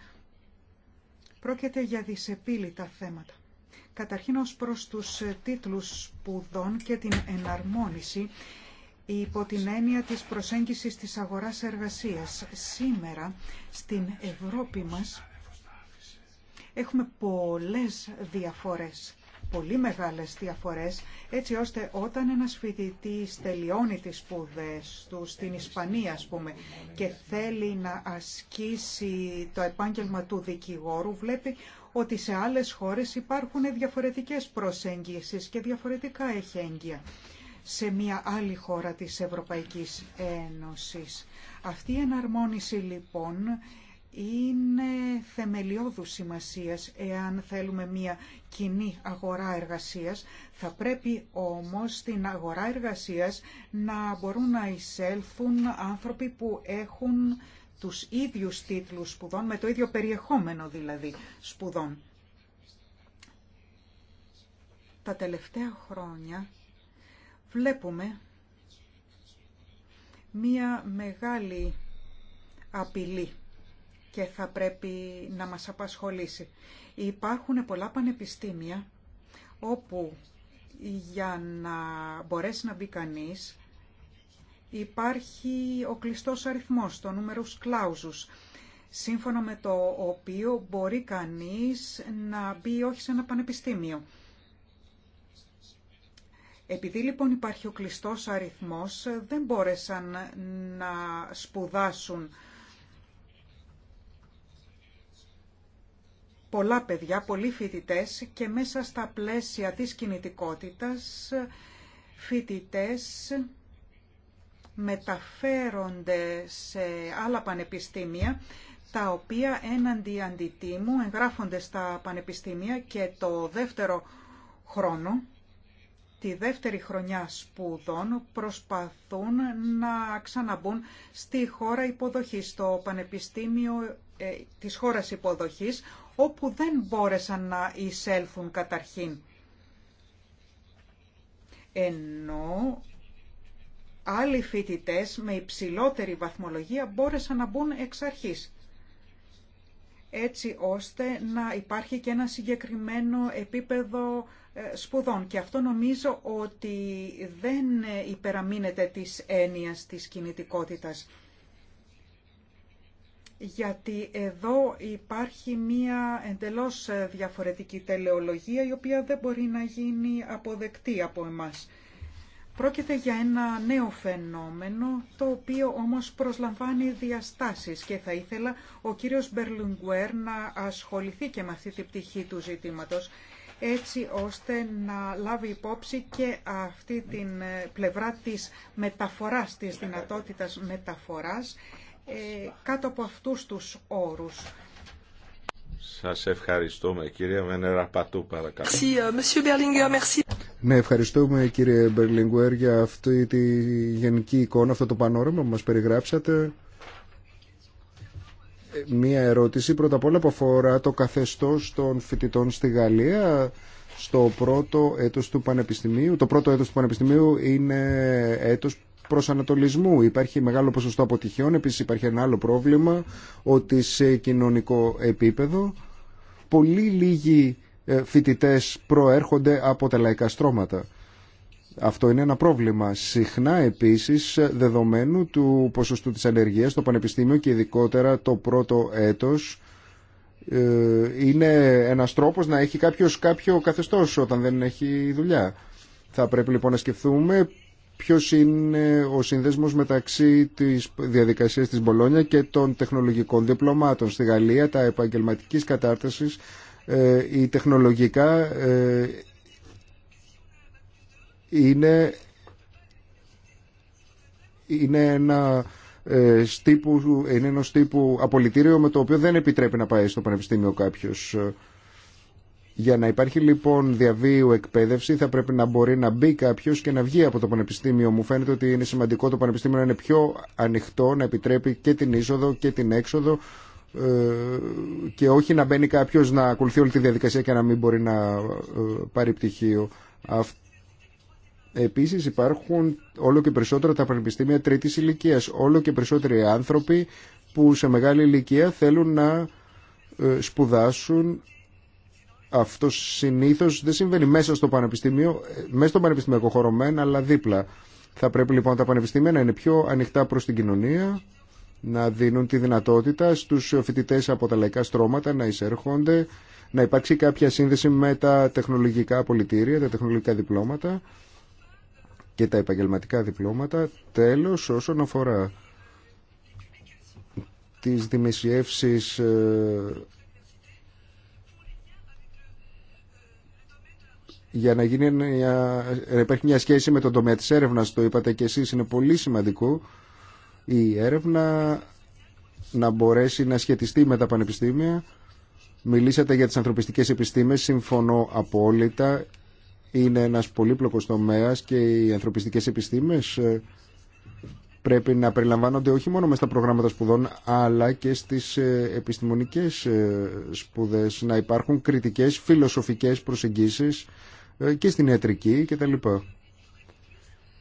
Πρόκειται για δυσεπίλητα θέματα. Καταρχήν ως προς τους τίτλους σπουδών και την εναρμόνιση υπό την έννοια της προσέγγισης της αγοράς εργασίας. Σήμερα στην Ευρώπη μας έχουμε πολλές διαφορές πολύ μεγάλες διαφορές, έτσι ώστε όταν ένας φοιτητής τελειώνει τις σπουδές του στην Ισπανία, ας πούμε, και θέλει να ασκήσει το επάγγελμα του δικηγόρου, βλέπει ότι σε άλλες χώρες υπάρχουν διαφορετικές προσέγγισεις και διαφορετικά εχέγγυα σε μια άλλη χώρα της Ευρωπαϊκής Ένωσης. Αυτή η εναρμόνιση λοιπόν είναι θεμελιώδους σημασίας εάν θέλουμε μια κοινή αγορά εργασίας. Θα πρέπει όμως στην αγορά εργασίας να μπορούν να εισέλθουν άνθρωποι που έχουν τους ίδιους τίτλους σπουδών, με το ίδιο περιεχόμενο δηλαδή σπουδών. Τα τελευταία χρόνια βλέπουμε μία μεγάλη απειλή και θα πρέπει να μας απασχολήσει. Υπάρχουν πολλά πανεπιστήμια όπου για να μπορέσει να μπει κανείς υπάρχει ο κλειστός αριθμός, το νούμερο κλάουζους, σύμφωνα με το οποίο μπορεί κανείς να μπει όχι σε ένα πανεπιστήμιο. Επειδή λοιπόν υπάρχει ο κλειστός αριθμός, δεν μπόρεσαν να σπουδάσουν πολλά παιδιά, πολλοί φοιτητέ και μέσα στα πλαίσια της κινητικότητας φοιτητέ μεταφέρονται σε άλλα πανεπιστήμια τα οποία έναντι αντιτίμου εγγράφονται στα πανεπιστήμια και το δεύτερο χρόνο, τη δεύτερη χρονιά σπουδών προσπαθούν να ξαναμπούν στη χώρα υποδοχής, στο πανεπιστήμιο ε, της χώρας υποδοχής, όπου δεν μπόρεσαν να εισέλθουν καταρχήν. Ενώ άλλοι φοιτητέ με υψηλότερη βαθμολογία μπόρεσαν να μπουν εξ αρχής έτσι ώστε να υπάρχει και ένα συγκεκριμένο επίπεδο ε, σπουδών. Και αυτό νομίζω ότι δεν ε, υπεραμείνεται της έννοιας της κινητικότητας γιατί εδώ υπάρχει μία εντελώς ε, διαφορετική τελεολογία η οποία δεν μπορεί να γίνει αποδεκτή από εμάς. Πρόκειται για ένα νέο φαινόμενο, το οποίο όμως προσλαμβάνει διαστάσεις και θα ήθελα ο κύριος Μπερλουγκουέρ να ασχοληθεί και με αυτή την πτυχή του ζητήματος, έτσι ώστε να λάβει υπόψη και αυτή την ε, πλευρά της μεταφοράς, της δυνατότητας μεταφοράς, ε, κάτω από αυτούς τους όρους. Σας ευχαριστούμε κύριε Βενέρα Πατού παρακαλώ. Euh, ναι, ευχαριστούμε κύριε Μπερλιγκουέρ για αυτή τη γενική εικόνα, αυτό το πανόραμα που μας περιγράψατε. Ε, μία ερώτηση πρώτα απ' όλα που αφορά το καθεστώς των φοιτητών στη Γαλλία στο πρώτο έτος του Πανεπιστημίου. Το πρώτο έτος του Πανεπιστημίου είναι έτος προσανατολισμού. Υπάρχει μεγάλο ποσοστό αποτυχιών. Επίσης υπάρχει ένα άλλο πρόβλημα ότι σε κοινωνικό επίπεδο πολύ λίγοι ε, φοιτητέ προέρχονται από τα λαϊκά στρώματα. Αυτό είναι ένα πρόβλημα. Συχνά επίσης ε, δεδομένου του ποσοστού της ανεργίας στο πανεπιστήμιο και ειδικότερα το πρώτο έτος ε, είναι ένας τρόπος να έχει κάποιος κάποιο καθεστώς όταν δεν έχει δουλειά. Θα πρέπει λοιπόν να σκεφτούμε Ποιο είναι ο συνδέσμος μεταξύ της διαδικασίας της Μπολόνια και των τεχνολογικών διπλωμάτων. Στη Γαλλία τα επαγγελματικής κατάρτισης ε, η τεχνολογικά ε, είναι, είναι ένα ε, στύπου, είναι ένα τύπου απολυτήριο με το οποίο δεν επιτρέπει να πάει στο πανεπιστήμιο κάποιος. Ε, για να υπάρχει λοιπόν διαβίου εκπαίδευση θα πρέπει να μπορεί να μπει κάποιο και να βγει από το πανεπιστήμιο. Μου φαίνεται ότι είναι σημαντικό το πανεπιστήμιο να είναι πιο ανοιχτό, να επιτρέπει και την είσοδο και την έξοδο ε, και όχι να μπαίνει κάποιο να ακολουθεί όλη τη διαδικασία και να μην μπορεί να ε, πάρει πτυχίο. Επίσης υπάρχουν όλο και περισσότερα τα πανεπιστήμια τρίτης ηλικίας, όλο και περισσότεροι άνθρωποι που σε μεγάλη ηλικία θέλουν να ε, σπουδάσουν αυτό συνήθω δεν συμβαίνει μέσα στο πανεπιστήμιο, μέσα στο πανεπιστημιακό χώρο αλλά δίπλα. Θα πρέπει λοιπόν τα πανεπιστήμια να είναι πιο ανοιχτά προ την κοινωνία, να δίνουν τη δυνατότητα στου φοιτητέ από τα λαϊκά στρώματα να εισέρχονται, να υπάρξει κάποια σύνδεση με τα τεχνολογικά πολιτήρια, τα τεχνολογικά διπλώματα και τα επαγγελματικά διπλώματα. Τέλο όσον αφορά τις δημοσιεύσεις ε, για να, γίνει να υπάρχει μια σχέση με τον τομέα της έρευνας, το είπατε και εσείς, είναι πολύ σημαντικό η έρευνα να μπορέσει να σχετιστεί με τα πανεπιστήμια. Μιλήσατε για τις ανθρωπιστικές επιστήμες, συμφωνώ απόλυτα. Είναι ένας πολύπλοκος τομέας και οι ανθρωπιστικές επιστήμες ε, πρέπει να περιλαμβάνονται όχι μόνο με στα προγράμματα σπουδών, αλλά και στις ε, επιστημονικές ε, σπουδές, να υπάρχουν κριτικές φιλοσοφικές προσεγγίσεις ε, και στην ιατρική κτλ.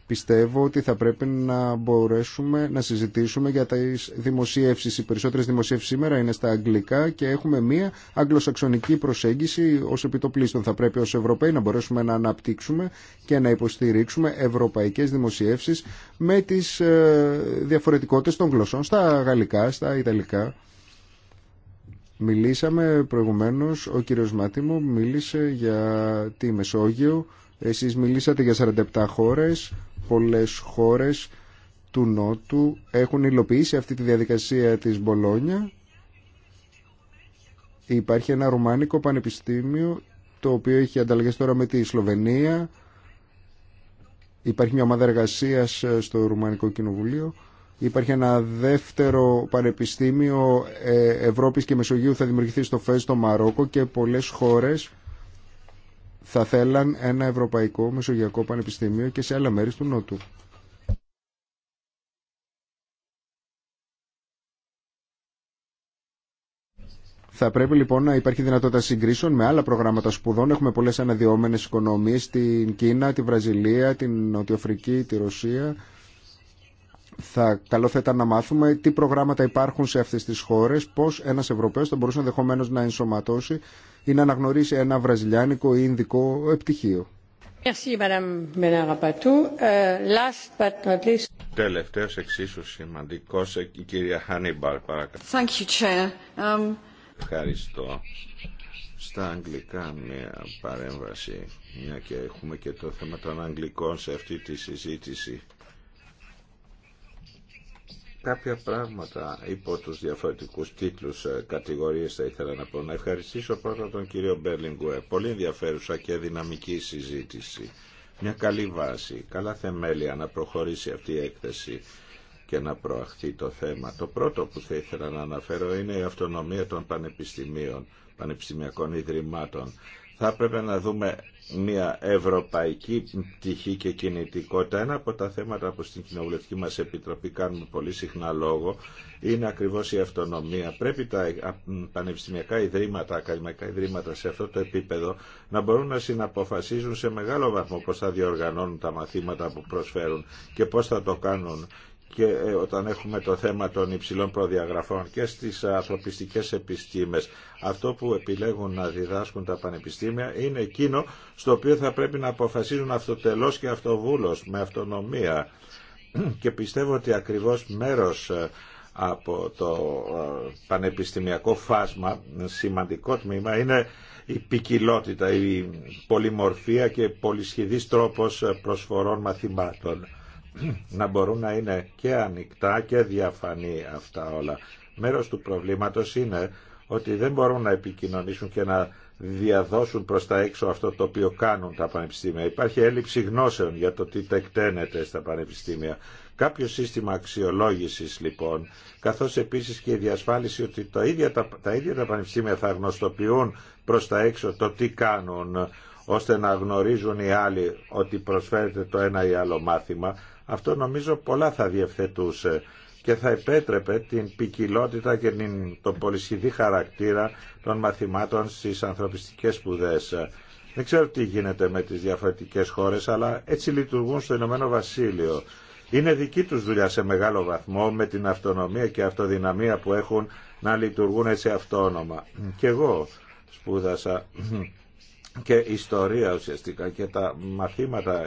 Πιστεύω ότι θα πρέπει να μπορέσουμε να συζητήσουμε για τι δημοσιεύσεις. Οι περισσότερε δημοσιεύσει σήμερα είναι στα αγγλικά και έχουμε μία αγγλοσαξονική προσέγγιση ως επιτοπλίστων. Θα πρέπει ως Ευρωπαίοι να μπορέσουμε να αναπτύξουμε και να υποστηρίξουμε ευρωπαϊκές δημοσιεύσει με τις ε, διαφορετικότητες των γλωσσών στα γαλλικά, στα ιταλικά Μιλήσαμε προηγουμένως, ο κύριος Μάτιμο μίλησε για τη Μεσόγειο, εσείς μιλήσατε για 47 χώρες, πολλές χώρες του Νότου έχουν υλοποιήσει αυτή τη διαδικασία της Μπολόνια. Υπάρχει ένα ρουμάνικο πανεπιστήμιο το οποίο έχει ανταλλαγές τώρα με τη Σλοβενία. Υπάρχει μια ομάδα εργασίας στο Ρουμανικό Κοινοβουλίο. Υπάρχει ένα δεύτερο πανεπιστήμιο ε, Ευρώπης και Μεσογείου θα δημιουργηθεί στο ΦΕΣ στο Μαρόκο και πολλές χώρες θα θέλαν ένα Ευρωπαϊκό Μεσογειακό Πανεπιστήμιο και σε άλλα μέρη του Νότου. Θα πρέπει λοιπόν να υπάρχει δυνατότητα συγκρίσεων με άλλα προγράμματα σπουδών. Έχουμε πολλές αναδυόμενες οικονομίες στην Κίνα, τη Βραζιλία, την Νοτιοφρική, τη Ρωσία θα καλό θα ήταν να μάθουμε τι προγράμματα υπάρχουν σε αυτές τις χώρες, πώς ένας Ευρωπαίος θα μπορούσε ενδεχομένω να ενσωματώσει ή να αναγνωρίσει ένα βραζιλιάνικο ή ινδικό πτυχίο. Ε, Τελευταίος εξίσου σημαντικός, η κυρία Χάνιμπαλ, παρακαλώ. Um, Ευχαριστώ. Στα αγγλικά μια παρέμβαση, μια και έχουμε και το θέμα των αγγλικών σε αυτή τη συζήτηση κάποια πράγματα υπό τους διαφορετικούς τίτλους ε, κατηγορίες θα ήθελα να πω. Να ευχαριστήσω πρώτα τον κύριο Μπέρλινγκουε Πολύ ενδιαφέρουσα και δυναμική συζήτηση. Μια καλή βάση, καλά θεμέλια να προχωρήσει αυτή η έκθεση και να προαχθεί το θέμα. Το πρώτο που θα ήθελα να αναφέρω είναι η αυτονομία των πανεπιστημίων, πανεπιστημιακών ιδρυμάτων θα έπρεπε να δούμε μια ευρωπαϊκή πτυχή και κινητικότητα. Ένα από τα θέματα που στην Κοινοβουλευτική μας Επιτροπή κάνουμε πολύ συχνά λόγο είναι ακριβώς η αυτονομία. Πρέπει τα πανεπιστημιακά ιδρύματα, ακαδημαϊκά ιδρύματα σε αυτό το επίπεδο να μπορούν να συναποφασίζουν σε μεγάλο βαθμό πώς θα διοργανώνουν τα μαθήματα που προσφέρουν και πώς θα το κάνουν και ε, όταν έχουμε το θέμα των υψηλών προδιαγραφών και στις ανθρωπιστικές επιστήμες. Αυτό που επιλέγουν να διδάσκουν τα πανεπιστήμια είναι εκείνο στο οποίο θα πρέπει να αποφασίζουν αυτοτελώς και αυτοβούλος, με αυτονομία. Και πιστεύω ότι ακριβώς μέρος ε, από το ε, πανεπιστημιακό φάσμα, σημαντικό τμήμα, είναι η ποικιλότητα, η πολυμορφία και πολυσχεδής τρόπος προσφορών μαθημάτων να μπορούν να είναι και ανοιχτά και διαφανή αυτά όλα. Μέρος του προβλήματος είναι ότι δεν μπορούν να επικοινωνήσουν και να διαδώσουν προς τα έξω αυτό το οποίο κάνουν τα πανεπιστήμια. Υπάρχει έλλειψη γνώσεων για το τι τεκταίνεται στα πανεπιστήμια. Κάποιο σύστημα αξιολόγησης λοιπόν, καθώς επίσης και η διασφάλιση ότι τα ίδια τα, τα, ίδια πανεπιστήμια θα γνωστοποιούν προς τα έξω το τι κάνουν, ώστε να γνωρίζουν οι άλλοι ότι προσφέρεται το ένα ή άλλο μάθημα, αυτό νομίζω πολλά θα διευθετούσε και θα επέτρεπε την ποικιλότητα και τον πολυσχηδή χαρακτήρα των μαθημάτων στις ανθρωπιστικές σπουδές. Δεν ξέρω τι γίνεται με τις διαφορετικές χώρες, αλλά έτσι λειτουργούν στο Ηνωμένο Βασίλειο. Είναι δική τους δουλειά σε μεγάλο βαθμό με την αυτονομία και αυτοδυναμία που έχουν να λειτουργούν έτσι αυτόνομα. Κι εγώ σπούδασα και ιστορία ουσιαστικά και τα μαθήματα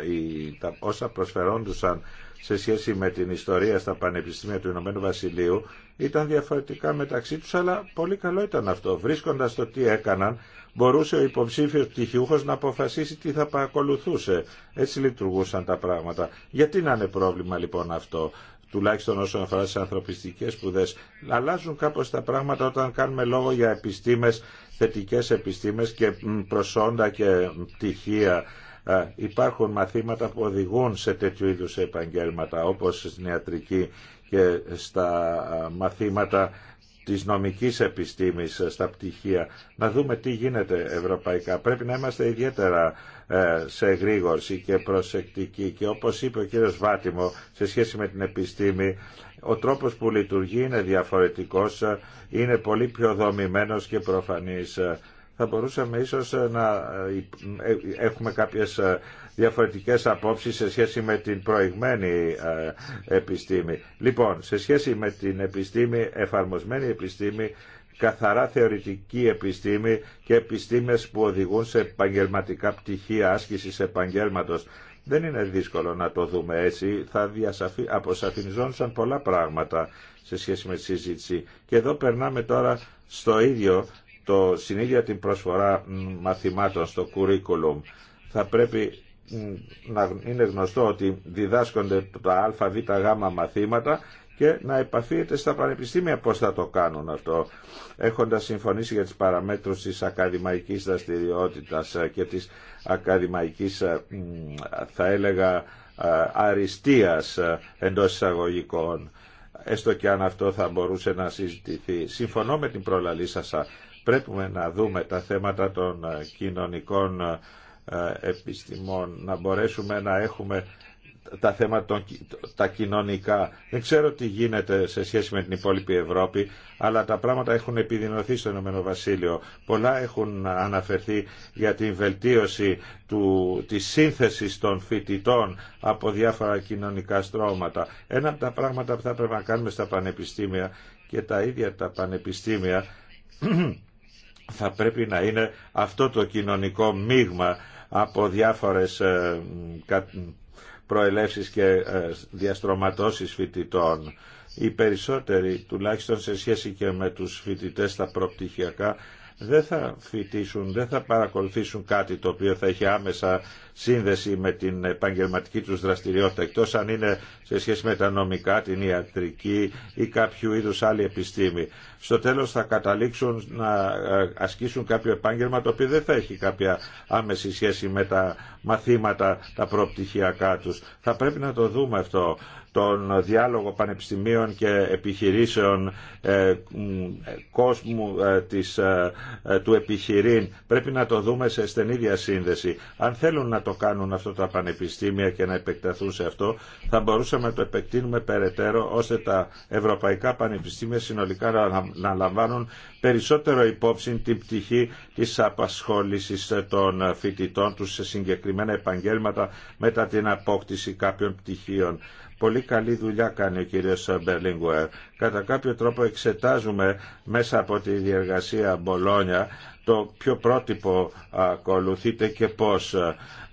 τα, όσα προσφερόντουσαν σε σχέση με την ιστορία στα πανεπιστήμια του Ηνωμένου Βασιλείου ήταν διαφορετικά μεταξύ τους αλλά πολύ καλό ήταν αυτό. Βρίσκοντας το τι έκαναν μπορούσε ο υποψήφιος πτυχιούχος να αποφασίσει τι θα παρακολουθούσε. Έτσι λειτουργούσαν τα πράγματα. Γιατί να είναι πρόβλημα λοιπόν αυτό τουλάχιστον όσον αφορά τι ανθρωπιστικές σπουδές. Αλλάζουν κάπως τα πράγματα όταν κάνουμε λόγο για επιστήμες θετικές επιστήμες και προσόντα και πτυχία. Υπάρχουν μαθήματα που οδηγούν σε τέτοιου είδους επαγγέλματα όπως στην ιατρική και στα μαθήματα της νομικής επιστήμης στα πτυχία. Να δούμε τι γίνεται ευρωπαϊκά. Πρέπει να είμαστε ιδιαίτερα ε, σε γρήγορση και προσεκτικοί και όπως είπε ο κύριος Βάτιμο σε σχέση με την επιστήμη ο τρόπος που λειτουργεί είναι διαφορετικός, είναι πολύ πιο δομημένος και προφανής. Θα μπορούσαμε ίσως να ε, έχουμε κάποιες ε, διαφορετικές απόψεις σε σχέση με την προηγμένη ε, επιστήμη. Λοιπόν, σε σχέση με την επιστήμη, εφαρμοσμένη επιστήμη, καθαρά θεωρητική επιστήμη και επιστήμες που οδηγούν σε επαγγελματικά πτυχία άσκησης επαγγέλματος. Δεν είναι δύσκολο να το δούμε έτσι. Θα διασαφη... πολλά πράγματα σε σχέση με τη συζήτηση. Και εδώ περνάμε τώρα στο ίδιο, το, στην ίδια την προσφορά μαθημάτων στο curriculum. Θα πρέπει να είναι γνωστό ότι διδάσκονται τα α, β, γ μαθήματα και να επαφείτε στα πανεπιστήμια πώς θα το κάνουν αυτό έχοντας συμφωνήσει για τις παραμέτρους της ακαδημαϊκής δραστηριότητας ε, και της ακαδημαϊκής ε, θα έλεγα ε, αριστείας εντός εισαγωγικών έστω και αν αυτό θα μπορούσε να συζητηθεί. Συμφωνώ με την προλαλή σας, πρέπει να δούμε τα θέματα των κοινωνικών επιστημών, να μπορέσουμε να έχουμε τα θέματα τα κοινωνικά. Δεν ξέρω τι γίνεται σε σχέση με την υπόλοιπη Ευρώπη, αλλά τα πράγματα έχουν επιδεινωθεί στο Ηνωμένο Βασίλειο. Πολλά έχουν αναφερθεί για την βελτίωση του, της σύνθεσης των φοιτητών από διάφορα κοινωνικά στρώματα. Ένα από τα πράγματα που θα πρέπει να κάνουμε στα πανεπιστήμια και τα ίδια τα πανεπιστήμια θα πρέπει να είναι αυτό το κοινωνικό μείγμα από διάφορες ε, προελεύσεις και ε, διαστρωματώσεις φοιτητών. Οι περισσότεροι, τουλάχιστον σε σχέση και με τους φοιτητές στα προπτυχιακά, δεν θα φοιτήσουν, δεν θα παρακολουθήσουν κάτι το οποίο θα έχει άμεσα σύνδεση με την επαγγελματική τους δραστηριότητα εκτός αν είναι σε σχέση με τα νομικά, την ιατρική ή κάποιο είδους άλλη επιστήμη. Στο τέλος θα καταλήξουν να ασκήσουν κάποιο επάγγελμα το οποίο δεν θα έχει κάποια άμεση σχέση με τα μαθήματα, τα προπτυχιακά τους. Θα πρέπει να το δούμε αυτό τον διάλογο πανεπιστημίων και επιχειρήσεων ε, κόσμου ε, της, ε, του επιχειρήν πρέπει να το δούμε σε στενή διασύνδεση. Αν θέλουν να το κάνουν αυτό τα πανεπιστήμια και να επεκταθούν σε αυτό θα μπορούσαμε να το επεκτείνουμε περαιτέρω ώστε τα ευρωπαϊκά πανεπιστήμια συνολικά να λαμβάνουν περισσότερο υπόψη την πτυχή της απασχόλησης των φοιτητών τους σε συγκεκριμένα επαγγέλματα μετά την απόκτηση κάποιων πτυχίων. Πολύ καλή δουλειά κάνει ο κύριος Μπερλίνγκουερ. Κατά κάποιο τρόπο εξετάζουμε μέσα από τη διεργασία Μπολόνια το ποιο πρότυπο ακολουθείται και πώς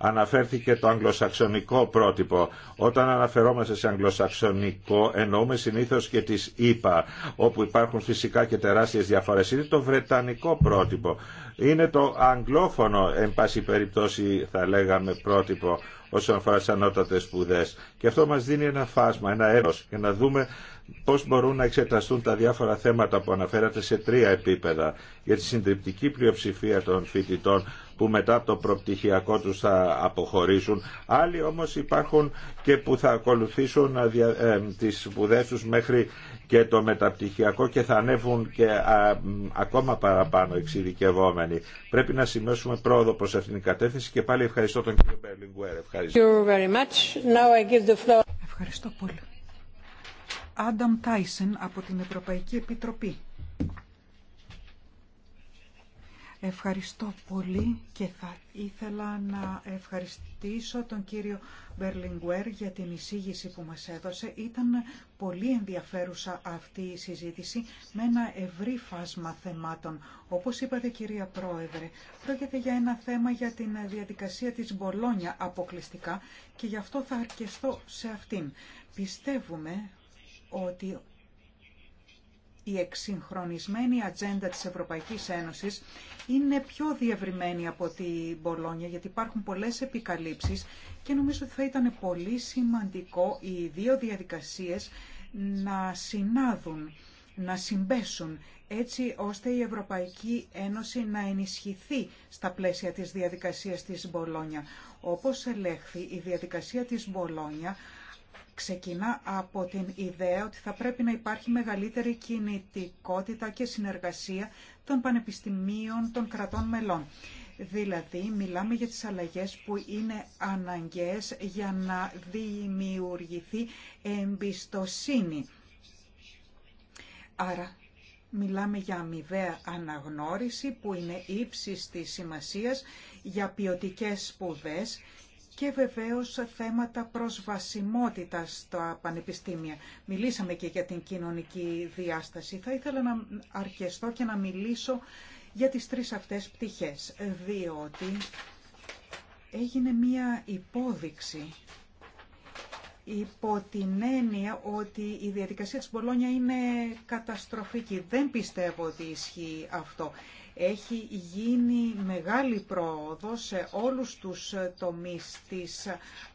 αναφέρθηκε το αγγλοσαξονικό πρότυπο. Όταν αναφερόμαστε σε αγγλοσαξονικό εννοούμε συνήθω και τι, ΗΠΑ όπου υπάρχουν φυσικά και τεράστιε διαφορέ, Είναι το βρετανικό πρότυπο. Είναι το αγγλόφωνο, εν πάση περιπτώσει θα λέγαμε πρότυπο όσον αφορά τι ανώτατε σπουδέ. Και αυτό μα δίνει ένα φάσμα, ένα έρο για να δούμε πώ μπορούν να εξεταστούν τα διάφορα θέματα που αναφέρατε σε τρία επίπεδα. Για τη συντριπτική πλειοψηφία των φοιτητών που μετά το προπτυχιακό τους θα αποχωρήσουν. Άλλοι όμως υπάρχουν και που θα ακολουθήσουν ε, ε, τις σπουδές τους μέχρι και το μεταπτυχιακό και θα ανέβουν και ακόμα παραπάνω εξειδικευόμενοι. Πρέπει να σημειώσουμε πρόοδο προς αυτήν την κατεύθυνση και πάλι ευχαριστώ τον κύριο Μπερλιγκουέρ. Ευχαριστώ. Ευχαριστώ πολύ. Άνταμ Τάισεν από την Ευρωπαϊκή Επιτροπή. Ευχαριστώ πολύ και θα ήθελα να ευχαριστήσω τον κύριο Μπερλιγκουέρ για την εισήγηση που μας έδωσε. Ήταν πολύ ενδιαφέρουσα αυτή η συζήτηση με ένα ευρύ φάσμα θεμάτων. Όπως είπατε κυρία Πρόεδρε, πρόκειται για ένα θέμα για την διαδικασία της Μπολόνια αποκλειστικά και γι' αυτό θα αρκεστώ σε αυτήν. Πιστεύουμε ότι η εξυγχρονισμένη ατζέντα της Ευρωπαϊκής Ένωσης είναι πιο διευρυμένη από τη Μπολόνια γιατί υπάρχουν πολλές επικαλύψεις και νομίζω ότι θα ήταν πολύ σημαντικό οι δύο διαδικασίες να συνάδουν, να συμπέσουν έτσι ώστε η Ευρωπαϊκή Ένωση να ενισχυθεί στα πλαίσια της διαδικασίας της Μπολόνια. Όπως ελέγχθη, η διαδικασία της Μπολόνια Ξεκινά από την ιδέα ότι θα πρέπει να υπάρχει μεγαλύτερη κινητικότητα και συνεργασία των πανεπιστημίων των κρατών μελών. Δηλαδή, μιλάμε για τις αλλαγές που είναι αναγκαίες για να δημιουργηθεί εμπιστοσύνη. Άρα, μιλάμε για αμοιβαία αναγνώριση που είναι ύψης της σημασίας για ποιοτικές σπουδές και βεβαίως θέματα προσβασιμότητας στα πανεπιστήμια. Μιλήσαμε και για την κοινωνική διάσταση. Θα ήθελα να αρκεστώ και να μιλήσω για τις τρεις αυτές πτυχές, διότι έγινε μία υπόδειξη υπό την έννοια ότι η διαδικασία της Μπολόνια είναι καταστροφική. Δεν πιστεύω ότι ισχύει αυτό. Έχει γίνει μεγάλη πρόοδο σε όλους τους τομείς της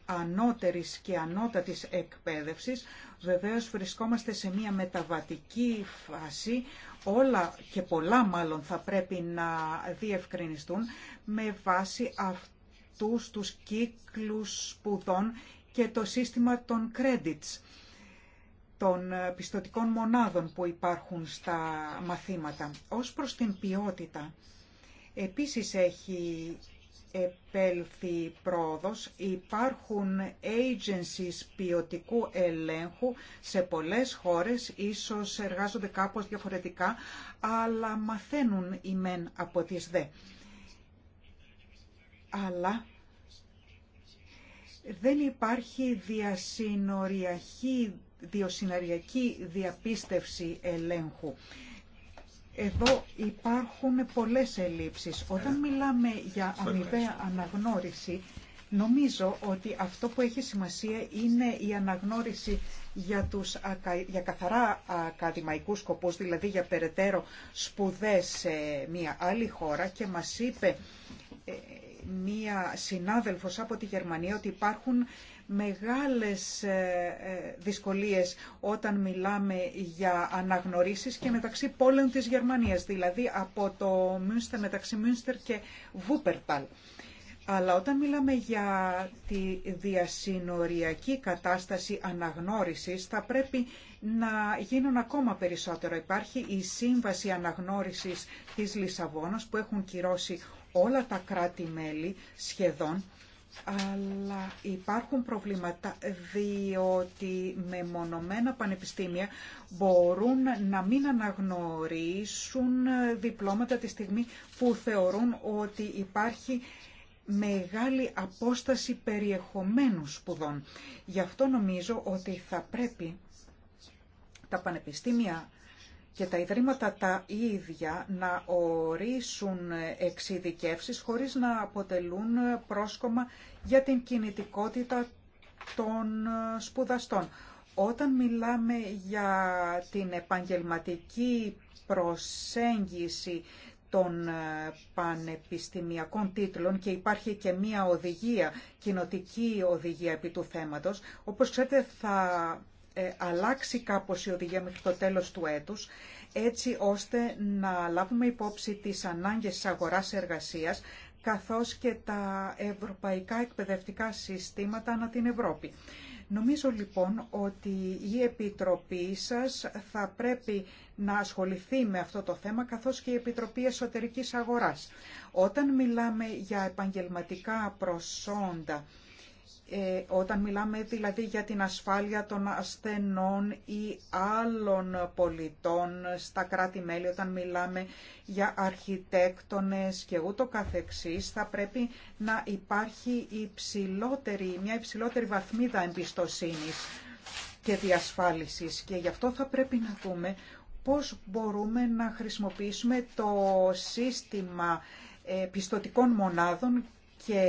ανώτερης και ανώτατης εκπαίδευσης. Βεβαίως βρισκόμαστε σε μια μεταβατική φάση. Όλα και πολλά μάλλον θα πρέπει να διευκρινιστούν με βάση αυτούς τους κύκλους σπουδών και το σύστημα των credits των ε, πιστοτικών μονάδων που υπάρχουν στα μαθήματα. Ως προς την ποιότητα, επίσης έχει επέλθει πρόοδος. Υπάρχουν agencies ποιοτικού ελέγχου σε πολλές χώρες, ίσως εργάζονται κάπως διαφορετικά, αλλά μαθαίνουν οι μεν από τις δε. Αλλά δεν υπάρχει διασυνοριαχή διοσυναριακή διαπίστευση ελέγχου. Εδώ υπάρχουν πολλές ελλείψεις. Όταν ε, μιλάμε για αμοιβαία αναγνώριση, νομίζω ότι αυτό που έχει σημασία είναι η αναγνώριση για, τους, για καθαρά ακαδημαϊκούς σκοπούς, δηλαδή για περαιτέρω σπουδές σε μια άλλη χώρα και μας είπε ε, μία συνάδελφος από τη Γερμανία ότι υπάρχουν μεγάλες ε, ε, δυσκολίες όταν μιλάμε για αναγνωρίσεις και μεταξύ πόλεων της Γερμανίας, δηλαδή από το Μύνστερ μεταξύ Μύνστερ και Βούπερταλ. Αλλά όταν μιλάμε για τη διασυνοριακή κατάσταση αναγνώρισης, θα πρέπει να γίνουν ακόμα περισσότερο. Υπάρχει η Σύμβαση Αναγνώρισης της Λισαβόνας που έχουν κυρώσει όλα τα κράτη-μέλη σχεδόν αλλά υπάρχουν προβλήματα διότι με μονομένα πανεπιστήμια μπορούν να μην αναγνωρίσουν διπλώματα τη στιγμή που θεωρούν ότι υπάρχει μεγάλη απόσταση περιεχομένου σπουδών. Γι' αυτό νομίζω ότι θα πρέπει τα πανεπιστήμια και τα ιδρύματα τα ίδια να ορίσουν εξειδικεύσεις χωρίς να αποτελούν πρόσκομα για την κινητικότητα των σπουδαστών. Όταν μιλάμε για την επαγγελματική προσέγγιση των πανεπιστημιακών τίτλων και υπάρχει και μία οδηγία, κοινοτική οδηγία επί του θέματος, όπως ξέρετε θα ε, αλλάξει κάπως η οδηγία μέχρι το τέλος του έτους, έτσι ώστε να λάβουμε υπόψη τις ανάγκες της αγοράς-εργασίας, καθώς και τα ευρωπαϊκά εκπαιδευτικά συστήματα ανά την Ευρώπη. Νομίζω λοιπόν ότι η Επιτροπή σας θα πρέπει να ασχοληθεί με αυτό το θέμα, καθώς και η Επιτροπή Εσωτερικής Αγοράς. Όταν μιλάμε για επαγγελματικά προσόντα, ε, όταν μιλάμε δηλαδή για την ασφάλεια των ασθενών ή άλλων πολιτών στα κράτη-μέλη, όταν μιλάμε για αρχιτέκτονες και ούτω καθεξής, θα πρέπει να υπάρχει υψηλότερη, μια υψηλότερη βαθμίδα εμπιστοσύνης και διασφάλισης. Και γι' αυτό θα πρέπει να δούμε πώς μπορούμε να χρησιμοποιήσουμε το σύστημα ε, πιστοτικών μονάδων και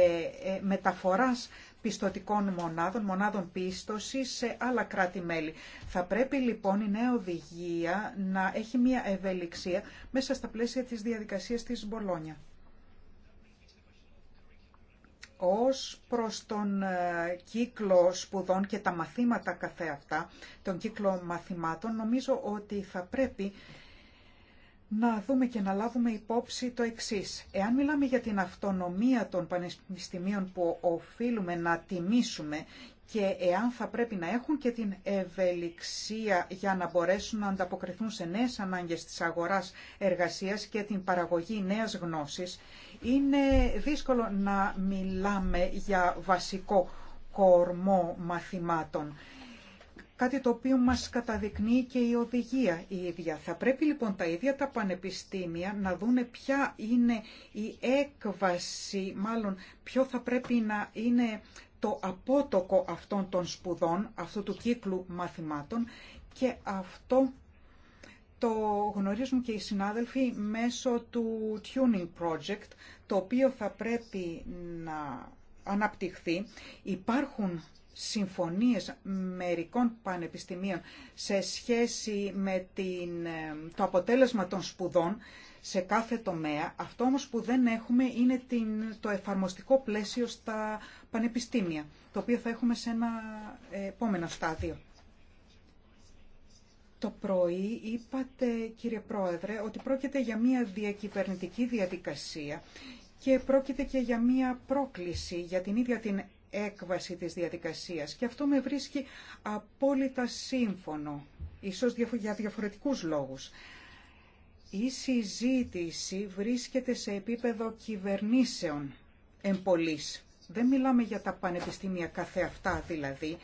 ε, μεταφοράς πιστοτικών μονάδων, μονάδων πίστοση σε άλλα κράτη-μέλη. Θα πρέπει λοιπόν η νέα οδηγία να έχει μια ευελιξία μέσα στα πλαίσια της διαδικασίας της Μπολόνια. Ως προς τον ε, κύκλο σπουδών και τα μαθήματα καθεαυτά, τον κύκλο μαθημάτων, νομίζω ότι θα πρέπει να δούμε και να λάβουμε υπόψη το εξή. Εάν μιλάμε για την αυτονομία των πανεπιστημίων που οφείλουμε να τιμήσουμε και εάν θα πρέπει να έχουν και την ευελιξία για να μπορέσουν να ανταποκριθούν σε νέες ανάγκες της αγοράς εργασίας και την παραγωγή νέας γνώσης, είναι δύσκολο να μιλάμε για βασικό κορμό μαθημάτων κάτι το οποίο μας καταδεικνύει και η οδηγία η ίδια. Θα πρέπει λοιπόν τα ίδια τα πανεπιστήμια να δούνε ποια είναι η έκβαση, μάλλον ποιο θα πρέπει να είναι το απότοκο αυτών των σπουδών, αυτού του κύκλου μαθημάτων και αυτό το γνωρίζουν και οι συνάδελφοι μέσω του Tuning Project, το οποίο θα πρέπει να αναπτυχθεί. Υπάρχουν συμφωνίες μερικών πανεπιστημίων σε σχέση με την, ε, το αποτέλεσμα των σπουδών σε κάθε τομέα. Αυτό όμως που δεν έχουμε είναι την, το εφαρμοστικό πλαίσιο στα πανεπιστήμια, το οποίο θα έχουμε σε ένα ε, επόμενο στάδιο. Το πρωί είπατε, κύριε Πρόεδρε, ότι πρόκειται για μια διακυβερνητική διαδικασία και πρόκειται και για μια πρόκληση για την ίδια την έκβαση της διαδικασίας και αυτό με βρίσκει απόλυτα σύμφωνο, ίσως για διαφορετικούς λόγους. Η συζήτηση βρίσκεται σε επίπεδο κυβερνήσεων εμπολής. Δεν μιλάμε για τα πανεπιστήμια αυτά, δηλαδή,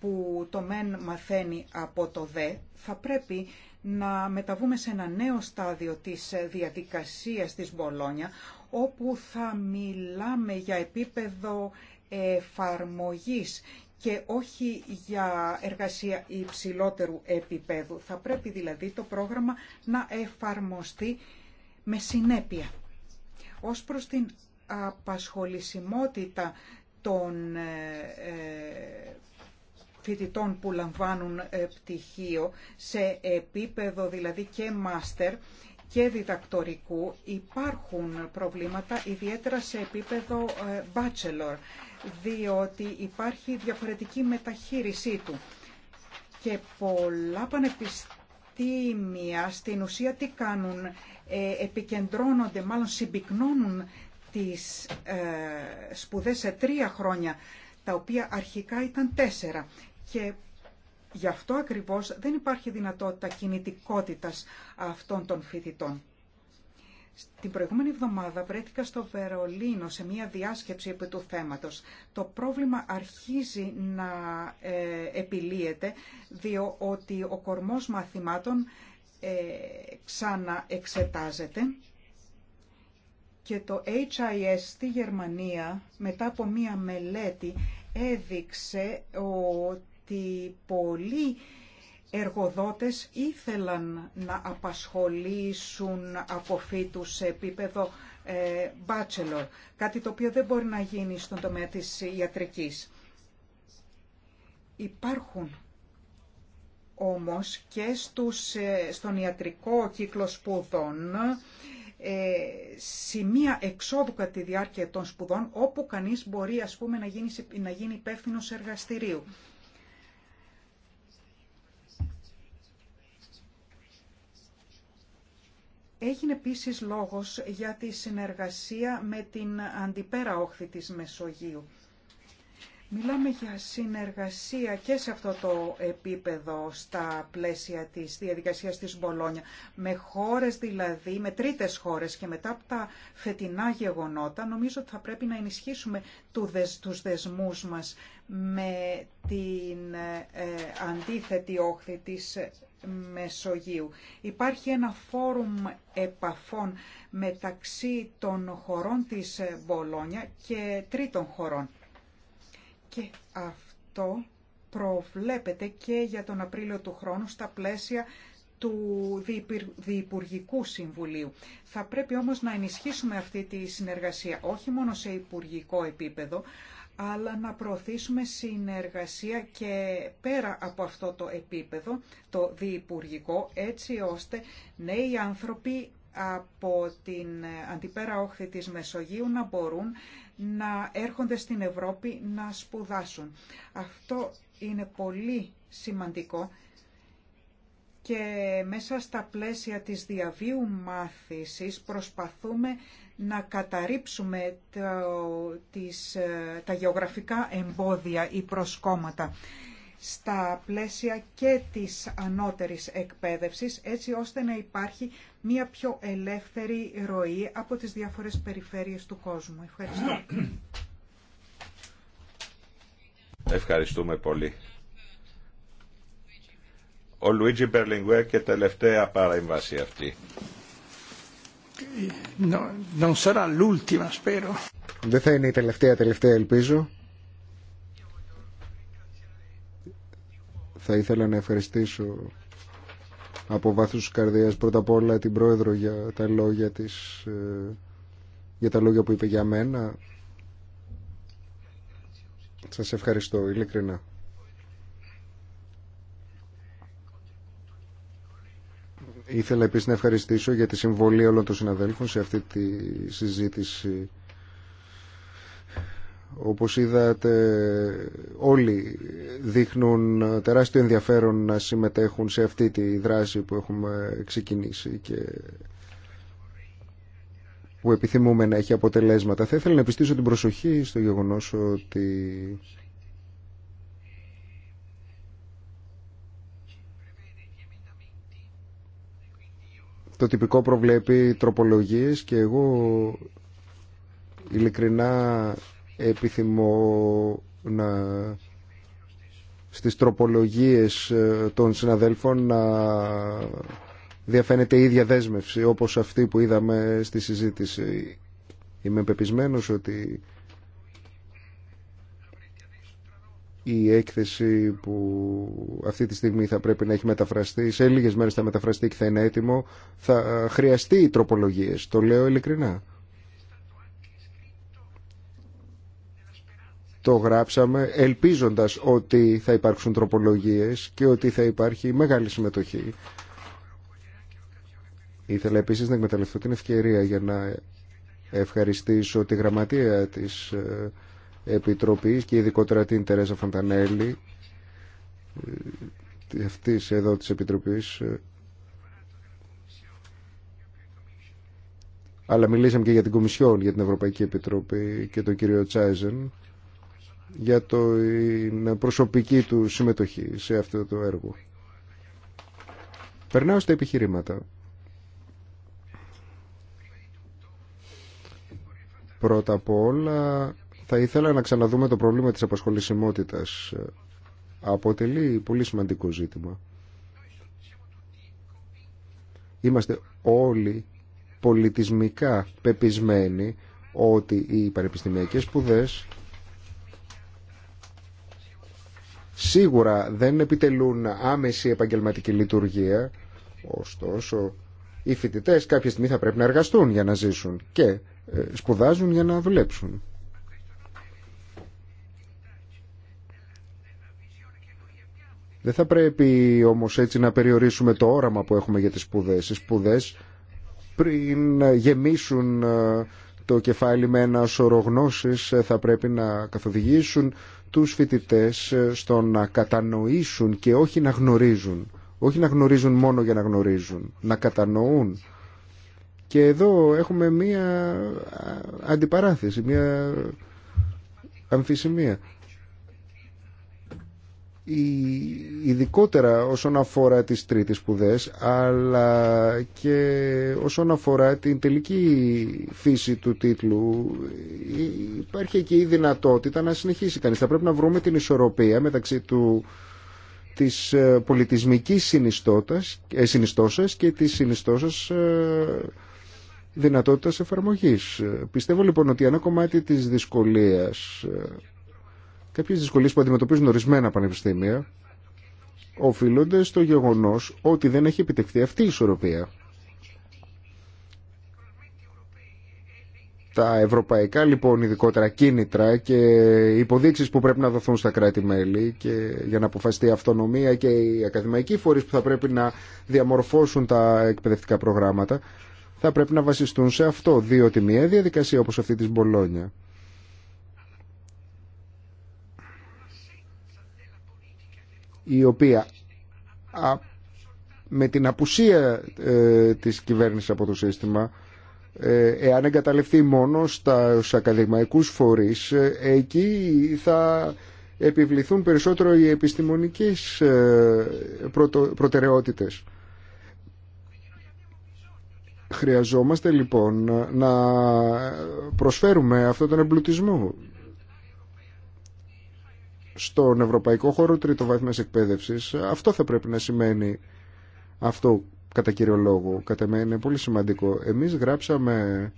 που το μεν μαθαίνει από το δε, θα πρέπει να μεταβούμε σε ένα νέο στάδιο της διαδικασίας της Μπολόνια, όπου θα μιλάμε για επίπεδο εφαρμογής και όχι για εργασία υψηλότερου επίπεδου. Θα πρέπει δηλαδή το πρόγραμμα να εφαρμοστεί με συνέπεια. Ως προς την απασχολησιμότητα των ε, ε, φοιτητών που λαμβάνουν ε, πτυχίο σε επίπεδο δηλαδή και μάστερ και διδακτορικού υπάρχουν προβλήματα ιδιαίτερα σε επίπεδο bachelor διότι υπάρχει διαφορετική μεταχείρισή του. Και πολλά πανεπιστήμια στην ουσία τι κάνουν, ε, επικεντρώνονται, μάλλον συμπυκνώνουν τις ε, σπουδές σε τρία χρόνια, τα οποία αρχικά ήταν τέσσερα. Και γι' αυτό ακριβώς δεν υπάρχει δυνατότητα κινητικότητας αυτών των φοιτητών. Την προηγούμενη εβδομάδα βρέθηκα στο Βερολίνο σε μία διάσκεψη επί του θέματος. Το πρόβλημα αρχίζει να ε, επιλύεται διότι ο κορμός μαθημάτων ε, ξαναεξετάζεται και το HIS στη Γερμανία μετά από μία μελέτη έδειξε ότι πολλοί εργοδότες ήθελαν να απασχολήσουν αποφύτους σε επίπεδο ε, bachelor, κάτι το οποίο δεν μπορεί να γίνει στον τομέα της ιατρικής. Υπάρχουν όμως και στους, ε, στον ιατρικό κύκλο σπουδών ε, σημεία εξόδου κατά τη διάρκεια των σπουδών όπου κανείς μπορεί ας να, γίνει, να γίνει υπεύθυνος εργαστηρίου. Έγινε επίσης λόγος για τη συνεργασία με την αντιπέρα όχθη της Μεσογείου. Μιλάμε για συνεργασία και σε αυτό το επίπεδο στα πλαίσια της διαδικασίας της Μπολόνια, με χώρες δηλαδή, με τρίτες χώρες και μετά από τα φετινά γεγονότα, νομίζω ότι θα πρέπει να ενισχύσουμε τους δεσμούς μας με την ε, αντίθετη όχθη της Μεσογείου. Υπάρχει ένα φόρουμ επαφών μεταξύ των χωρών της Μπολόνια και τρίτων χωρών. Και αυτό προβλέπεται και για τον Απρίλιο του χρόνου στα πλαίσια του Διυπουργικού Συμβουλίου. Θα πρέπει όμως να ενισχύσουμε αυτή τη συνεργασία όχι μόνο σε υπουργικό επίπεδο, αλλά να προωθήσουμε συνεργασία και πέρα από αυτό το επίπεδο, το διυπουργικό, έτσι ώστε νέοι άνθρωποι από την αντιπέρα όχθη της Μεσογείου να μπορούν να έρχονται στην Ευρώπη να σπουδάσουν. Αυτό είναι πολύ σημαντικό και μέσα στα πλαίσια της διαβίου μάθησης προσπαθούμε να καταρρύψουμε το, ε, τα γεωγραφικά εμπόδια ή προσκόμματα στα πλαίσια και της ανώτερης εκπαίδευσης, έτσι ώστε να υπάρχει μια πιο ελεύθερη ροή από τις διάφορες περιφέρειες του κόσμου. Ευχαριστώ. Ευχαριστούμε πολύ. Ο Λουίτζι Μπερλιγκουέ και τελευταία παραεμβάση αυτή. Δεν θα είναι η τελευταία, τελευταία ελπίζω. Θα ήθελα να ευχαριστήσω από βάθους της καρδίας πρώτα απ' όλα την Πρόεδρο για τα λόγια της, ε, για τα λόγια που είπε για μένα. Σας ευχαριστώ ειλικρινά. Ήθελα επίσης να ευχαριστήσω για τη συμβολή όλων των συναδέλφων σε αυτή τη συζήτηση. Όπως είδατε όλοι δείχνουν τεράστιο ενδιαφέρον να συμμετέχουν σε αυτή τη δράση που έχουμε ξεκινήσει και που επιθυμούμε να έχει αποτελέσματα. Θα ήθελα να επιστήσω την προσοχή στο γεγονός ότι Το τυπικό προβλέπει τροπολογίες και εγώ ειλικρινά επιθυμώ να στις τροπολογίες ε, των συναδέλφων να διαφαίνεται η ίδια δέσμευση όπως αυτή που είδαμε στη συζήτηση. Είμαι πεπισμένος ότι η έκθεση που αυτή τη στιγμή θα πρέπει να έχει μεταφραστεί. Σε λίγες μέρες θα μεταφραστεί και θα είναι έτοιμο. Θα χρειαστεί τροπολογίες, το λέω ειλικρινά. Το γράψαμε ελπίζοντας ότι θα υπάρξουν τροπολογίες και ότι θα υπάρχει μεγάλη συμμετοχή. Ήθελα επίσης να εκμεταλλευτώ την ευκαιρία για να ευχαριστήσω τη γραμματεία της ε, Επιτροπής και ειδικότερα την Τερέζα Φαντανέλη ε, αυτής εδώ της Επιτροπής αλλά μιλήσαμε και για την Κομισιόν, για την Ευρωπαϊκή Επιτροπή και τον κύριο Τσάιζεν για την προσωπική του συμμετοχή σε αυτό το έργο. Περνάω στα επιχειρήματα. Πρώτα απ' όλα θα ήθελα να ξαναδούμε το πρόβλημα της απασχολησιμότητας. Αποτελεί πολύ σημαντικό ζήτημα. Είμαστε όλοι πολιτισμικά πεπισμένοι ότι οι πανεπιστημιακές σπουδέ σίγουρα δεν επιτελούν άμεση επαγγελματική λειτουργία, ωστόσο οι φοιτητέ κάποια στιγμή θα πρέπει να εργαστούν για να ζήσουν και ε, σπουδάζουν για να δουλέψουν. Δεν θα πρέπει όμως έτσι να περιορίσουμε το όραμα που έχουμε για τις σπουδές. Οι σπουδές πριν γεμίσουν ε, το κεφάλι με ένα σωρό ε, θα πρέπει να καθοδηγήσουν τους φοιτητές ε, στο να κατανοήσουν και όχι να γνωρίζουν. Όχι να γνωρίζουν μόνο για να γνωρίζουν, να κατανοούν. Και εδώ έχουμε μία αντιπαράθεση, μία αμφισημία ειδικότερα όσον αφορά τις τρίτες σπουδέ, αλλά και όσον αφορά την τελική φύση του τίτλου υπάρχει και η δυνατότητα να συνεχίσει κανείς θα πρέπει να βρούμε την ισορροπία μεταξύ του, της ε, πολιτισμικής ε, συνιστώσας και της συνιστώσας ε, δυνατότητας εφαρμογής πιστεύω λοιπόν ότι ένα κομμάτι της δυσκολίας ε, Κάποιε δυσκολίε που αντιμετωπίζουν ορισμένα πανεπιστήμια οφείλονται στο γεγονό ότι δεν έχει επιτευχθεί αυτή η ισορροπία. Τα ευρωπαϊκά λοιπόν ειδικότερα κίνητρα και υποδείξει που πρέπει να δοθούν στα κράτη-μέλη και για να αποφασιστεί η αυτονομία και οι ακαδημαϊκοί φορεί που θα πρέπει να διαμορφώσουν τα εκπαιδευτικά προγράμματα θα πρέπει να βασιστούν σε αυτό, διότι μια διαδικασία όπως αυτή της Μπολόνια η οποία με την απουσία ε, της κυβέρνησης από το σύστημα ε, εάν εγκαταλευθεί μόνο στα, στους ακαδημαϊκούς φορείς ε, εκεί θα επιβληθούν περισσότερο οι επιστημονικές προτεραιότητες. Χρειαζόμαστε λοιπόν να προσφέρουμε αυτό τον εμπλουτισμό στον ευρωπαϊκό χώρο τριτοβάθμιας εκπαίδευσης. Αυτό θα πρέπει να σημαίνει αυτό κατά κύριο λόγο. Κατά μένα είναι πολύ σημαντικό. Εμείς γράψαμε,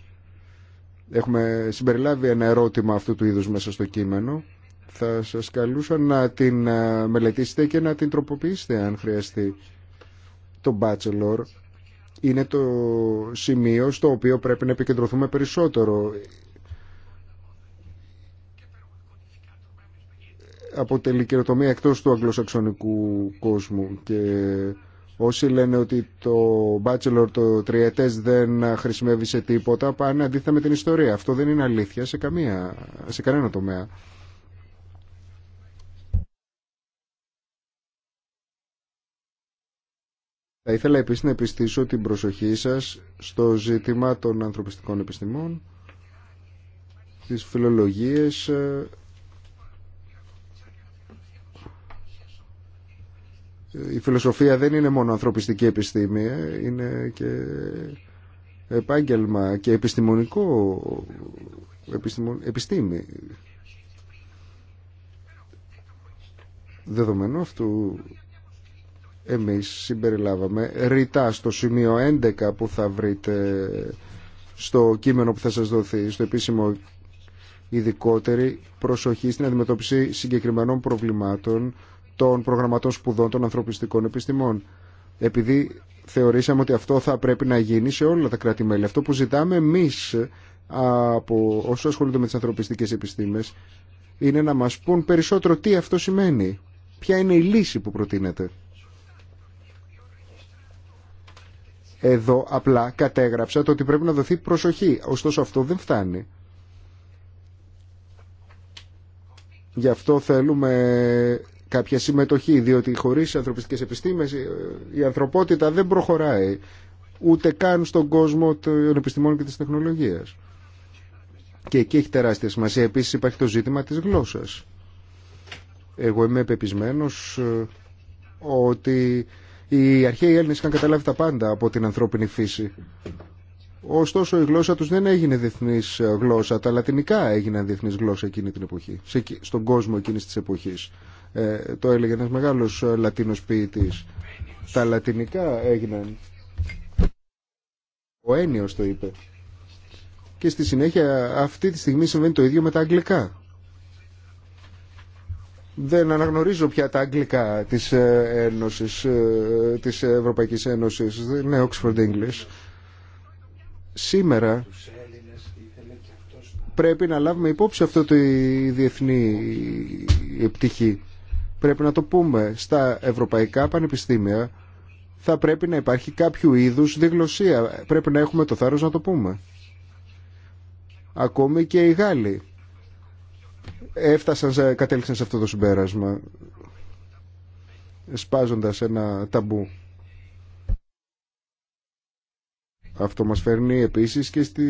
έχουμε συμπεριλάβει ένα ερώτημα αυτού του είδους μέσα στο κείμενο. Θα σας καλούσα να την ε, μελετήσετε και να την τροποποιήσετε αν χρειαστεί. Το Bachelor είναι το σημείο στο οποίο πρέπει να επικεντρωθούμε περισσότερο. αποτελεί καινοτομία εκτός του αγγλοσαξονικού κόσμου και όσοι λένε ότι το Bachelor το τριετές δεν χρησιμεύει σε τίποτα πάνε αντίθετα με την ιστορία. Αυτό δεν είναι αλήθεια σε, καμία, σε κανένα τομέα. Θα ήθελα επίσης να επιστήσω την προσοχή σας στο ζήτημα των ανθρωπιστικών επιστημών, τις φιλολογίες η φιλοσοφία δεν είναι μόνο ανθρωπιστική επιστήμη, ε, είναι και επάγγελμα και επιστημονικό επιστημο, επιστήμη. Δεδομένου αυτού εμείς συμπεριλάβαμε ρητά στο σημείο 11 που θα βρείτε στο κείμενο που θα σας δοθεί στο επίσημο ειδικότερη προσοχή στην αντιμετώπιση συγκεκριμένων προβλημάτων των προγραμματών σπουδών των ανθρωπιστικών επιστημών. Επειδή θεωρήσαμε ότι αυτό θα πρέπει να γίνει σε όλα τα κράτη-μέλη. Αυτό που ζητάμε εμείς από όσου ασχολούνται με τις ανθρωπιστικές επιστήμες είναι να μας πούν περισσότερο τι αυτό σημαίνει. Ποια είναι η λύση που προτείνεται. Εδώ απλά κατέγραψα το ότι πρέπει να δοθεί προσοχή. Ωστόσο αυτό δεν φτάνει. Γι' αυτό θέλουμε κάποια συμμετοχή, διότι χωρίς ανθρωπιστικές επιστήμες ε, η ανθρωπότητα δεν προχωράει ούτε καν στον κόσμο των επιστημών και της τεχνολογίας. Και εκεί έχει τεράστια σημασία. Επίσης υπάρχει το ζήτημα της γλώσσας. Εγώ είμαι επεπισμένος ε, ότι οι αρχαίοι Έλληνες είχαν καταλάβει τα πάντα από την ανθρώπινη φύση. Ωστόσο η γλώσσα τους δεν έγινε διεθνής ε, γλώσσα. Τα λατινικά έγιναν διεθνής γλώσσα εκείνη την εποχή, στον κόσμο εκείνης της εποχής. Ε, το έλεγε ένας μεγάλος ε, Λατίνος ποιητής. Τα λατινικά έγιναν. Ο Ένιος το είπε. Και στη συνέχεια αυτή τη στιγμή συμβαίνει το ίδιο με τα αγγλικά. Δεν αναγνωρίζω πια τα αγγλικά της, ε, Ένωσης, της Ευρωπαϊκής Ένωσης. Δεν είναι Oxford English. Σήμερα πρέπει να λάβουμε υπόψη αυτό το διεθνή πτυχή. Πρέπει να το πούμε. Στα ευρωπαϊκά πανεπιστήμια θα πρέπει να υπάρχει κάποιο είδους διγλωσία. Πρέπει να έχουμε το θάρρος να το πούμε. Ακόμη και οι Γάλλοι έφτασαν, κατέληξαν σε αυτό το συμπέρασμα σπάζοντας ένα ταμπού. Αυτό μας φέρνει επίσης και στη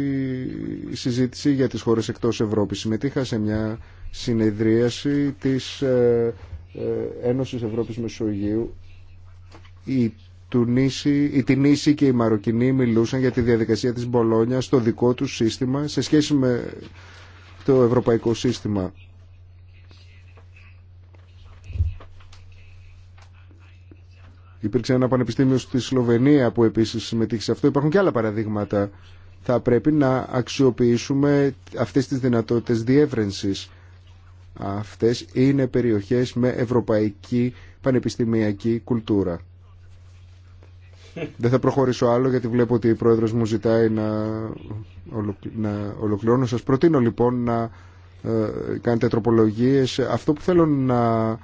συζήτηση για τις χώρες εκτός Ευρώπης. Συμμετείχα σε μια συνεδρίαση της ε, ε, Ένωσης Ευρώπης Μεσογείου η Τουνίση, η Τινίση και οι Μαροκινοί μιλούσαν για τη διαδικασία της Μπολόνια στο δικό του σύστημα σε σχέση με το ευρωπαϊκό σύστημα. Υπήρξε ένα πανεπιστήμιο στη Σλοβενία που επίσης συμμετείχε σε αυτό. Υπάρχουν και άλλα παραδείγματα. Θα πρέπει να αξιοποιήσουμε αυτές τις δυνατότητες διεύρυνσης Αυτές είναι περιοχές με ευρωπαϊκή πανεπιστημιακή κουλτούρα. Δεν θα προχωρήσω άλλο γιατί βλέπω ότι η πρόεδρος μου ζητάει να, να ολοκληρώνω. Σας προτείνω λοιπόν να ε, κάνετε τροπολογίες. Αυτό που θέλω να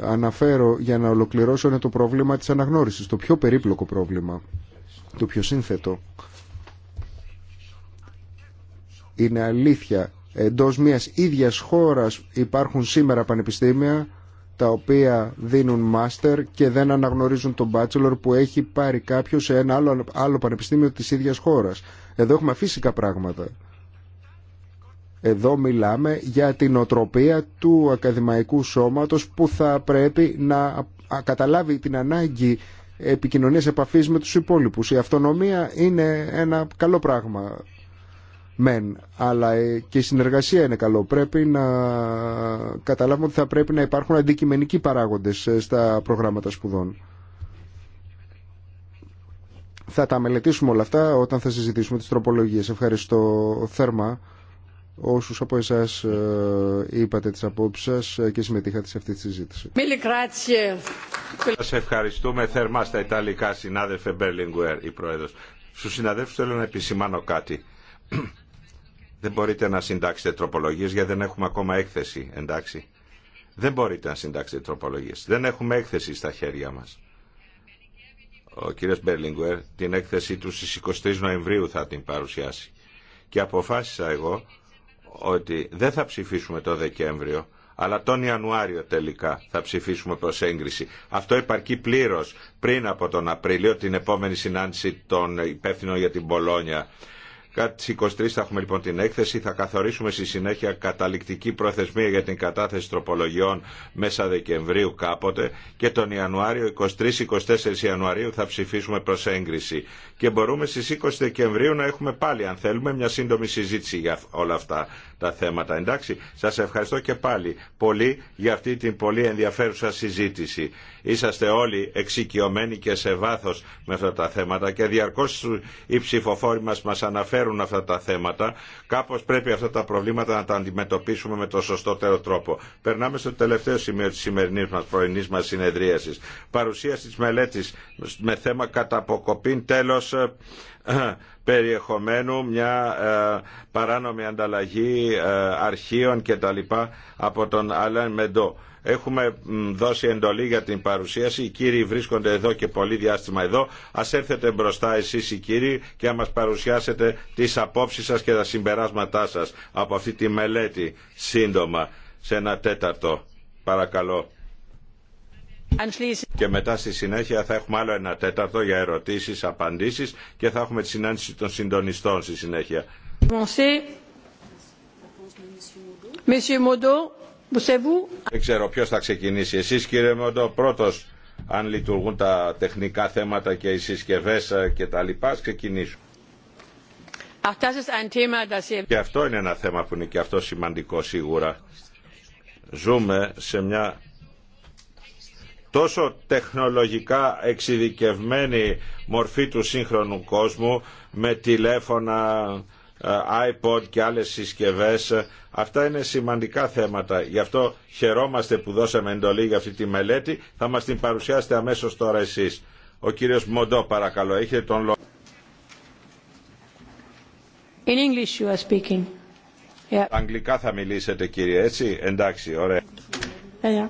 αναφέρω για να ολοκληρώσω είναι το πρόβλημα της αναγνώρισης, το πιο περίπλοκο πρόβλημα, το πιο σύνθετο. Είναι αλήθεια Εντό μιας ίδια χώρας υπάρχουν σήμερα πανεπιστήμια τα οποία δίνουν μάστερ και δεν αναγνωρίζουν τον μπάτσελορ που έχει πάρει κάποιο σε ένα άλλο, άλλο πανεπιστήμιο της ίδια χώρας. Εδώ έχουμε φυσικά πράγματα. Εδώ μιλάμε για την οτροπία του ακαδημαϊκού σώματος που θα πρέπει να καταλάβει την ανάγκη επικοινωνίας επαφής με τους υπόλοιπους. Η αυτονομία είναι ένα καλό πράγμα μεν, αλλά ε, και η συνεργασία είναι καλό. Πρέπει να καταλάβουμε ότι θα πρέπει να υπάρχουν αντικειμενικοί παράγοντες ε, στα προγράμματα σπουδών. Θα τα μελετήσουμε όλα αυτά όταν θα συζητήσουμε τις τροπολογίες. Ευχαριστώ θέρμα όσους από εσάς ε, είπατε τις απόψεις σας και συμμετείχατε σε αυτή τη συζήτηση. Σας ευχαριστούμε θερμά στα Ιταλικά συνάδελφε Μπερλιγκουέρ, η Πρόεδρος. Στους συναδέλφους θέλω να επισημάνω κάτι. Δεν μπορείτε να συντάξετε τροπολογίε γιατί δεν έχουμε ακόμα έκθεση, εντάξει. Δεν μπορείτε να συντάξετε τροπολογίε. Δεν έχουμε έκθεση στα χέρια μας. Ο κύριος Μπέρλιγκουερ την έκθεση του στις 23 Νοεμβρίου θα την παρουσιάσει. Και αποφάσισα εγώ ότι δεν θα ψηφίσουμε το Δεκέμβριο, αλλά τον Ιανουάριο τελικά θα ψηφίσουμε προς έγκριση. Αυτό επαρκεί πλήρως πριν από τον Απρίλιο, την επόμενη συνάντηση των υπεύθυνων για την Πολόνια Κάτι 23 θα έχουμε λοιπόν την έκθεση. Θα καθορίσουμε στη συνέχεια καταληκτική προθεσμία για την κατάθεση τροπολογιών μέσα Δεκεμβρίου κάποτε και τον Ιανουάριο, 23-24 Ιανουαρίου θα ψηφίσουμε προς έγκριση. Και μπορούμε στις 20 Δεκεμβρίου να έχουμε πάλι, αν θέλουμε, μια σύντομη συζήτηση για όλα αυτά τα θέματα. Εντάξει, σας ευχαριστώ και πάλι πολύ για αυτή την πολύ ενδιαφέρουσα συζήτηση. Είσαστε όλοι εξοικειωμένοι και σε βάθος με αυτά τα θέματα και διαρκώς οι ψηφοφόροι μας μας αναφέρουν αυτά τα θέματα. Κάπως πρέπει αυτά τα προβλήματα να τα αντιμετωπίσουμε με το σωστότερο τρόπο. Περνάμε στο τελευταίο σημείο της σημερινής μας πρωινής μας συνεδρίασης. Παρουσίαση της μελέτης με θέμα καταποκοπήν τέλος ε, περιεχομένου μια ε, παράνομη ανταλλαγή ε, αρχείων κτλ. από τον Αλέν Μεντό. Έχουμε δώσει εντολή για την παρουσίαση. Οι κύριοι βρίσκονται εδώ και πολύ διάστημα εδώ. Α έρθετε μπροστά εσεί οι κύριοι και να μα παρουσιάσετε τι απόψει σα και τα συμπεράσματά σα από αυτή τη μελέτη σύντομα σε ένα τέταρτο. Παρακαλώ. Και μετά στη συνέχεια θα έχουμε άλλο ένα τέταρτο για ερωτήσεις, απαντήσεις και θα έχουμε τη συνάντηση των συντονιστών στη συνέχεια. Monsieur δεν ξέρω ποιος θα ξεκινήσει. Εσείς κύριε Μοντό πρώτος αν λειτουργούν τα τεχνικά θέματα και οι συσκευές ε, και τα λοιπά, ξεκινήσουν. Και αυτό είναι ένα θέμα που είναι και αυτό σημαντικό σίγουρα. Ζούμε σε μια τόσο τεχνολογικά εξειδικευμένη μορφή του σύγχρονου κόσμου με τηλέφωνα, ε, iPod και άλλες συσκευές. Ε, αυτά είναι σημαντικά θέματα. Γι' αυτό χαιρόμαστε που δώσαμε εντολή για αυτή τη μελέτη. Θα μας την παρουσιάσετε αμέσως τώρα εσείς. Ο κύριος Μοντό παρακαλώ, έχετε τον λόγο. In English you are speaking. Yeah. Αγγλικά θα μιλήσετε κύριε, έτσι. Εντάξει, ωραία. Yeah.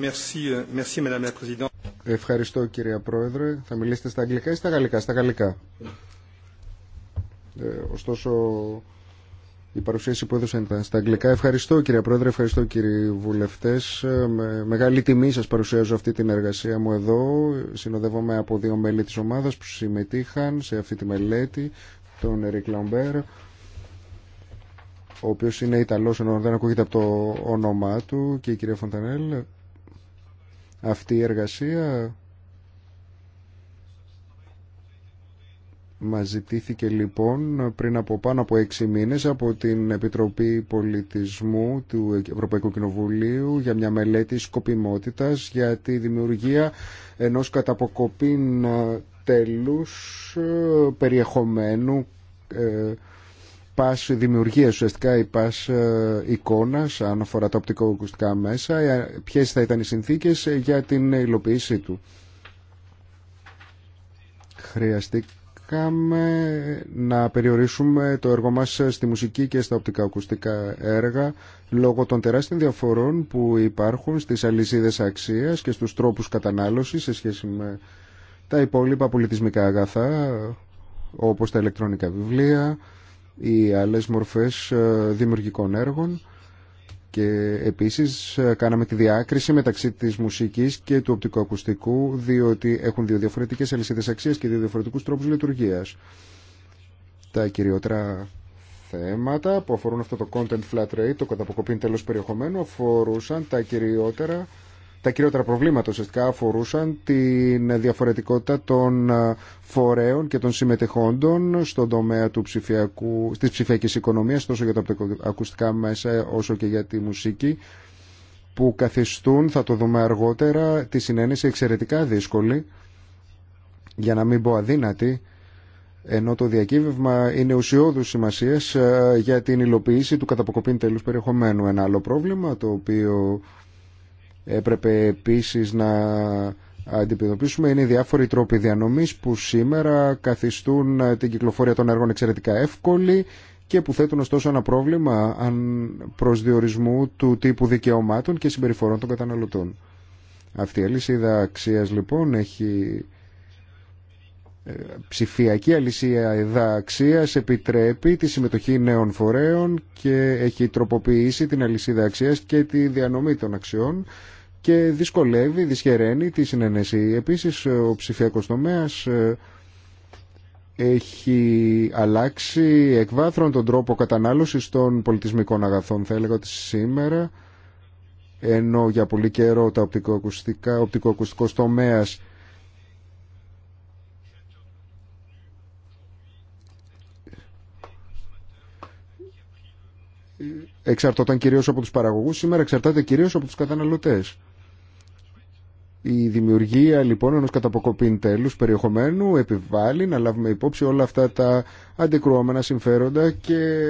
Merci, merci, Madame la Ευχαριστώ κύριε Πρόεδρε. Θα μιλήσετε στα αγγλικά ή στα γαλλικά. Στα γαλλικά. Ε, ωστόσο η παρουσίαση που έδωσαν ήταν στα αγγλικά. Ευχαριστώ κύριε Πρόεδρε, ευχαριστώ κύριοι βουλευτές. Ε, με μεγάλη τιμή σας παρουσιάζω αυτή την εργασία μου εδώ. Συνοδεύομαι από δύο μέλη της ομάδας που συμμετείχαν σε αυτή τη μελέτη, τον Ερικ Λαμπέρ, ο οποίο είναι Ιταλός, ενώ δεν ακούγεται από το όνομά του, και η κυρία Φοντανέλ. Αυτή η εργασία Μα ζητήθηκε λοιπόν πριν από πάνω από έξι μήνες από την Επιτροπή Πολιτισμού του Ευρωπαϊκού Κοινοβουλίου για μια μελέτη σκοπιμότητας για τη δημιουργία ενός καταποκοπήν ε, τέλους ε, περιεχομένου ε, πας δημιουργίας ουσιαστικά ή πας ε, εικόνας αν αφορά τα οπτικοακουστικά μέσα Ποιε ποιες θα ήταν οι συνθήκες για την υλοποίησή του καμε να περιορίσουμε το έργο μας στη μουσική και στα οπτικά-ακουστικά έργα λόγω των τεράστιων διαφορών που υπάρχουν στις αλυσίδες αξίας και στους τρόπους κατανάλωσης σε σχέση με τα υπόλοιπα πολιτισμικά αγαθά όπως τα ηλεκτρονικά βιβλία ή άλλες μορφές ε, δημιουργικών έργων και επίσης ε, κάναμε τη διάκριση μεταξύ της μουσικής και του οπτικοακουστικού διότι έχουν δύο διαφορετικές αλυσίδες αξίας και δύο διαφορετικούς τρόπους λειτουργίας. Τα κυριότερα θέματα που αφορούν αυτό το content flat rate, το καταποκοπήν τέλος περιεχομένου, αφορούσαν τα κυριότερα τα κυριότερα προβλήματα ουσιαστικά αφορούσαν την διαφορετικότητα των ε, φορέων και των συμμετεχόντων στον τομέα του ψηφιακού, της ψηφιακής οικονομίας τόσο για τα ακουστικά μέσα όσο και για τη μουσική που καθιστούν, θα το δούμε αργότερα, τη συνένεση εξαιρετικά δύσκολη για να μην πω αδύνατη ενώ το διακύβευμα είναι ουσιώδου σημασία ε, για την υλοποίηση του καταποκοπήν τέλους περιεχομένου. Ένα άλλο πρόβλημα το οποίο έπρεπε επίσης να αντιμετωπίσουμε είναι οι διάφοροι τρόποι διανομής που σήμερα καθιστούν ε, την κυκλοφορία των έργων εξαιρετικά εύκολη και που θέτουν ωστόσο ένα πρόβλημα αν προσδιορισμού του τύπου δικαιωμάτων και συμπεριφορών των καταναλωτών. Αυτή η αλυσίδα αξία λοιπόν έχει ε, ψηφιακή αλυσίδα αξία επιτρέπει τη συμμετοχή νέων φορέων και έχει τροποποιήσει την αλυσίδα αξίας και τη διανομή των αξιών και δυσκολεύει, δυσχεραίνει τη συνένεση. Επίσης ο ψηφιακός τομέας ε, έχει αλλάξει εκβάθρον τον τρόπο κατανάλωσης των πολιτισμικών αγαθών. Θα έλεγα ότι σήμερα, ενώ για πολύ καιρό τα οπτικοακουστικά, οπτικοακουστικός τομέας εξαρτώταν κυρίως από τους παραγωγούς, σήμερα εξαρτάται κυρίως από τους καταναλωτές. Η δημιουργία λοιπόν ενός καταποκοπήν τέλους περιεχομένου επιβάλλει να λάβουμε υπόψη όλα αυτά τα αντικρουόμενα συμφέροντα και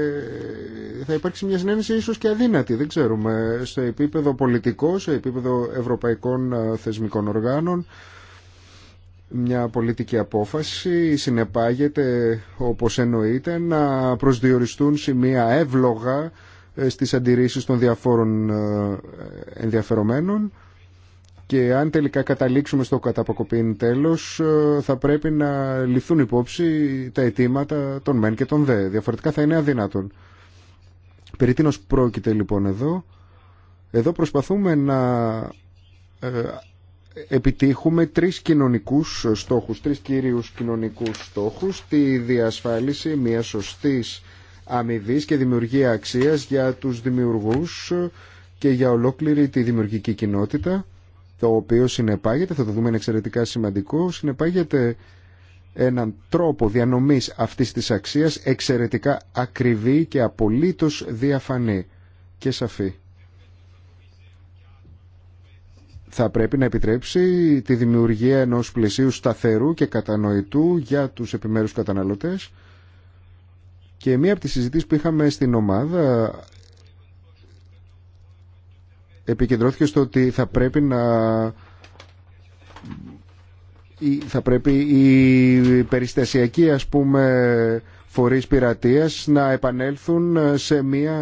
θα υπάρξει μια συνένεση ίσως και αδύνατη, δεν ξέρουμε, σε επίπεδο πολιτικό, σε επίπεδο ευρωπαϊκών ε, θεσμικών οργάνων. Μια πολιτική απόφαση συνεπάγεται, όπως εννοείται, να προσδιοριστούν σημεία εύλογα ε, στις αντιρρήσεις των διαφόρων ε, ενδιαφερομένων και αν τελικά καταλήξουμε στο καταποκοπήν τέλος, ε, θα πρέπει να ληφθούν υπόψη τα αιτήματα των μεν και των δε. Διαφορετικά θα είναι αδύνατον. Περί τίνος πρόκειται λοιπόν εδώ. Εδώ προσπαθούμε να ε, επιτύχουμε τρεις κοινωνικούς στόχους, τρεις κύριους κοινωνικούς στόχους, τη διασφάλιση μιας σωστής αμοιβή και δημιουργία αξίας για τους δημιουργούς και για ολόκληρη τη δημιουργική κοινότητα το οποίο συνεπάγεται, θα το δούμε είναι εξαιρετικά σημαντικό, συνεπάγεται έναν τρόπο διανομής αυτής της αξίας εξαιρετικά ακριβή και απολύτως διαφανή και σαφή. Θα πρέπει να επιτρέψει τη δημιουργία ενός πλαισίου σταθερού και κατανοητού για τους επιμέρους καταναλωτές και μία από τις συζητήσεις που είχαμε στην ομάδα επικεντρώθηκε στο ότι θα πρέπει να θα πρέπει οι περιστασιακοί ας πούμε φορείς πειρατείας να επανέλθουν σε μια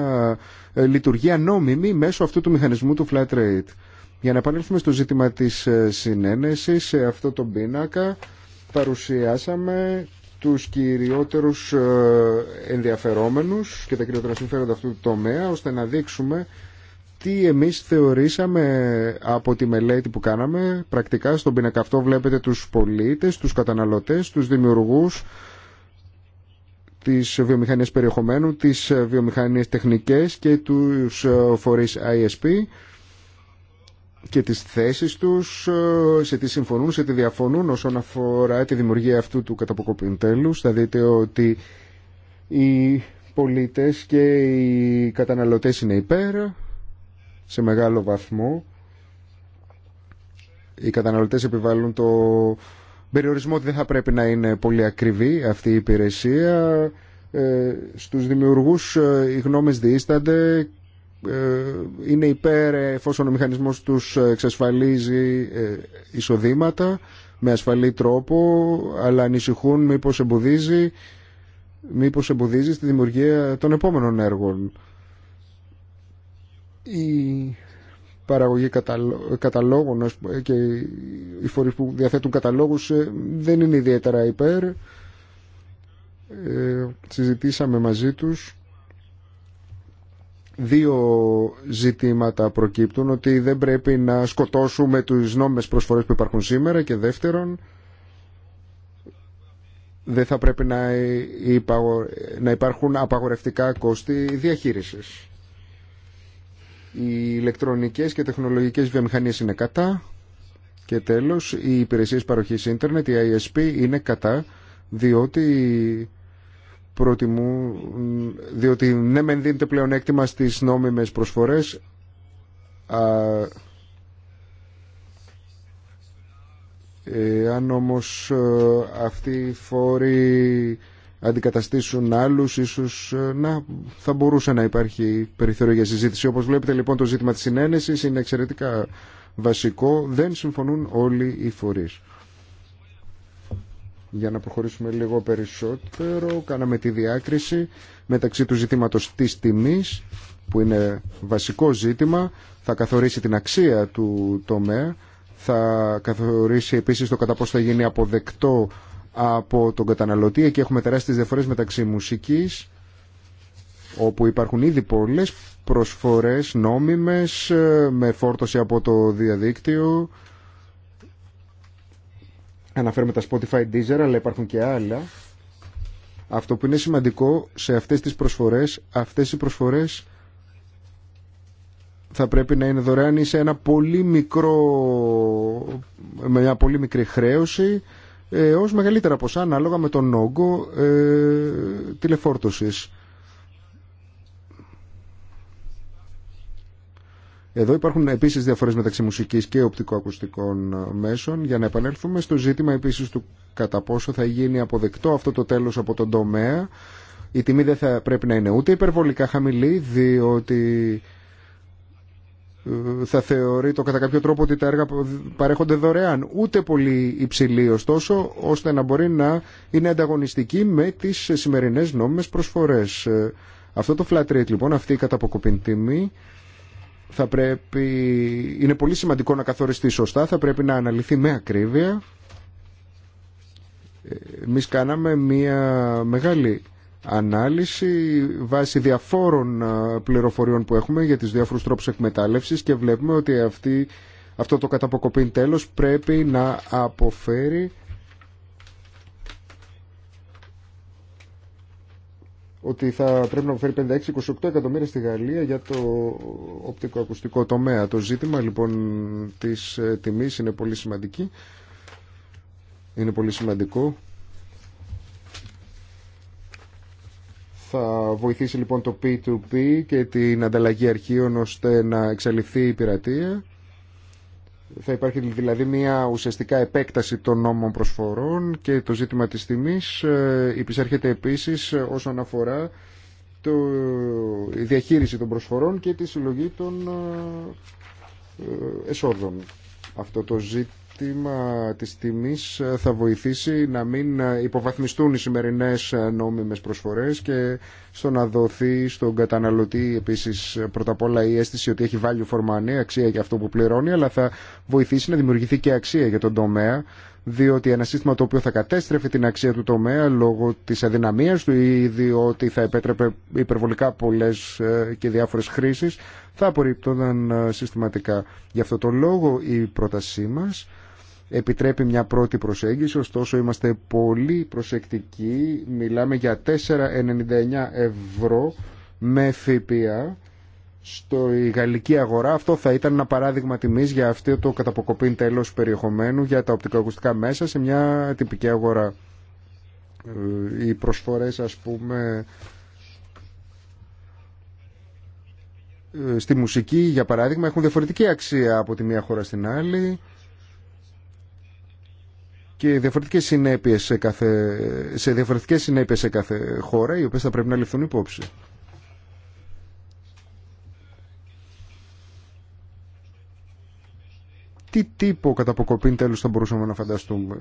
ε, λειτουργία νόμιμη μέσω αυτού του μηχανισμού του flat rate. Για να επανέλθουμε στο ζήτημα της ε, συνένεσης, σε αυτό το πίνακα παρουσιάσαμε τους κυριότερους ε, ενδιαφερόμενους και τα κυριότερα συμφέροντα αυτού του τομέα, ώστε να δείξουμε τι εμείς θεωρήσαμε από τη μελέτη που κάναμε, πρακτικά στον πίνακα αυτό βλέπετε τους πολίτες, τους καταναλωτές, τους δημιουργούς, τις βιομηχανίες περιεχομένου, τις βιομηχανίες τεχνικές και τους φορείς ISP και τις θέσεις τους, σε τι συμφωνούν, σε τι διαφωνούν όσον αφορά τη δημιουργία αυτού του καταποκοπήν τέλους. Θα δείτε ότι οι πολίτες και οι καταναλωτές είναι υπέρ σε μεγάλο βαθμό. Οι καταναλωτές επιβάλλουν το περιορισμό ότι δεν θα πρέπει να είναι πολύ ακριβή αυτή η υπηρεσία. Ε, στους δημιουργούς ε, οι γνώμες διήστανται ε, είναι υπέρ ε, εφόσον ο μηχανισμός τους εξασφαλίζει εισοδήματα με ασφαλή τρόπο αλλά ανησυχούν μήπως εμποδίζει, μήπως εμποδίζει στη δημιουργία των επόμενων έργων η παραγωγή καταλόγων και οι φορείς που διαθέτουν καταλόγους ε, δεν είναι ιδιαίτερα υπέρ. Ε, συζητήσαμε μαζί τους δύο ζητήματα προκύπτουν ότι δεν πρέπει να σκοτώσουμε τους νόμιμες προσφορές που υπάρχουν σήμερα και δεύτερον δεν θα πρέπει να υπάρχουν απαγορευτικά κόστη διαχείρισης. Οι ηλεκτρονικές και τεχνολογικές βιομηχανίες είναι κατά. Και τέλος, οι υπηρεσίες παροχής ίντερνετ, οι ISP, είναι κατά, διότι προτιμούν, διότι ναι μεν δίνεται πλεονέκτημα στις νόμιμες προσφορές, α, αν όμως ε, αυτή η φόρη αντικαταστήσουν άλλους ίσως ε, να θα μπορούσε να υπάρχει περιθώριο για συζήτηση. Όπως βλέπετε λοιπόν το ζήτημα της συνένεσης είναι εξαιρετικά βασικό. Δεν συμφωνούν όλοι οι φορείς. Για να προχωρήσουμε λίγο περισσότερο, κάναμε τη διάκριση μεταξύ του ζητήματος της τιμής, που είναι βασικό ζήτημα, θα καθορίσει την αξία του τομέα, θα καθορίσει επίσης το κατά πώς θα γίνει αποδεκτό από τον καταναλωτή. Εκεί έχουμε τεράστιες διαφορές μεταξύ μουσικής, όπου υπάρχουν ήδη πολλές προσφορές νόμιμες ε, με φόρτωση από το διαδίκτυο. Αναφέρουμε τα Spotify Deezer, αλλά υπάρχουν και άλλα. Αυτό που είναι σημαντικό σε αυτές τις προσφορές, αυτές οι προσφορές θα πρέπει να είναι δωρεάν ή σε ένα πολύ μικρό, με μια πολύ μικρή χρέωση ε, ως μεγαλύτερα ποσά ανάλογα με τον όγκο ε, τηλεφόρτωσης. Εδώ υπάρχουν επίσης διαφορές μεταξύ μουσικής και οπτικοακουστικών ε, μέσων. Για να επανέλθουμε στο ζήτημα επίσης του κατά πόσο θα γίνει αποδεκτό αυτό το τέλος από τον τομέα. Η τιμή δεν θα πρέπει να είναι ούτε υπερβολικά χαμηλή, διότι θα θεωρεί το κατά κάποιο τρόπο ότι τα έργα παρέχονται δωρεάν. Ούτε πολύ υψηλή ωστόσο, ώστε να μπορεί να είναι ανταγωνιστική με τις σημερινές νόμιμες προσφορές. Αυτό το flat rate λοιπόν, αυτή η καταποκοπήν τιμή, θα πρέπει, είναι πολύ σημαντικό να καθοριστεί σωστά, θα πρέπει να αναλυθεί με ακρίβεια. Εμεί κάναμε μια μεγάλη ανάλυση βάσει διαφόρων ε, πληροφοριών που έχουμε για τις διάφορους τρόπους εκμετάλλευσης και βλέπουμε ότι αυτή, αυτό το καταποκοπήν τέλος πρέπει να αποφέρει ότι θα πρέπει να αποφέρει 56-28 εκατομμύρια στη Γαλλία για το οπτικοακουστικό τομέα. Το ζήτημα λοιπόν της ε, τιμής είναι πολύ σημαντική. Είναι πολύ σημαντικό Θα βοηθήσει λοιπόν το P2P και την ανταλλαγή αρχείων ώστε να εξαλειφθεί η πειρατεία. Θα υπάρχει δηλαδή μια ουσιαστικά επέκταση των νόμων προσφορών και το ζήτημα της τιμής ε, υπησέρχεται επίσης όσον αφορά το, η διαχείριση των προσφορών και τη συλλογή των ε, ε, εσόδων. Αυτό το ζήτημα ζήτημα της τιμής ε, θα βοηθήσει να μην ε, υποβαθμιστούν οι σημερινές ε, νόμιμες προσφορές και στο να δοθεί στον καταναλωτή επίσης πρώτα απ' όλα η αίσθηση ότι έχει value for money, αξία για αυτό που πληρώνει, αλλά θα βοηθήσει να δημιουργηθεί και αξία για τον τομέα, διότι ένα σύστημα το οποίο θα κατέστρεφε την αξία του τομέα λόγω της αδυναμίας του ή διότι θα επέτρεπε υπερβολικά πολλές και διάφορες χρήσεις, θα απορρίπτονταν συστηματικά. Γι' αυτό το λόγο η πρότασή μας επιτρέπει μια πρώτη προσέγγιση, ωστόσο είμαστε πολύ προσεκτικοί. Μιλάμε για 4,99 ευρώ με ΦΠΑ στο η γαλλική αγορά. Αυτό θα ήταν ένα παράδειγμα τιμής για αυτό το καταποκοπήν τέλος περιεχομένου για τα οπτικοακουστικά μέσα σε μια τυπική αγορά. Ε, οι προσφορές ας πούμε ε, στη μουσική για παράδειγμα έχουν διαφορετική αξία από τη μία χώρα στην άλλη και διαφορετικές συνέπειες σε, κάθε, σε διαφορετικές συνέπειες σε κάθε χώρα οι οποίες θα πρέπει να ληφθούν υπόψη. Τι τύπο κατά αποκοπή τέλος θα μπορούσαμε να φανταστούμε.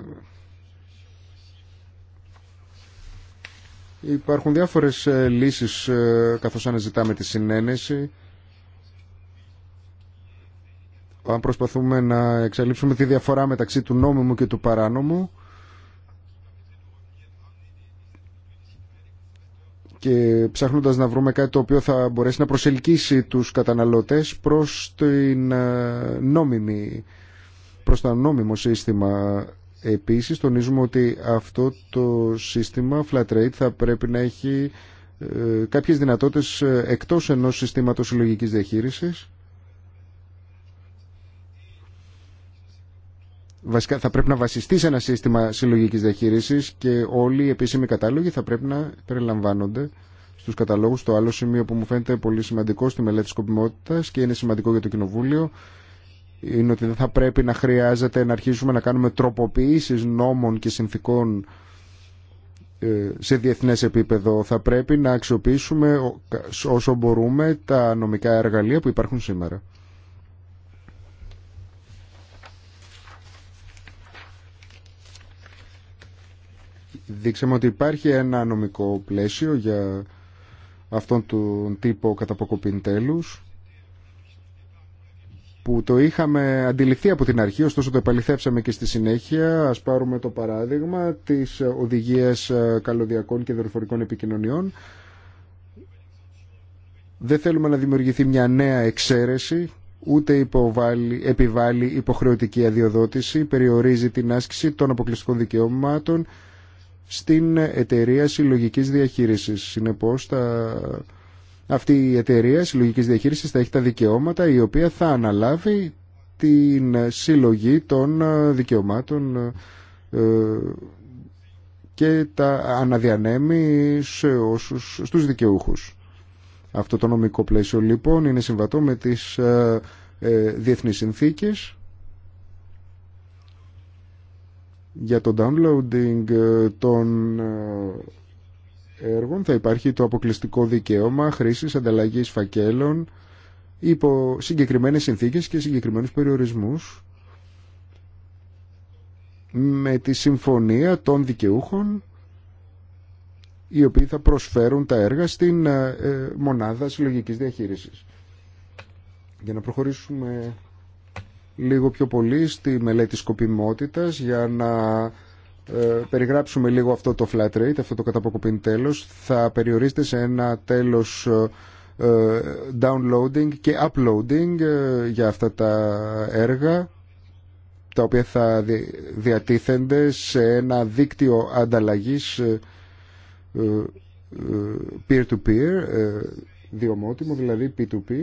Υπάρχουν διάφορες ε, λύσεις ε, καθώς αναζητάμε τη συνένεση αν προσπαθούμε να εξαλείψουμε τη διαφορά μεταξύ του νόμιμου και του παράνομου και ψάχνοντας να βρούμε κάτι το οποίο θα μπορέσει να προσελκύσει τους καταναλωτές προς, την ε, νόμιμη, προς το νόμιμο σύστημα. Επίσης τονίζουμε ότι αυτό το σύστημα flat rate θα πρέπει να έχει ε, κάποιες δυνατότητες ε, εκτός ενός συστήματος συλλογικής διαχείρισης βασικά θα πρέπει να βασιστεί σε ένα σύστημα συλλογικής διαχείρισης και όλοι οι επίσημοι κατάλογοι θα πρέπει να περιλαμβάνονται στου καταλόγου. Το άλλο σημείο που μου φαίνεται πολύ σημαντικό στη μελέτη σκοπιμότητας και είναι σημαντικό για το Κοινοβούλιο είναι ότι δεν θα πρέπει να χρειάζεται να αρχίσουμε να κάνουμε τροποποιήσεις νόμων και συνθήκων ε, σε διεθνές επίπεδο. Θα πρέπει να αξιοποιήσουμε όσο μπορούμε τα νομικά εργαλεία που υπάρχουν σήμερα. δείξαμε ότι υπάρχει ένα νομικό πλαίσιο για αυτόν τον τύπο καταποκοπήν που το είχαμε αντιληφθεί από την αρχή, ωστόσο το επαληθεύσαμε και στη συνέχεια. Ας πάρουμε το παράδειγμα της οδηγίας καλωδιακών και δορυφορικών επικοινωνιών. Δεν θέλουμε να δημιουργηθεί μια νέα εξαίρεση, ούτε επιβάλλει υποχρεωτική αδειοδότηση, περιορίζει την άσκηση των αποκλειστικών δικαιωμάτων στην εταιρεία συλλογική διαχείριση. Συνεπώ, τα... αυτή η εταιρεία συλλογική διαχείριση θα έχει τα δικαιώματα η οποία θα αναλάβει την συλλογή των ε, δικαιωμάτων ε, και τα αναδιανέμει σε όσους, στους δικαιούχους. Αυτό το νομικό πλαίσιο λοιπόν είναι συμβατό με τις ε, διεθνείς συνθήκες για το downloading ε, των ε, έργων θα υπάρχει το αποκλειστικό δικαίωμα χρήσης ανταλλαγής φακέλων υπό συγκεκριμένες συνθήκες και συγκεκριμένους περιορισμούς με τη συμφωνία των δικαιούχων οι οποίοι θα προσφέρουν τα έργα στην ε, μονάδα συλλογικής διαχείρισης. Για να προχωρήσουμε λίγο πιο πολύ στη μελέτη σκοπιμότητας για να ε, περιγράψουμε λίγο αυτό το flat rate, αυτό το καταποκοπήν τέλος. Θα περιορίστε σε ένα τέλος ε, downloading και uploading ε, για αυτά τα έργα τα οποία θα διατίθενται σε ένα δίκτυο ανταλλαγής peer-to-peer, -peer, διωμότιμο, δηλαδή P2P,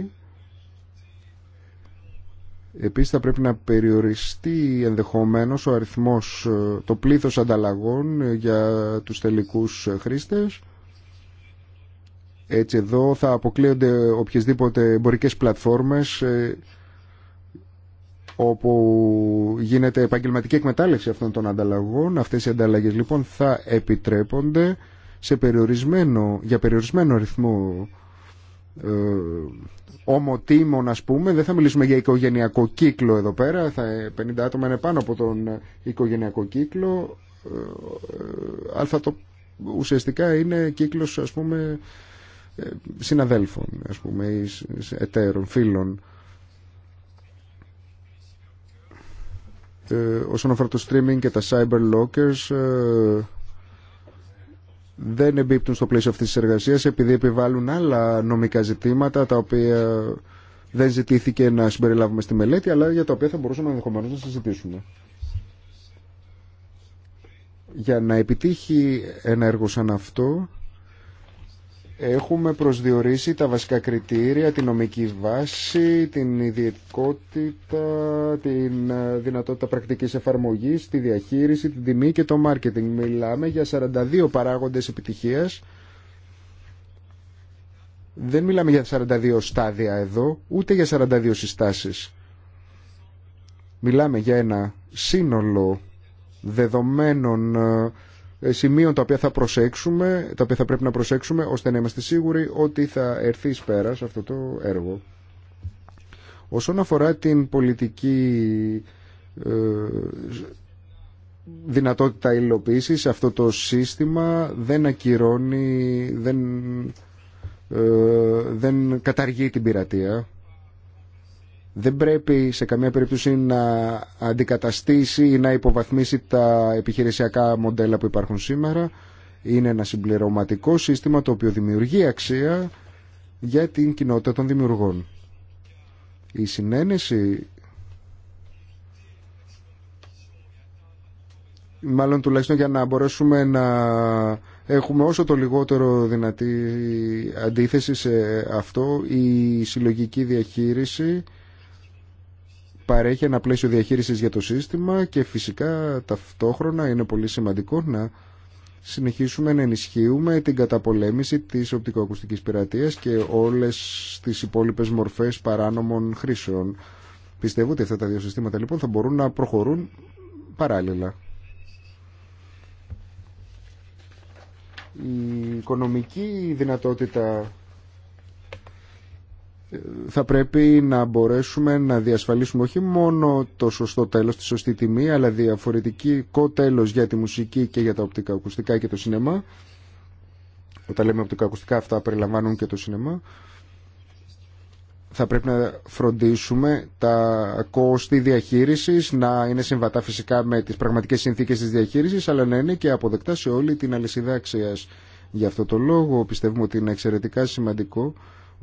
Επίσης θα πρέπει να περιοριστεί ενδεχομένως ο αριθμός, ε, το πλήθο ανταλλαγών ε, για τους τελικού ε, χρήστες. Έτσι εδώ θα αποκλείονται οποιασδήποτε εμπορικές πλατφόρμες όπου γίνεται επαγγελματική εκμετάλλευση αυτών των ανταλλαγών. Αυτές οι ανταλλαγές λοιπόν θα επιτρέπονται σε περιορισμένο, για περιορισμένο αριθμό ε, ομοτήμων ας πούμε δεν θα μιλήσουμε για οικογενειακό κύκλο εδώ πέρα θα, 50 άτομα είναι πάνω από τον οικογενειακό κύκλο ε, ε, αλλά το, ουσιαστικά είναι κύκλος ας πούμε συναδέλφων ας πούμε ή εταίρων, φίλων όσον αφορά το streaming και τα cyber lockers δεν εμπίπτουν στο πλαίσιο αυτής της εργασίας επειδή επιβάλλουν άλλα νομικά ζητήματα τα οποία δεν ζητήθηκε να συμπεριλάβουμε στη μελέτη αλλά για τα οποία θα μπορούσαμε ενδεχομένω να συζητήσουμε. Για να επιτύχει ένα έργο σαν αυτό έχουμε προσδιορίσει τα βασικά κριτήρια, την νομική βάση, την ιδιαιτικότητα, την ε, δυνατότητα πρακτικής εφαρμογής, τη διαχείριση, την τιμή και το μάρκετινγκ. Μιλάμε για 42 παράγοντες επιτυχίας. Δεν μιλάμε για 42 στάδια εδώ, ούτε για 42 συστάσεις. Μιλάμε για ένα σύνολο δεδομένων ε, ε, σημείων τα οποία θα προσέξουμε, τα οποία θα πρέπει να προσέξουμε ώστε να είμαστε σίγουροι ότι θα έρθει εις πέρα σε αυτό το έργο. Όσον αφορά την πολιτική ε, δυνατότητα υλοποίησης, αυτό το σύστημα δεν ακυρώνει, δεν, ε, δεν καταργεί την πειρατεία δεν πρέπει σε καμία περίπτωση να αντικαταστήσει ή να υποβαθμίσει τα επιχειρησιακά μοντέλα που υπάρχουν σήμερα. Είναι ένα συμπληρωματικό σύστημα το οποίο δημιουργεί αξία για την κοινότητα των δημιουργών. Η συνένεση, μάλλον τουλάχιστον για να μπορέσουμε να έχουμε όσο το λιγότερο δυνατή αντίθεση σε αυτό, η συλλογική διαχείριση παρέχει ένα πλαίσιο διαχείρισης για το σύστημα και φυσικά ταυτόχρονα είναι πολύ σημαντικό να συνεχίσουμε να ενισχύουμε την καταπολέμηση της οπτικοακουστικής πειρατείας και όλες τις υπόλοιπες μορφές παράνομων χρήσεων. Πιστεύω ότι αυτά τα δύο συστήματα λοιπόν θα μπορούν να προχωρούν παράλληλα. Η οικονομική δυνατότητα θα πρέπει να μπορέσουμε να διασφαλίσουμε όχι μόνο το σωστό τέλος, τη σωστή τιμή, αλλά διαφορετικό τέλος για τη μουσική και για τα οπτικά ακουστικά και το σινεμά. Όταν λέμε οπτικά ακουστικά αυτά περιλαμβάνουν και το σινεμά. Θα πρέπει να φροντίσουμε τα κόστη διαχείρισης να είναι συμβατά φυσικά με τις πραγματικές συνθήκες της διαχείρισης, αλλά να είναι και αποδεκτά σε όλη την αλυσίδα αξίας. Γι' αυτό το λόγο πιστεύουμε ότι είναι εξαιρετικά σημαντικό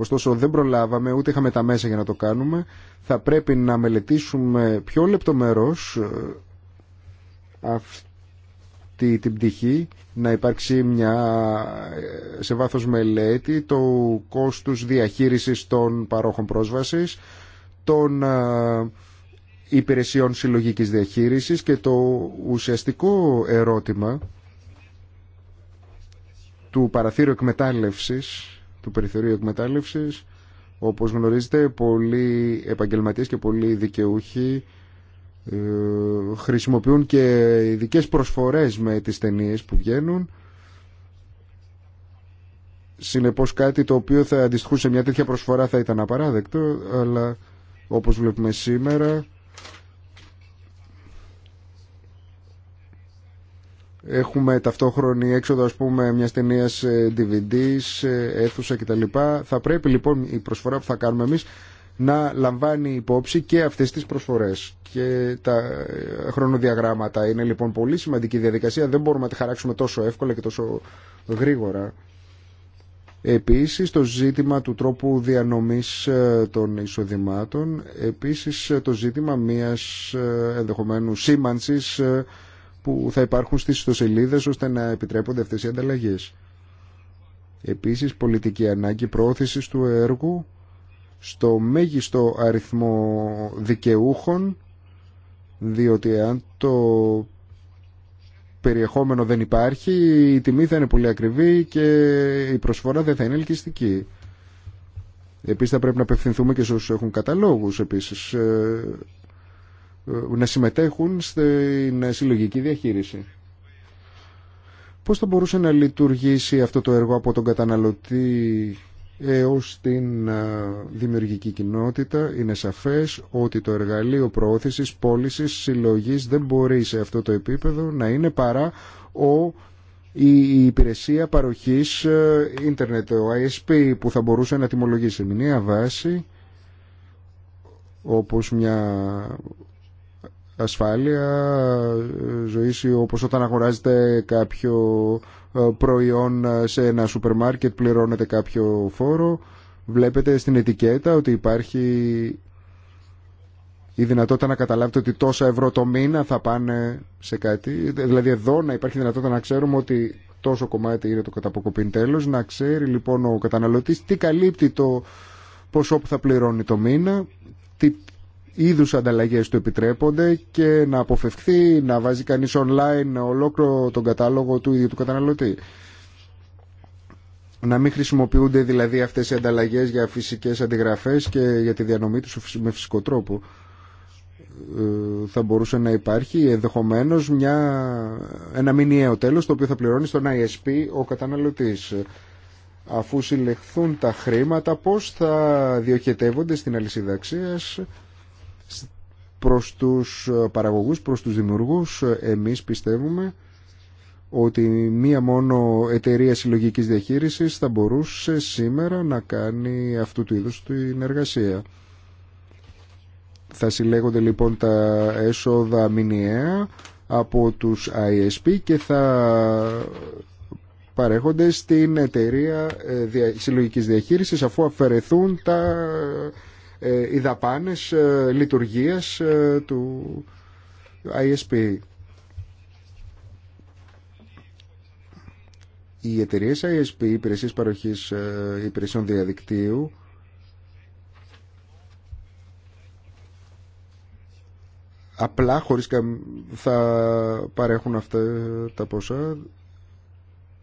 Ωστόσο δεν προλάβαμε, ούτε είχαμε τα μέσα για να το κάνουμε. Θα πρέπει να μελετήσουμε πιο λεπτομερώς ε, αυτή την πτυχή, να υπάρξει μια ε, σε βάθος μελέτη το κόστου διαχείρισης των παρόχων πρόσβασης, των ε, υπηρεσιών συλλογικής διαχείρισης και το ουσιαστικό ερώτημα του παραθύρου εκμετάλλευσης του περιθωρίου εκμετάλλευση. Όπως γνωρίζετε, πολλοί επαγγελματίες και πολλοί δικαιούχοι ε, χρησιμοποιούν και ειδικέ προσφορές με τις ταινίε που βγαίνουν. Συνεπώ κάτι το οποίο θα αντιστοιχούσε μια τέτοια προσφορά θα ήταν απαράδεκτο, αλλά όπως βλέπουμε σήμερα έχουμε ταυτόχρονη έξοδο ας πούμε μια ταινία ε, DVD, ε, αίθουσα κτλ. Θα πρέπει λοιπόν η προσφορά που θα κάνουμε εμείς να λαμβάνει υπόψη και αυτές τις προσφορές και τα ε, χρονοδιαγράμματα. Είναι λοιπόν πολύ σημαντική διαδικασία, δεν μπορούμε να τη χαράξουμε τόσο εύκολα και τόσο γρήγορα. Επίσης το ζήτημα του τρόπου διανομής των εισοδημάτων, επίσης το ζήτημα μιας ενδεχομένου σήμανσης που θα υπάρχουν στις ιστοσελίδες ώστε να επιτρέπονται αυτές οι ανταλλαγές. Επίσης, πολιτική ανάγκη προώθησης του έργου στο μέγιστο αριθμό δικαιούχων, διότι αν το περιεχόμενο δεν υπάρχει, η τιμή θα είναι πολύ ακριβή και η προσφορά δεν θα είναι ελκυστική. Επίσης θα πρέπει να απευθυνθούμε και σε έχουν καταλόγους επίσης ε, ε, να συμμετέχουν στην συλλογική διαχείριση. Πώς θα μπορούσε να λειτουργήσει αυτό το έργο από τον καταναλωτή έως την ε, δημιουργική κοινότητα είναι σαφές ότι το εργαλείο προώθησης, πώληση, συλλογής δεν μπορεί σε αυτό το επίπεδο να είναι παρά ο, η, υπηρεσία παροχής ε, ίντερνετ, ο ISP που θα μπορούσε να τιμολογήσει μια βάση όπως μια ασφάλεια ζωής όπως όταν αγοράζετε κάποιο ε, προϊόν σε ένα σούπερ μάρκετ πληρώνετε κάποιο φόρο βλέπετε στην ετικέτα ότι υπάρχει η δυνατότητα να καταλάβετε ότι τόσα ευρώ το μήνα θα πάνε σε κάτι δηλαδή εδώ να υπάρχει δυνατότητα να ξέρουμε ότι τόσο κομμάτι είναι το καταποκοπήν τέλος να ξέρει λοιπόν ο καταναλωτής τι καλύπτει το ποσό που θα πληρώνει το μήνα τι είδου ανταλλαγές του επιτρέπονται και να αποφευχθεί να βάζει κανείς online ολόκληρο τον κατάλογο του ίδιου του καταναλωτή. Να μην χρησιμοποιούνται δηλαδή αυτές οι ανταλλαγέ για φυσικές αντιγραφές και για τη διανομή του με φυσικό τρόπο. Ε, θα μπορούσε να υπάρχει ενδεχομένω ένα μηνιαίο τέλο το οποίο θα πληρώνει στον ISP ο καταναλωτή. Αφού συλλεχθούν τα χρήματα πώς θα διοχετεύονται στην αλυσίδα προς τους ε, παραγωγούς, προς τους δημιουργούς. Ε, εμείς πιστεύουμε ότι μία μόνο εταιρεία συλλογικής διαχείρισης θα μπορούσε σήμερα να κάνει αυτού του είδους την εργασία. Θα συλλέγονται λοιπόν τα έσοδα μηνιαία από τους ISP και θα παρέχονται στην εταιρεία ε, συλλογικής διαχείρισης αφού αφαιρεθούν τα ε, οι δαπάνες ε, λειτουργίας ε, του ISP. Οι εταιρείε ISP, υπηρεσίες παροχής υπηρεσιών διαδικτύου, απλά χωρίς θα παρέχουν αυτά τα ποσά,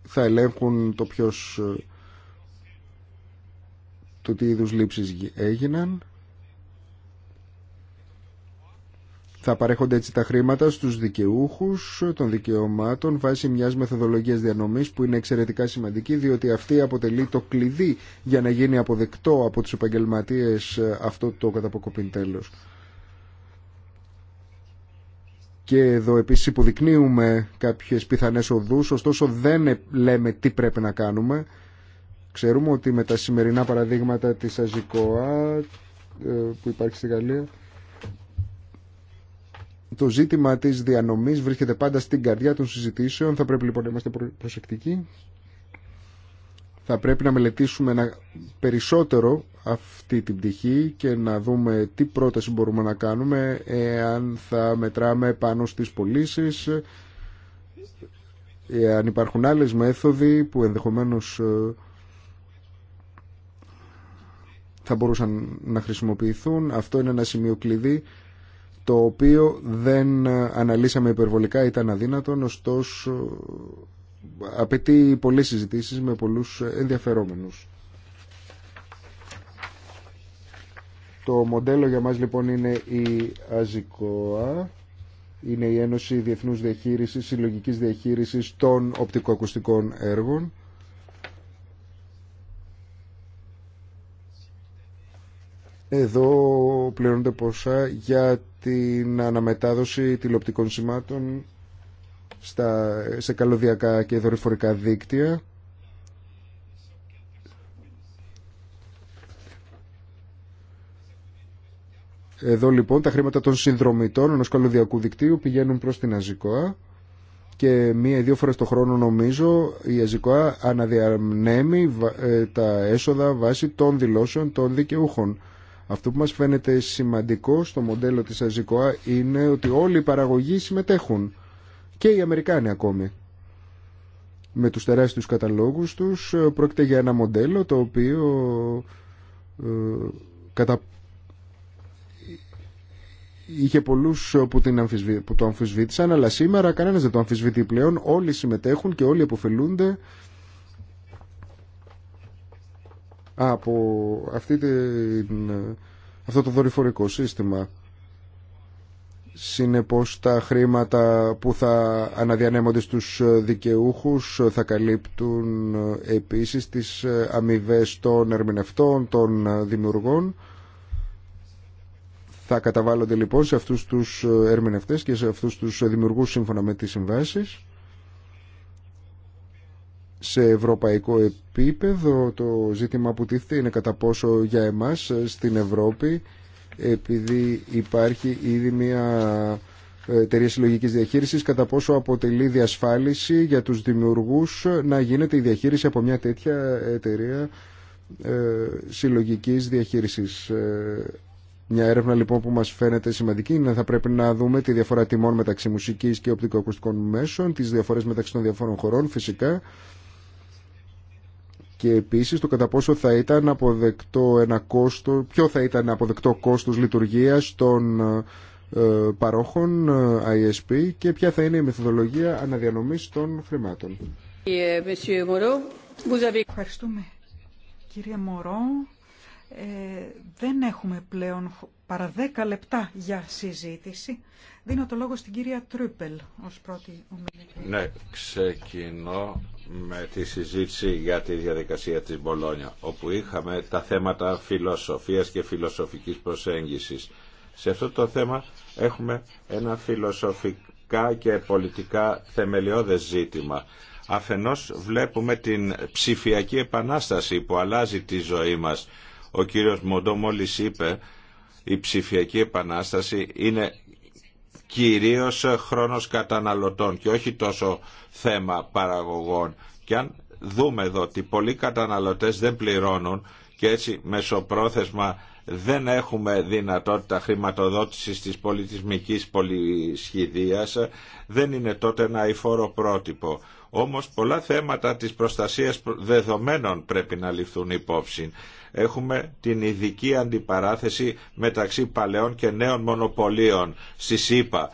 θα ελέγχουν το ποιος το τι είδους λήψεις έγιναν. Θα παρέχονται έτσι τα χρήματα στους δικαιούχους των δικαιωμάτων βάσει μιας μεθοδολογίας διανομής που είναι εξαιρετικά σημαντική διότι αυτή αποτελεί το κλειδί για να γίνει αποδεκτό από τους επαγγελματίε αυτό το καταποκοπήν τέλος. Και εδώ επίσης υποδεικνύουμε κάποιες πιθανές οδούς, ωστόσο δεν ε- λέμε τι πρέπει να κάνουμε Ξέρουμε ότι με τα σημερινά παραδείγματα της Αζικοά ε, που υπάρχει στη Γαλλία το ζήτημα της διανομής βρίσκεται πάντα στην καρδιά των συζητήσεων. Θα πρέπει λοιπόν να είμαστε προσεκτικοί. Θα πρέπει να μελετήσουμε περισσότερο αυτή την πτυχή και να δούμε τι πρόταση μπορούμε να κάνουμε εάν θα μετράμε πάνω στις πωλήσει, εάν υπάρχουν άλλες μέθοδοι που ενδεχομένως ε, θα μπορούσαν να χρησιμοποιηθούν. Αυτό είναι ένα σημείο κλειδί το οποίο δεν αναλύσαμε υπερβολικά, ήταν αδύνατο, ωστόσο απαιτεί πολλές συζητήσεις με πολλούς ενδιαφερόμενους. Το μοντέλο για μας λοιπόν είναι η ΑΖΙΚΟΑ, είναι η Ένωση Διεθνούς Διαχείρισης, Συλλογικής Διαχείρισης των Οπτικοακουστικών Έργων. Εδώ πληρώνονται ποσά για την αναμετάδοση τηλεοπτικών σημάτων στα, σε καλωδιακά και δορυφορικά δίκτυα. Εδώ λοιπόν τα χρήματα των συνδρομητών ενός καλωδιακού δικτύου πηγαίνουν προς την Αζικοά και μία-δύο φορές το χρόνο νομίζω η Αζικοά αναδιαμνέμει ε, τα έσοδα βάσει των δηλώσεων των δικαιούχων. Αυτό που μας φαίνεται σημαντικό στο μοντέλο της ΑΖΙΚΟΑ είναι ότι όλοι οι παραγωγοί συμμετέχουν και οι Αμερικάνοι ακόμη. Με τους τεράστιους καταλόγους τους ε, πρόκειται για ένα μοντέλο το οποίο ε, κατά... είχε πολλούς που, την αμφισβή... το αμφισβήτησαν αλλά σήμερα κανένας δεν το αμφισβητεί πλέον όλοι συμμετέχουν και όλοι αποφελούνται από αυτή την, αυτό το δορυφορικό σύστημα. Συνεπώς τα χρήματα που θα αναδιανέμονται στους δικαιούχους θα καλύπτουν επίσης τις αμοιβέ των ερμηνευτών, των δημιουργών. Θα καταβάλλονται λοιπόν σε αυτούς τους ερμηνευτές και σε αυτούς τους δημιουργούς σύμφωνα με τις συμβάσεις σε ευρωπαϊκό επίπεδο το ζήτημα που τίθεται είναι κατά πόσο για εμάς στην Ευρώπη επειδή υπάρχει ήδη μια ε, εταιρεία συλλογική διαχείρισης κατά πόσο αποτελεί διασφάλιση για τους δημιουργούς να γίνεται η διαχείριση από μια τέτοια εταιρεία ε, συλλογικής διαχείρισης. Ε, μια έρευνα λοιπόν που μας φαίνεται σημαντική είναι θα πρέπει να δούμε τη διαφορά τιμών μεταξύ μουσικής και οπτικοακουστικών μέσων, τις διαφορές μεταξύ των διαφόρων χωρών φυσικά και επίσης το κατά πόσο θα ήταν αποδεκτό ένα κόστο, ποιο θα ήταν αποδεκτό κόστος λειτουργίας των ε, παρόχων ε, ISP και ποια θα είναι η μεθοδολογία αναδιανομή των χρημάτων. Ε, Ευχαριστούμε. Κύριε Μωρό, ε, δεν έχουμε πλέον παρά 10 λεπτά για συζήτηση. Δίνω το λόγο στην κυρία Τρούπελ ως πρώτη ομιλητή. Ναι, ξεκινώ με τη συζήτηση για τη διαδικασία της Μπολόνια, όπου είχαμε τα θέματα φιλοσοφίας και φιλοσοφικής προσέγγισης. Σε αυτό το θέμα έχουμε ένα φιλοσοφικά και πολιτικά θεμελιώδες ζήτημα. Αφενός βλέπουμε την ψηφιακή επανάσταση που αλλάζει τη ζωή μας. Ο κύριος Μοντό μόλις είπε η ψηφιακή επανάσταση είναι κυρίως χρόνος καταναλωτών και όχι τόσο θέμα παραγωγών. Και αν δούμε εδώ ότι πολλοί καταναλωτές δεν πληρώνουν και έτσι μεσοπρόθεσμα δεν έχουμε δυνατότητα χρηματοδότησης της πολιτισμικής πολυσχηδίας, δεν είναι τότε ένα υφόρο πρότυπο. Όμως πολλά θέματα της προστασίας δεδομένων πρέπει να ληφθούν υπόψη έχουμε την ειδική αντιπαράθεση μεταξύ παλαιών και νέων μονοπωλίων στη ΣΥΠΑ.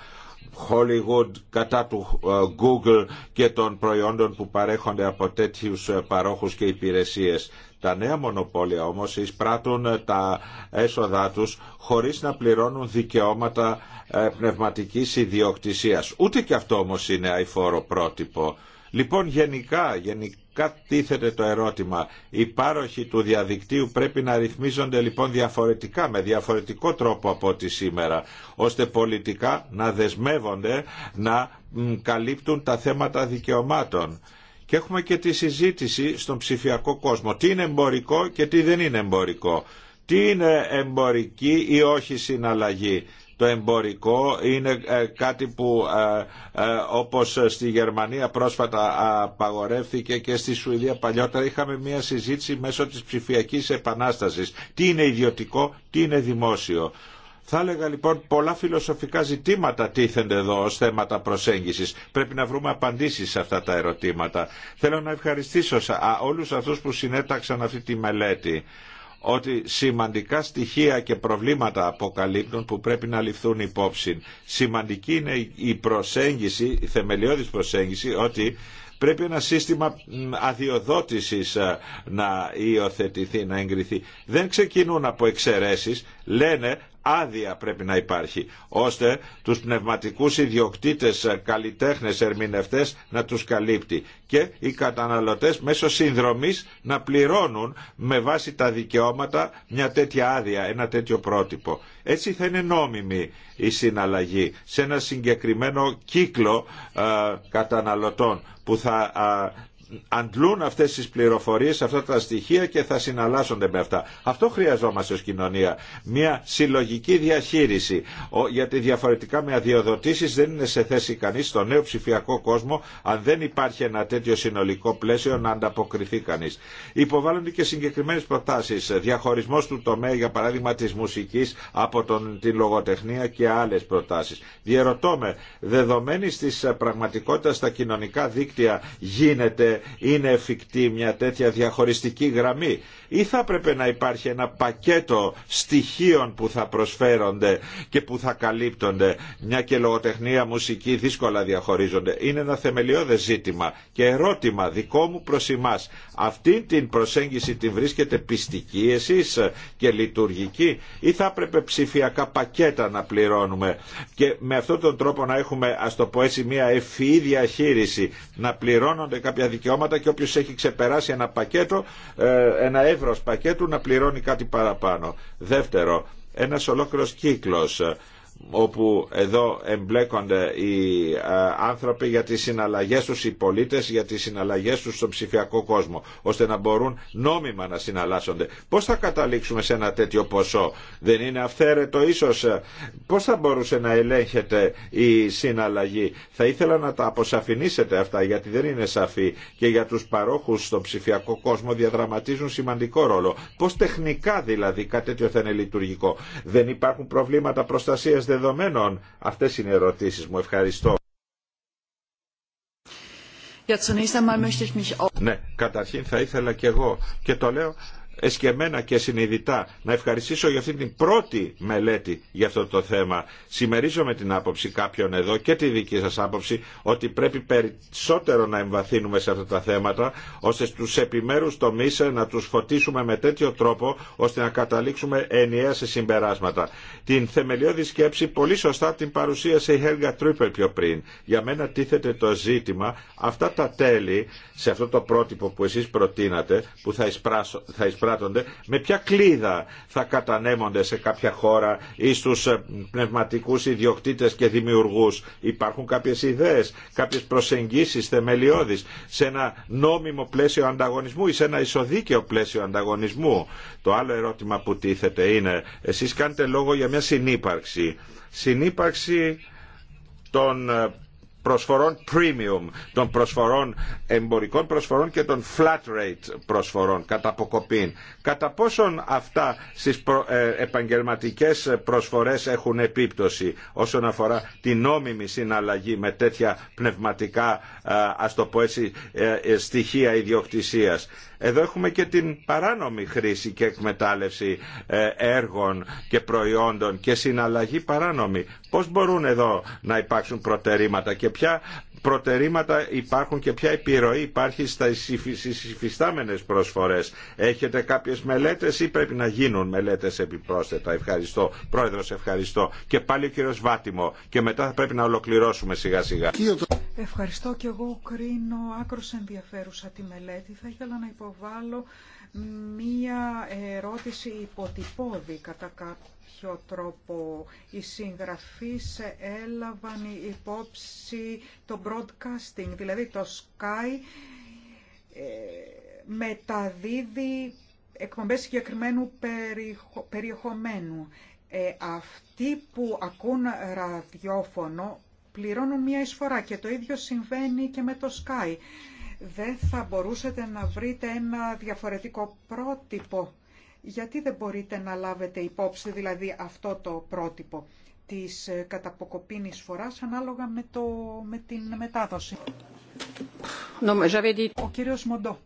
Hollywood κατά του ε, Google και των προϊόντων που παρέχονται από τέτοιους ε, παρόχους και υπηρεσίες. Τα νέα μονοπόλια όμως εισπράττουν ε, τα έσοδά τους χωρίς να πληρώνουν δικαιώματα πνευματικής ιδιοκτησίας. Ούτε και αυτό όμως είναι αηφόρο πρότυπο. Λοιπόν γενικά, γενικά κατήθεται το ερώτημα. Οι πάροχοι του διαδικτύου πρέπει να ρυθμίζονται λοιπόν διαφορετικά, με διαφορετικό τρόπο από ό,τι σήμερα, ώστε πολιτικά να δεσμεύονται να καλύπτουν τα θέματα δικαιωμάτων. Και έχουμε και τη συζήτηση στον ψηφιακό κόσμο. Τι είναι εμπορικό και τι δεν είναι εμπορικό. Τι είναι εμπορική ή όχι συναλλαγή. Το εμπορικό είναι ε, κάτι που ε, ε, όπως στη Γερμανία πρόσφατα απαγορεύθηκε και στη Σουηδία παλιότερα είχαμε μια συζήτηση μέσω της ψηφιακής επανάστασης. Τι είναι ιδιωτικό, τι είναι δημόσιο. Θα έλεγα λοιπόν πολλά φιλοσοφικά ζητήματα τίθενται εδώ ως θέματα προσέγγισης. Πρέπει να βρούμε απαντήσεις σε αυτά τα ερωτήματα. Θέλω να ευχαριστήσω όλους αυτούς που συνέταξαν αυτή τη μελέτη ότι σημαντικά στοιχεία και προβλήματα αποκαλύπτουν που πρέπει να ληφθούν υπόψη. Σημαντική είναι η προσέγγιση, η θεμελιώδης προσέγγιση ότι πρέπει ένα σύστημα αδειοδότησης ε, να υιοθετηθεί, να εγκριθεί. Δεν ξεκινούν από εξαιρέσεις, λένε άδεια πρέπει να υπάρχει ώστε τους πνευματικούς ιδιοκτήτες, ε, καλλιτέχνες, ερμηνευτές να τους καλύπτει και οι καταναλωτές μέσω συνδρομής να πληρώνουν με βάση τα δικαιώματα μια τέτοια άδεια, ένα τέτοιο πρότυπο. Έτσι θα είναι νόμιμη η συναλλαγή σε ένα συγκεκριμένο κύκλο ε, καταναλωτών που θα αντλούν αυτές τις πληροφορίες, αυτά τα στοιχεία και θα συναλλάσσονται με αυτά. Αυτό χρειαζόμαστε ως κοινωνία. Μια συλλογική διαχείριση. Γιατί διαφορετικά με αδειοδοτήσεις δεν είναι σε θέση κανείς στο νέο ψηφιακό κόσμο αν δεν υπάρχει ένα τέτοιο συνολικό πλαίσιο να ανταποκριθεί κανείς. Υποβάλλονται και συγκεκριμένες προτάσεις. Διαχωρισμός του τομέα για παράδειγμα της μουσικής από τον, τη λογοτεχνία και άλλες προτάσεις. Διερωτώ με, δεδομένη της στα κοινωνικά δίκτυα γίνεται είναι εφικτή μια τέτοια διαχωριστική γραμμή ή θα έπρεπε να υπάρχει ένα πακέτο στοιχείων που θα προσφέρονται και που θα καλύπτονται μια και λογοτεχνία, μουσική δύσκολα διαχωρίζονται. Είναι ένα θεμελιώδες ζήτημα και ερώτημα δικό μου προς εμάς. Αυτή την προσέγγιση την βρίσκετε πιστική εσείς και λειτουργική ή θα έπρεπε ψηφιακά πακέτα να πληρώνουμε και με αυτόν τον τρόπο να έχουμε ας το πω έτσι μια ευφυή διαχείριση να πληρώνονται κάποια δικαιώματα και όποιος έχει ξεπεράσει ένα πακέτο, ε, ένα εύρος πακέτου να πληρώνει κάτι παραπάνω. Δεύτερο, ένας ολόκληρος κύκλος όπου εδώ εμπλέκονται οι ε, άνθρωποι για τις συναλλαγές τους, οι πολίτες για τις συναλλαγές τους στον ψηφιακό κόσμο, ώστε να μπορούν νόμιμα να συναλλάσσονται. Πώς θα καταλήξουμε σε ένα τέτοιο ποσό, δεν είναι αυθαίρετο ίσως, ε? πώς θα μπορούσε να ελέγχεται η συναλλαγή. Θα ήθελα να τα αποσαφηνίσετε αυτά γιατί δεν είναι σαφή και για τους παρόχους στον ψηφιακό κόσμο διαδραματίζουν σημαντικό ρόλο. Πώς τεχνικά δηλαδή κάτι τέτοιο θα είναι λειτουργικό. Δεν υπάρχουν προβλήματα προστασία δεδομένων. Αυτές είναι οι ερωτήσεις μου. Ευχαριστώ. Ναι, καταρχήν θα ήθελα και εγώ και το λέω εσκεμένα και συνειδητά να ευχαριστήσω για αυτή την πρώτη μελέτη για αυτό το θέμα. Συμμερίζω με την άποψη κάποιων εδώ και τη δική σας άποψη ότι πρέπει περισσότερο να εμβαθύνουμε σε αυτά τα θέματα ώστε στους επιμέρους τομείς να τους φωτίσουμε με τέτοιο τρόπο ώστε να καταλήξουμε ενιαία σε συμπεράσματα. Την θεμελιώδη σκέψη πολύ σωστά την παρουσίασε η Helga Trüppel πιο πριν. Για μένα τίθεται το ζήτημα αυτά τα τέλη σε αυτό το πρότυπο που εσείς προτείνατε που θα εισπράσω, θα εισπράσω με ποια κλίδα θα κατανέμονται σε κάποια χώρα ή στου ε, πνευματικούς ιδιοκτήτε και δημιουργού. Υπάρχουν κάποιες ιδέες, κάποιες προσεγγίσεις θεμελιώδεις σε ένα νόμιμο πλαίσιο ανταγωνισμού ή σε ένα ισοδίκαιο πλαίσιο ανταγωνισμού. Το άλλο ερώτημα που τίθεται είναι, εσείς κάνετε λόγο για μια συνύπαρξη. Συνύπαρξη των ε, προσφορών premium, των προσφορών εμπορικών προσφορών και των flat rate προσφορών κατά αποκοπήν. Κατά πόσον αυτά στις προ, ε, επαγγελματικές προσφορές έχουν επίπτωση όσον αφορά την νόμιμη συναλλαγή με τέτοια πνευματικά, ε, το πω έτσι, ε, ε, στοιχεία ιδιοκτησίας. Εδώ έχουμε και την παράνομη χρήση και εκμετάλλευση ε, έργων και προϊόντων και συναλλαγή παράνομη. Πώς μπορούν εδώ να υπάρξουν προτερήματα και ποια προτερήματα υπάρχουν και ποια επιρροή υπάρχει στι υφιστάμενες προσφορές. Έχετε κάποιες μελέτες ή πρέπει να γίνουν μελέτες επιπρόσθετα. Ευχαριστώ. Πρόεδρος, ευχαριστώ. Και πάλι ο κύριος Βάτιμο. Και μετά θα πρέπει να ολοκληρώσουμε σιγά σιγά. Ευχαριστώ και εγώ κρίνω άκρος ενδιαφέρουσα τη μελέτη. Θα ήθελα να υποβάλω μία ερώτηση υποτυπώδη κατά κάποιο τρόπο. Οι συγγραφείς έλαβαν υπόψη το broadcasting, δηλαδή το Sky ε, μεταδίδει εκπομπές συγκεκριμένου περιεχομένου. Ε, αυτοί που ακούν ραδιόφωνο πληρώνουν μία εισφορά και το ίδιο συμβαίνει και με το Sky δεν θα μπορούσατε να βρείτε ένα διαφορετικό πρότυπο. Γιατί δεν μπορείτε να λάβετε υπόψη δηλαδή αυτό το πρότυπο της ε, καταποκοπίνης φοράς ανάλογα με, το, με την μετάδοση. Ο κύριος Μοντό,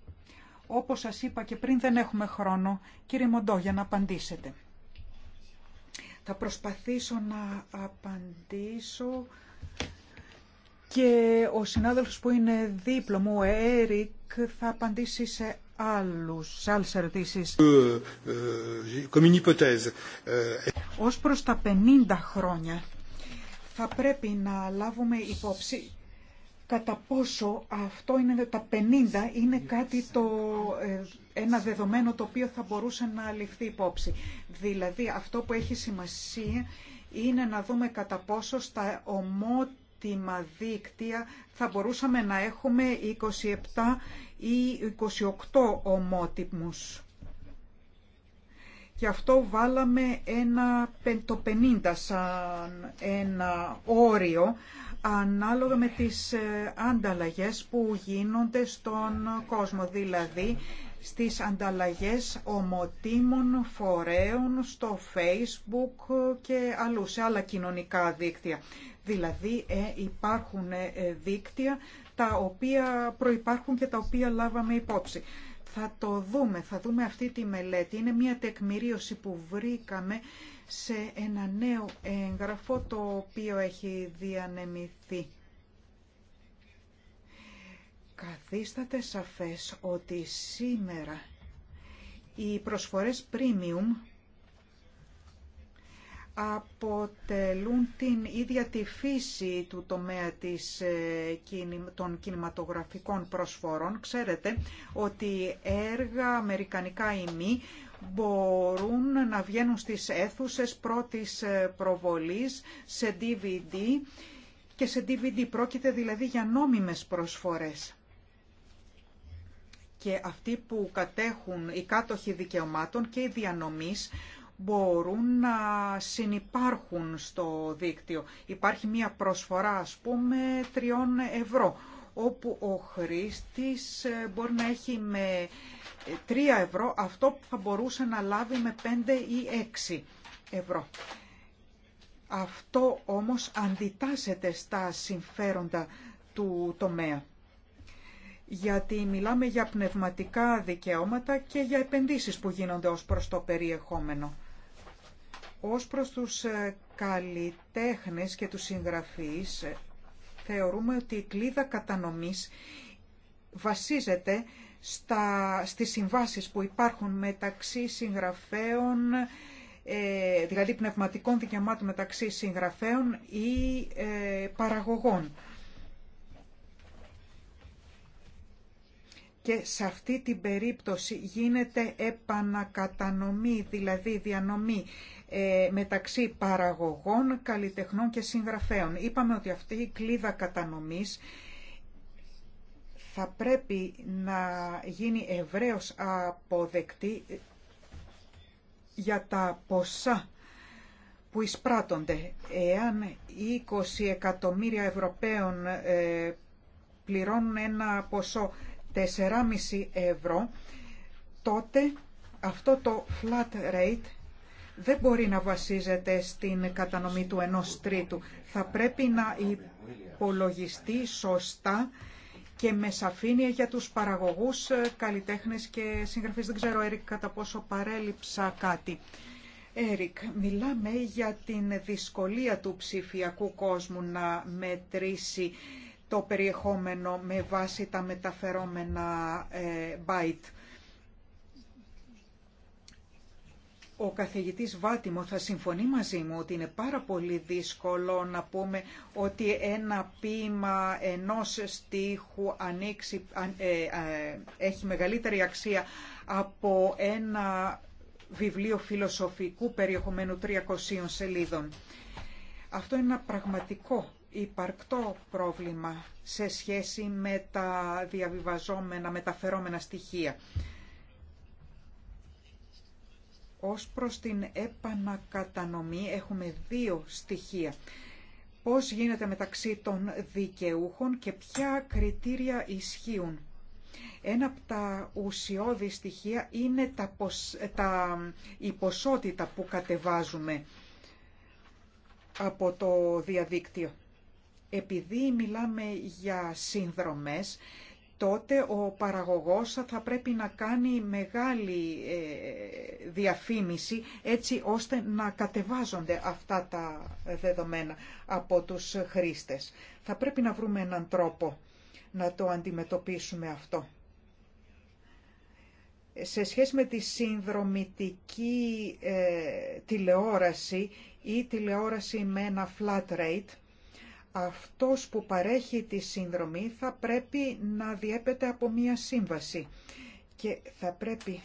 όπως σας είπα και πριν δεν έχουμε χρόνο, κύριε Μοντό για να απαντήσετε. Θα προσπαθήσω να απαντήσω και ο συνάδελφος που είναι δίπλο μου, ο Έρικ, θα απαντήσει σε άλλους, σε άλλες ερωτήσεις. Ε, ε, ε, Ως προς τα 50 χρόνια θα πρέπει να λάβουμε υπόψη κατά πόσο αυτό είναι τα 50 είναι κάτι το, ένα δεδομένο το οποίο θα μπορούσε να ληφθεί υπόψη. Δηλαδή αυτό που έχει σημασία είναι να δούμε κατά πόσο στα ομότητα τη δίκτυα θα μπορούσαμε να έχουμε 27 ή 28 ομότιμους. Γι' αυτό βάλαμε ένα, το 50 σαν ένα όριο ανάλογα με τις ε, ανταλλαγές που γίνονται στον κόσμο, δηλαδή στις ανταλλαγές ομοτήμων φορέων στο Facebook και αλλού σε άλλα κοινωνικά δίκτυα. Δηλαδή ε, υπάρχουν ε, ε, δίκτυα τα οποία προϋπάρχουν και τα οποία λάβαμε υπόψη. Θα το δούμε, θα δούμε αυτή τη μελέτη. Είναι μια τεκμηρίωση που βρήκαμε σε ένα νέο έγγραφο το οποίο έχει διανεμηθεί. Καθίσταται σαφές ότι σήμερα οι προσφορές premium αποτελούν την ίδια τη φύση του τομέα της, ε, των κινηματογραφικών προσφορών. Ξέρετε ότι έργα αμερικανικά ή μη μπορούν να βγαίνουν στις αίθουσες πρώτης ε, προβολής σε DVD και σε DVD πρόκειται δηλαδή για νόμιμες προσφορές. Και αυτοί που κατέχουν οι κάτοχοι δικαιωμάτων και οι διανομής μπορούν να συνυπάρχουν στο δίκτυο. Υπάρχει μία προσφορά, ας πούμε, τριών ευρώ, όπου ο χρήστης ε, μπορεί να έχει με ε, τρία ευρώ αυτό που θα μπορούσε να λάβει με 5 ή έξι ευρώ. Αυτό όμως αντιτάσσεται στα συμφέροντα του τομέα. Γιατί μιλάμε για πνευματικά δικαιώματα και για επενδύσεις που γίνονται ως προς το περιεχόμενο. Ως προς τους ε, καλλιτέχνες και τους συγγραφείς, ε, θεωρούμε ότι η κλίδα κατανομής βασίζεται στα, στις συμβάσεις που υπάρχουν μεταξύ συγγραφέων, ε, δηλαδή πνευματικών δικαιωμάτων μεταξύ συγγραφέων ή παραγωγών. Και σε αυτή την περίπτωση γίνεται επανακατανομή, δηλαδή διανομή ε, μεταξύ παραγωγών, καλλιτεχνών και συγγραφέων. Είπαμε ότι αυτή η κλίδα κατανομής θα πρέπει να γίνει ευρέως αποδεκτή ε, για τα ποσά που εισπράττονται. Εάν 20 εκατομμύρια Ευρωπαίων ε, πληρώνουν ένα ποσό 4,5 ευρώ, τότε αυτό το flat rate δεν μπορεί να βασίζεται στην κατανομή του ενός τρίτου. Θα πρέπει να υπολογιστεί σωστά και με σαφήνεια για τους παραγωγούς, ε, καλλιτέχνες και συγγραφείς. Δεν ξέρω, Έρικ, κατά πόσο παρέλειψα κάτι. Έρικ, μιλάμε για την δυσκολία του ψηφιακού κόσμου να μετρήσει το περιεχόμενο με βάση τα μεταφερόμενα ε, byte. ο καθηγητής Βάτιμο θα συμφωνεί μαζί μου ότι είναι πάρα πολύ δύσκολο να πούμε ότι ένα ποίημα ενός στίχου ανοίξει, ε, ε, έχει μεγαλύτερη αξία από ένα βιβλίο φιλοσοφικού περιεχομένου 300 σελίδων. Αυτό είναι ένα πραγματικό υπαρκτό πρόβλημα σε σχέση με τα διαβιβαζόμενα, μεταφερόμενα στοιχεία. Ως προς την επανακατανομή έχουμε δύο στοιχεία. Πώς γίνεται μεταξύ των δικαιούχων και ποια κριτήρια ισχύουν. Ένα από τα ουσιώδη στοιχεία είναι τα, τα... η ποσότητα που κατεβάζουμε από το διαδίκτυο. Επειδή μιλάμε για σύνδρομες, τότε ο παραγωγός θα πρέπει να κάνει μεγάλη ε, διαφήμιση έτσι ώστε να κατεβάζονται αυτά τα δεδομένα από τους χρήστες. Θα πρέπει να βρούμε έναν τρόπο να το αντιμετωπίσουμε αυτό. Σε σχέση με τη συνδρομητική ε, τηλεόραση ή τηλεόραση με ένα flat rate, αυτός που παρέχει τη σύνδρομη θα πρέπει να διέπεται από μία σύμβαση και θα πρέπει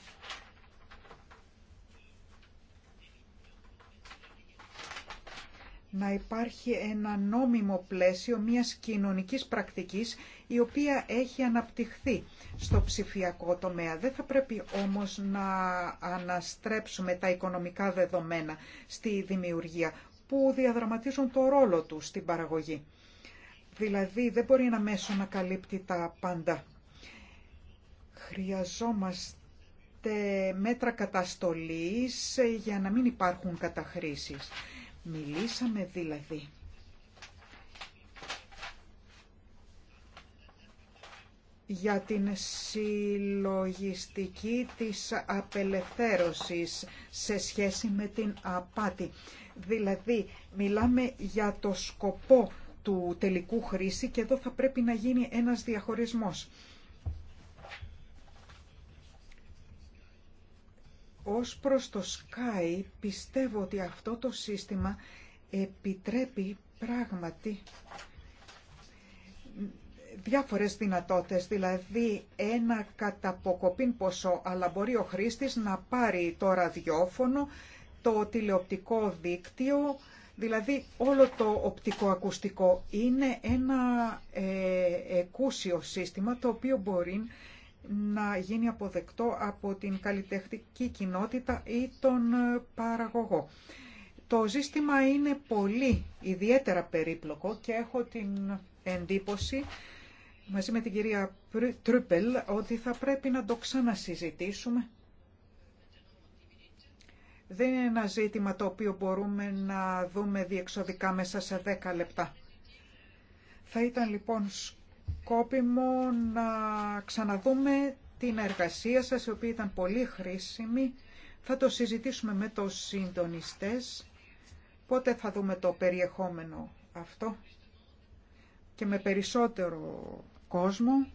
να υπάρχει ένα νόμιμο πλαίσιο μιας κοινωνικής πρακτικής η οποία έχει αναπτυχθεί στο ψηφιακό τομέα. Δεν θα πρέπει όμως να αναστρέψουμε τα οικονομικά δεδομένα στη δημιουργία που διαδραματίζουν το ρόλο του στην παραγωγή. Δηλαδή δεν μπορεί ένα μέσο να καλύπτει τα πάντα. Χρειαζόμαστε μέτρα καταστολής για να μην υπάρχουν καταχρήσεις. Μιλήσαμε δηλαδή. για την συλλογιστική της απελευθέρωσης σε σχέση με την απάτη. Δηλαδή, μιλάμε για το σκοπό του τελικού χρήση και εδώ θα πρέπει να γίνει ένας διαχωρισμός. Ως προς το Sky πιστεύω ότι αυτό το σύστημα επιτρέπει πράγματι διάφορες δυνατότητες, δηλαδή ένα καταποκοπήν ποσό, αλλά μπορεί ο χρήστης να πάρει το ραδιόφωνο, το τηλεοπτικό δίκτυο, δηλαδή όλο το οπτικοακουστικό είναι ένα ε, εκούσιο σύστημα το οποίο μπορεί να γίνει αποδεκτό από την καλλιτεχνική κοινότητα ή τον ε, παραγωγό. Το σύστημα είναι πολύ ιδιαίτερα περίπλοκο και έχω την εντύπωση μαζί με την κυρία Τρούπελ ότι θα πρέπει να το ξανασυζητήσουμε δεν είναι ένα ζήτημα το οποίο μπορούμε να δούμε διεξοδικά μέσα σε 10 λεπτά. Θα ήταν λοιπόν σκόπιμο να ξαναδούμε την εργασία σας, η οποία ήταν πολύ χρήσιμη. Θα το συζητήσουμε με τους συντονιστές. Πότε θα δούμε το περιεχόμενο αυτό και με περισσότερο κόσμο.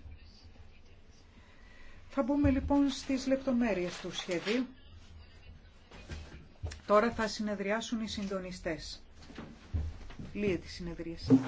Θα μπούμε λοιπόν στις λεπτομέρειες του σχεδίου Τώρα θα συνεδριάσουν οι συντονιστές. Λύε τη συνεδρίαση.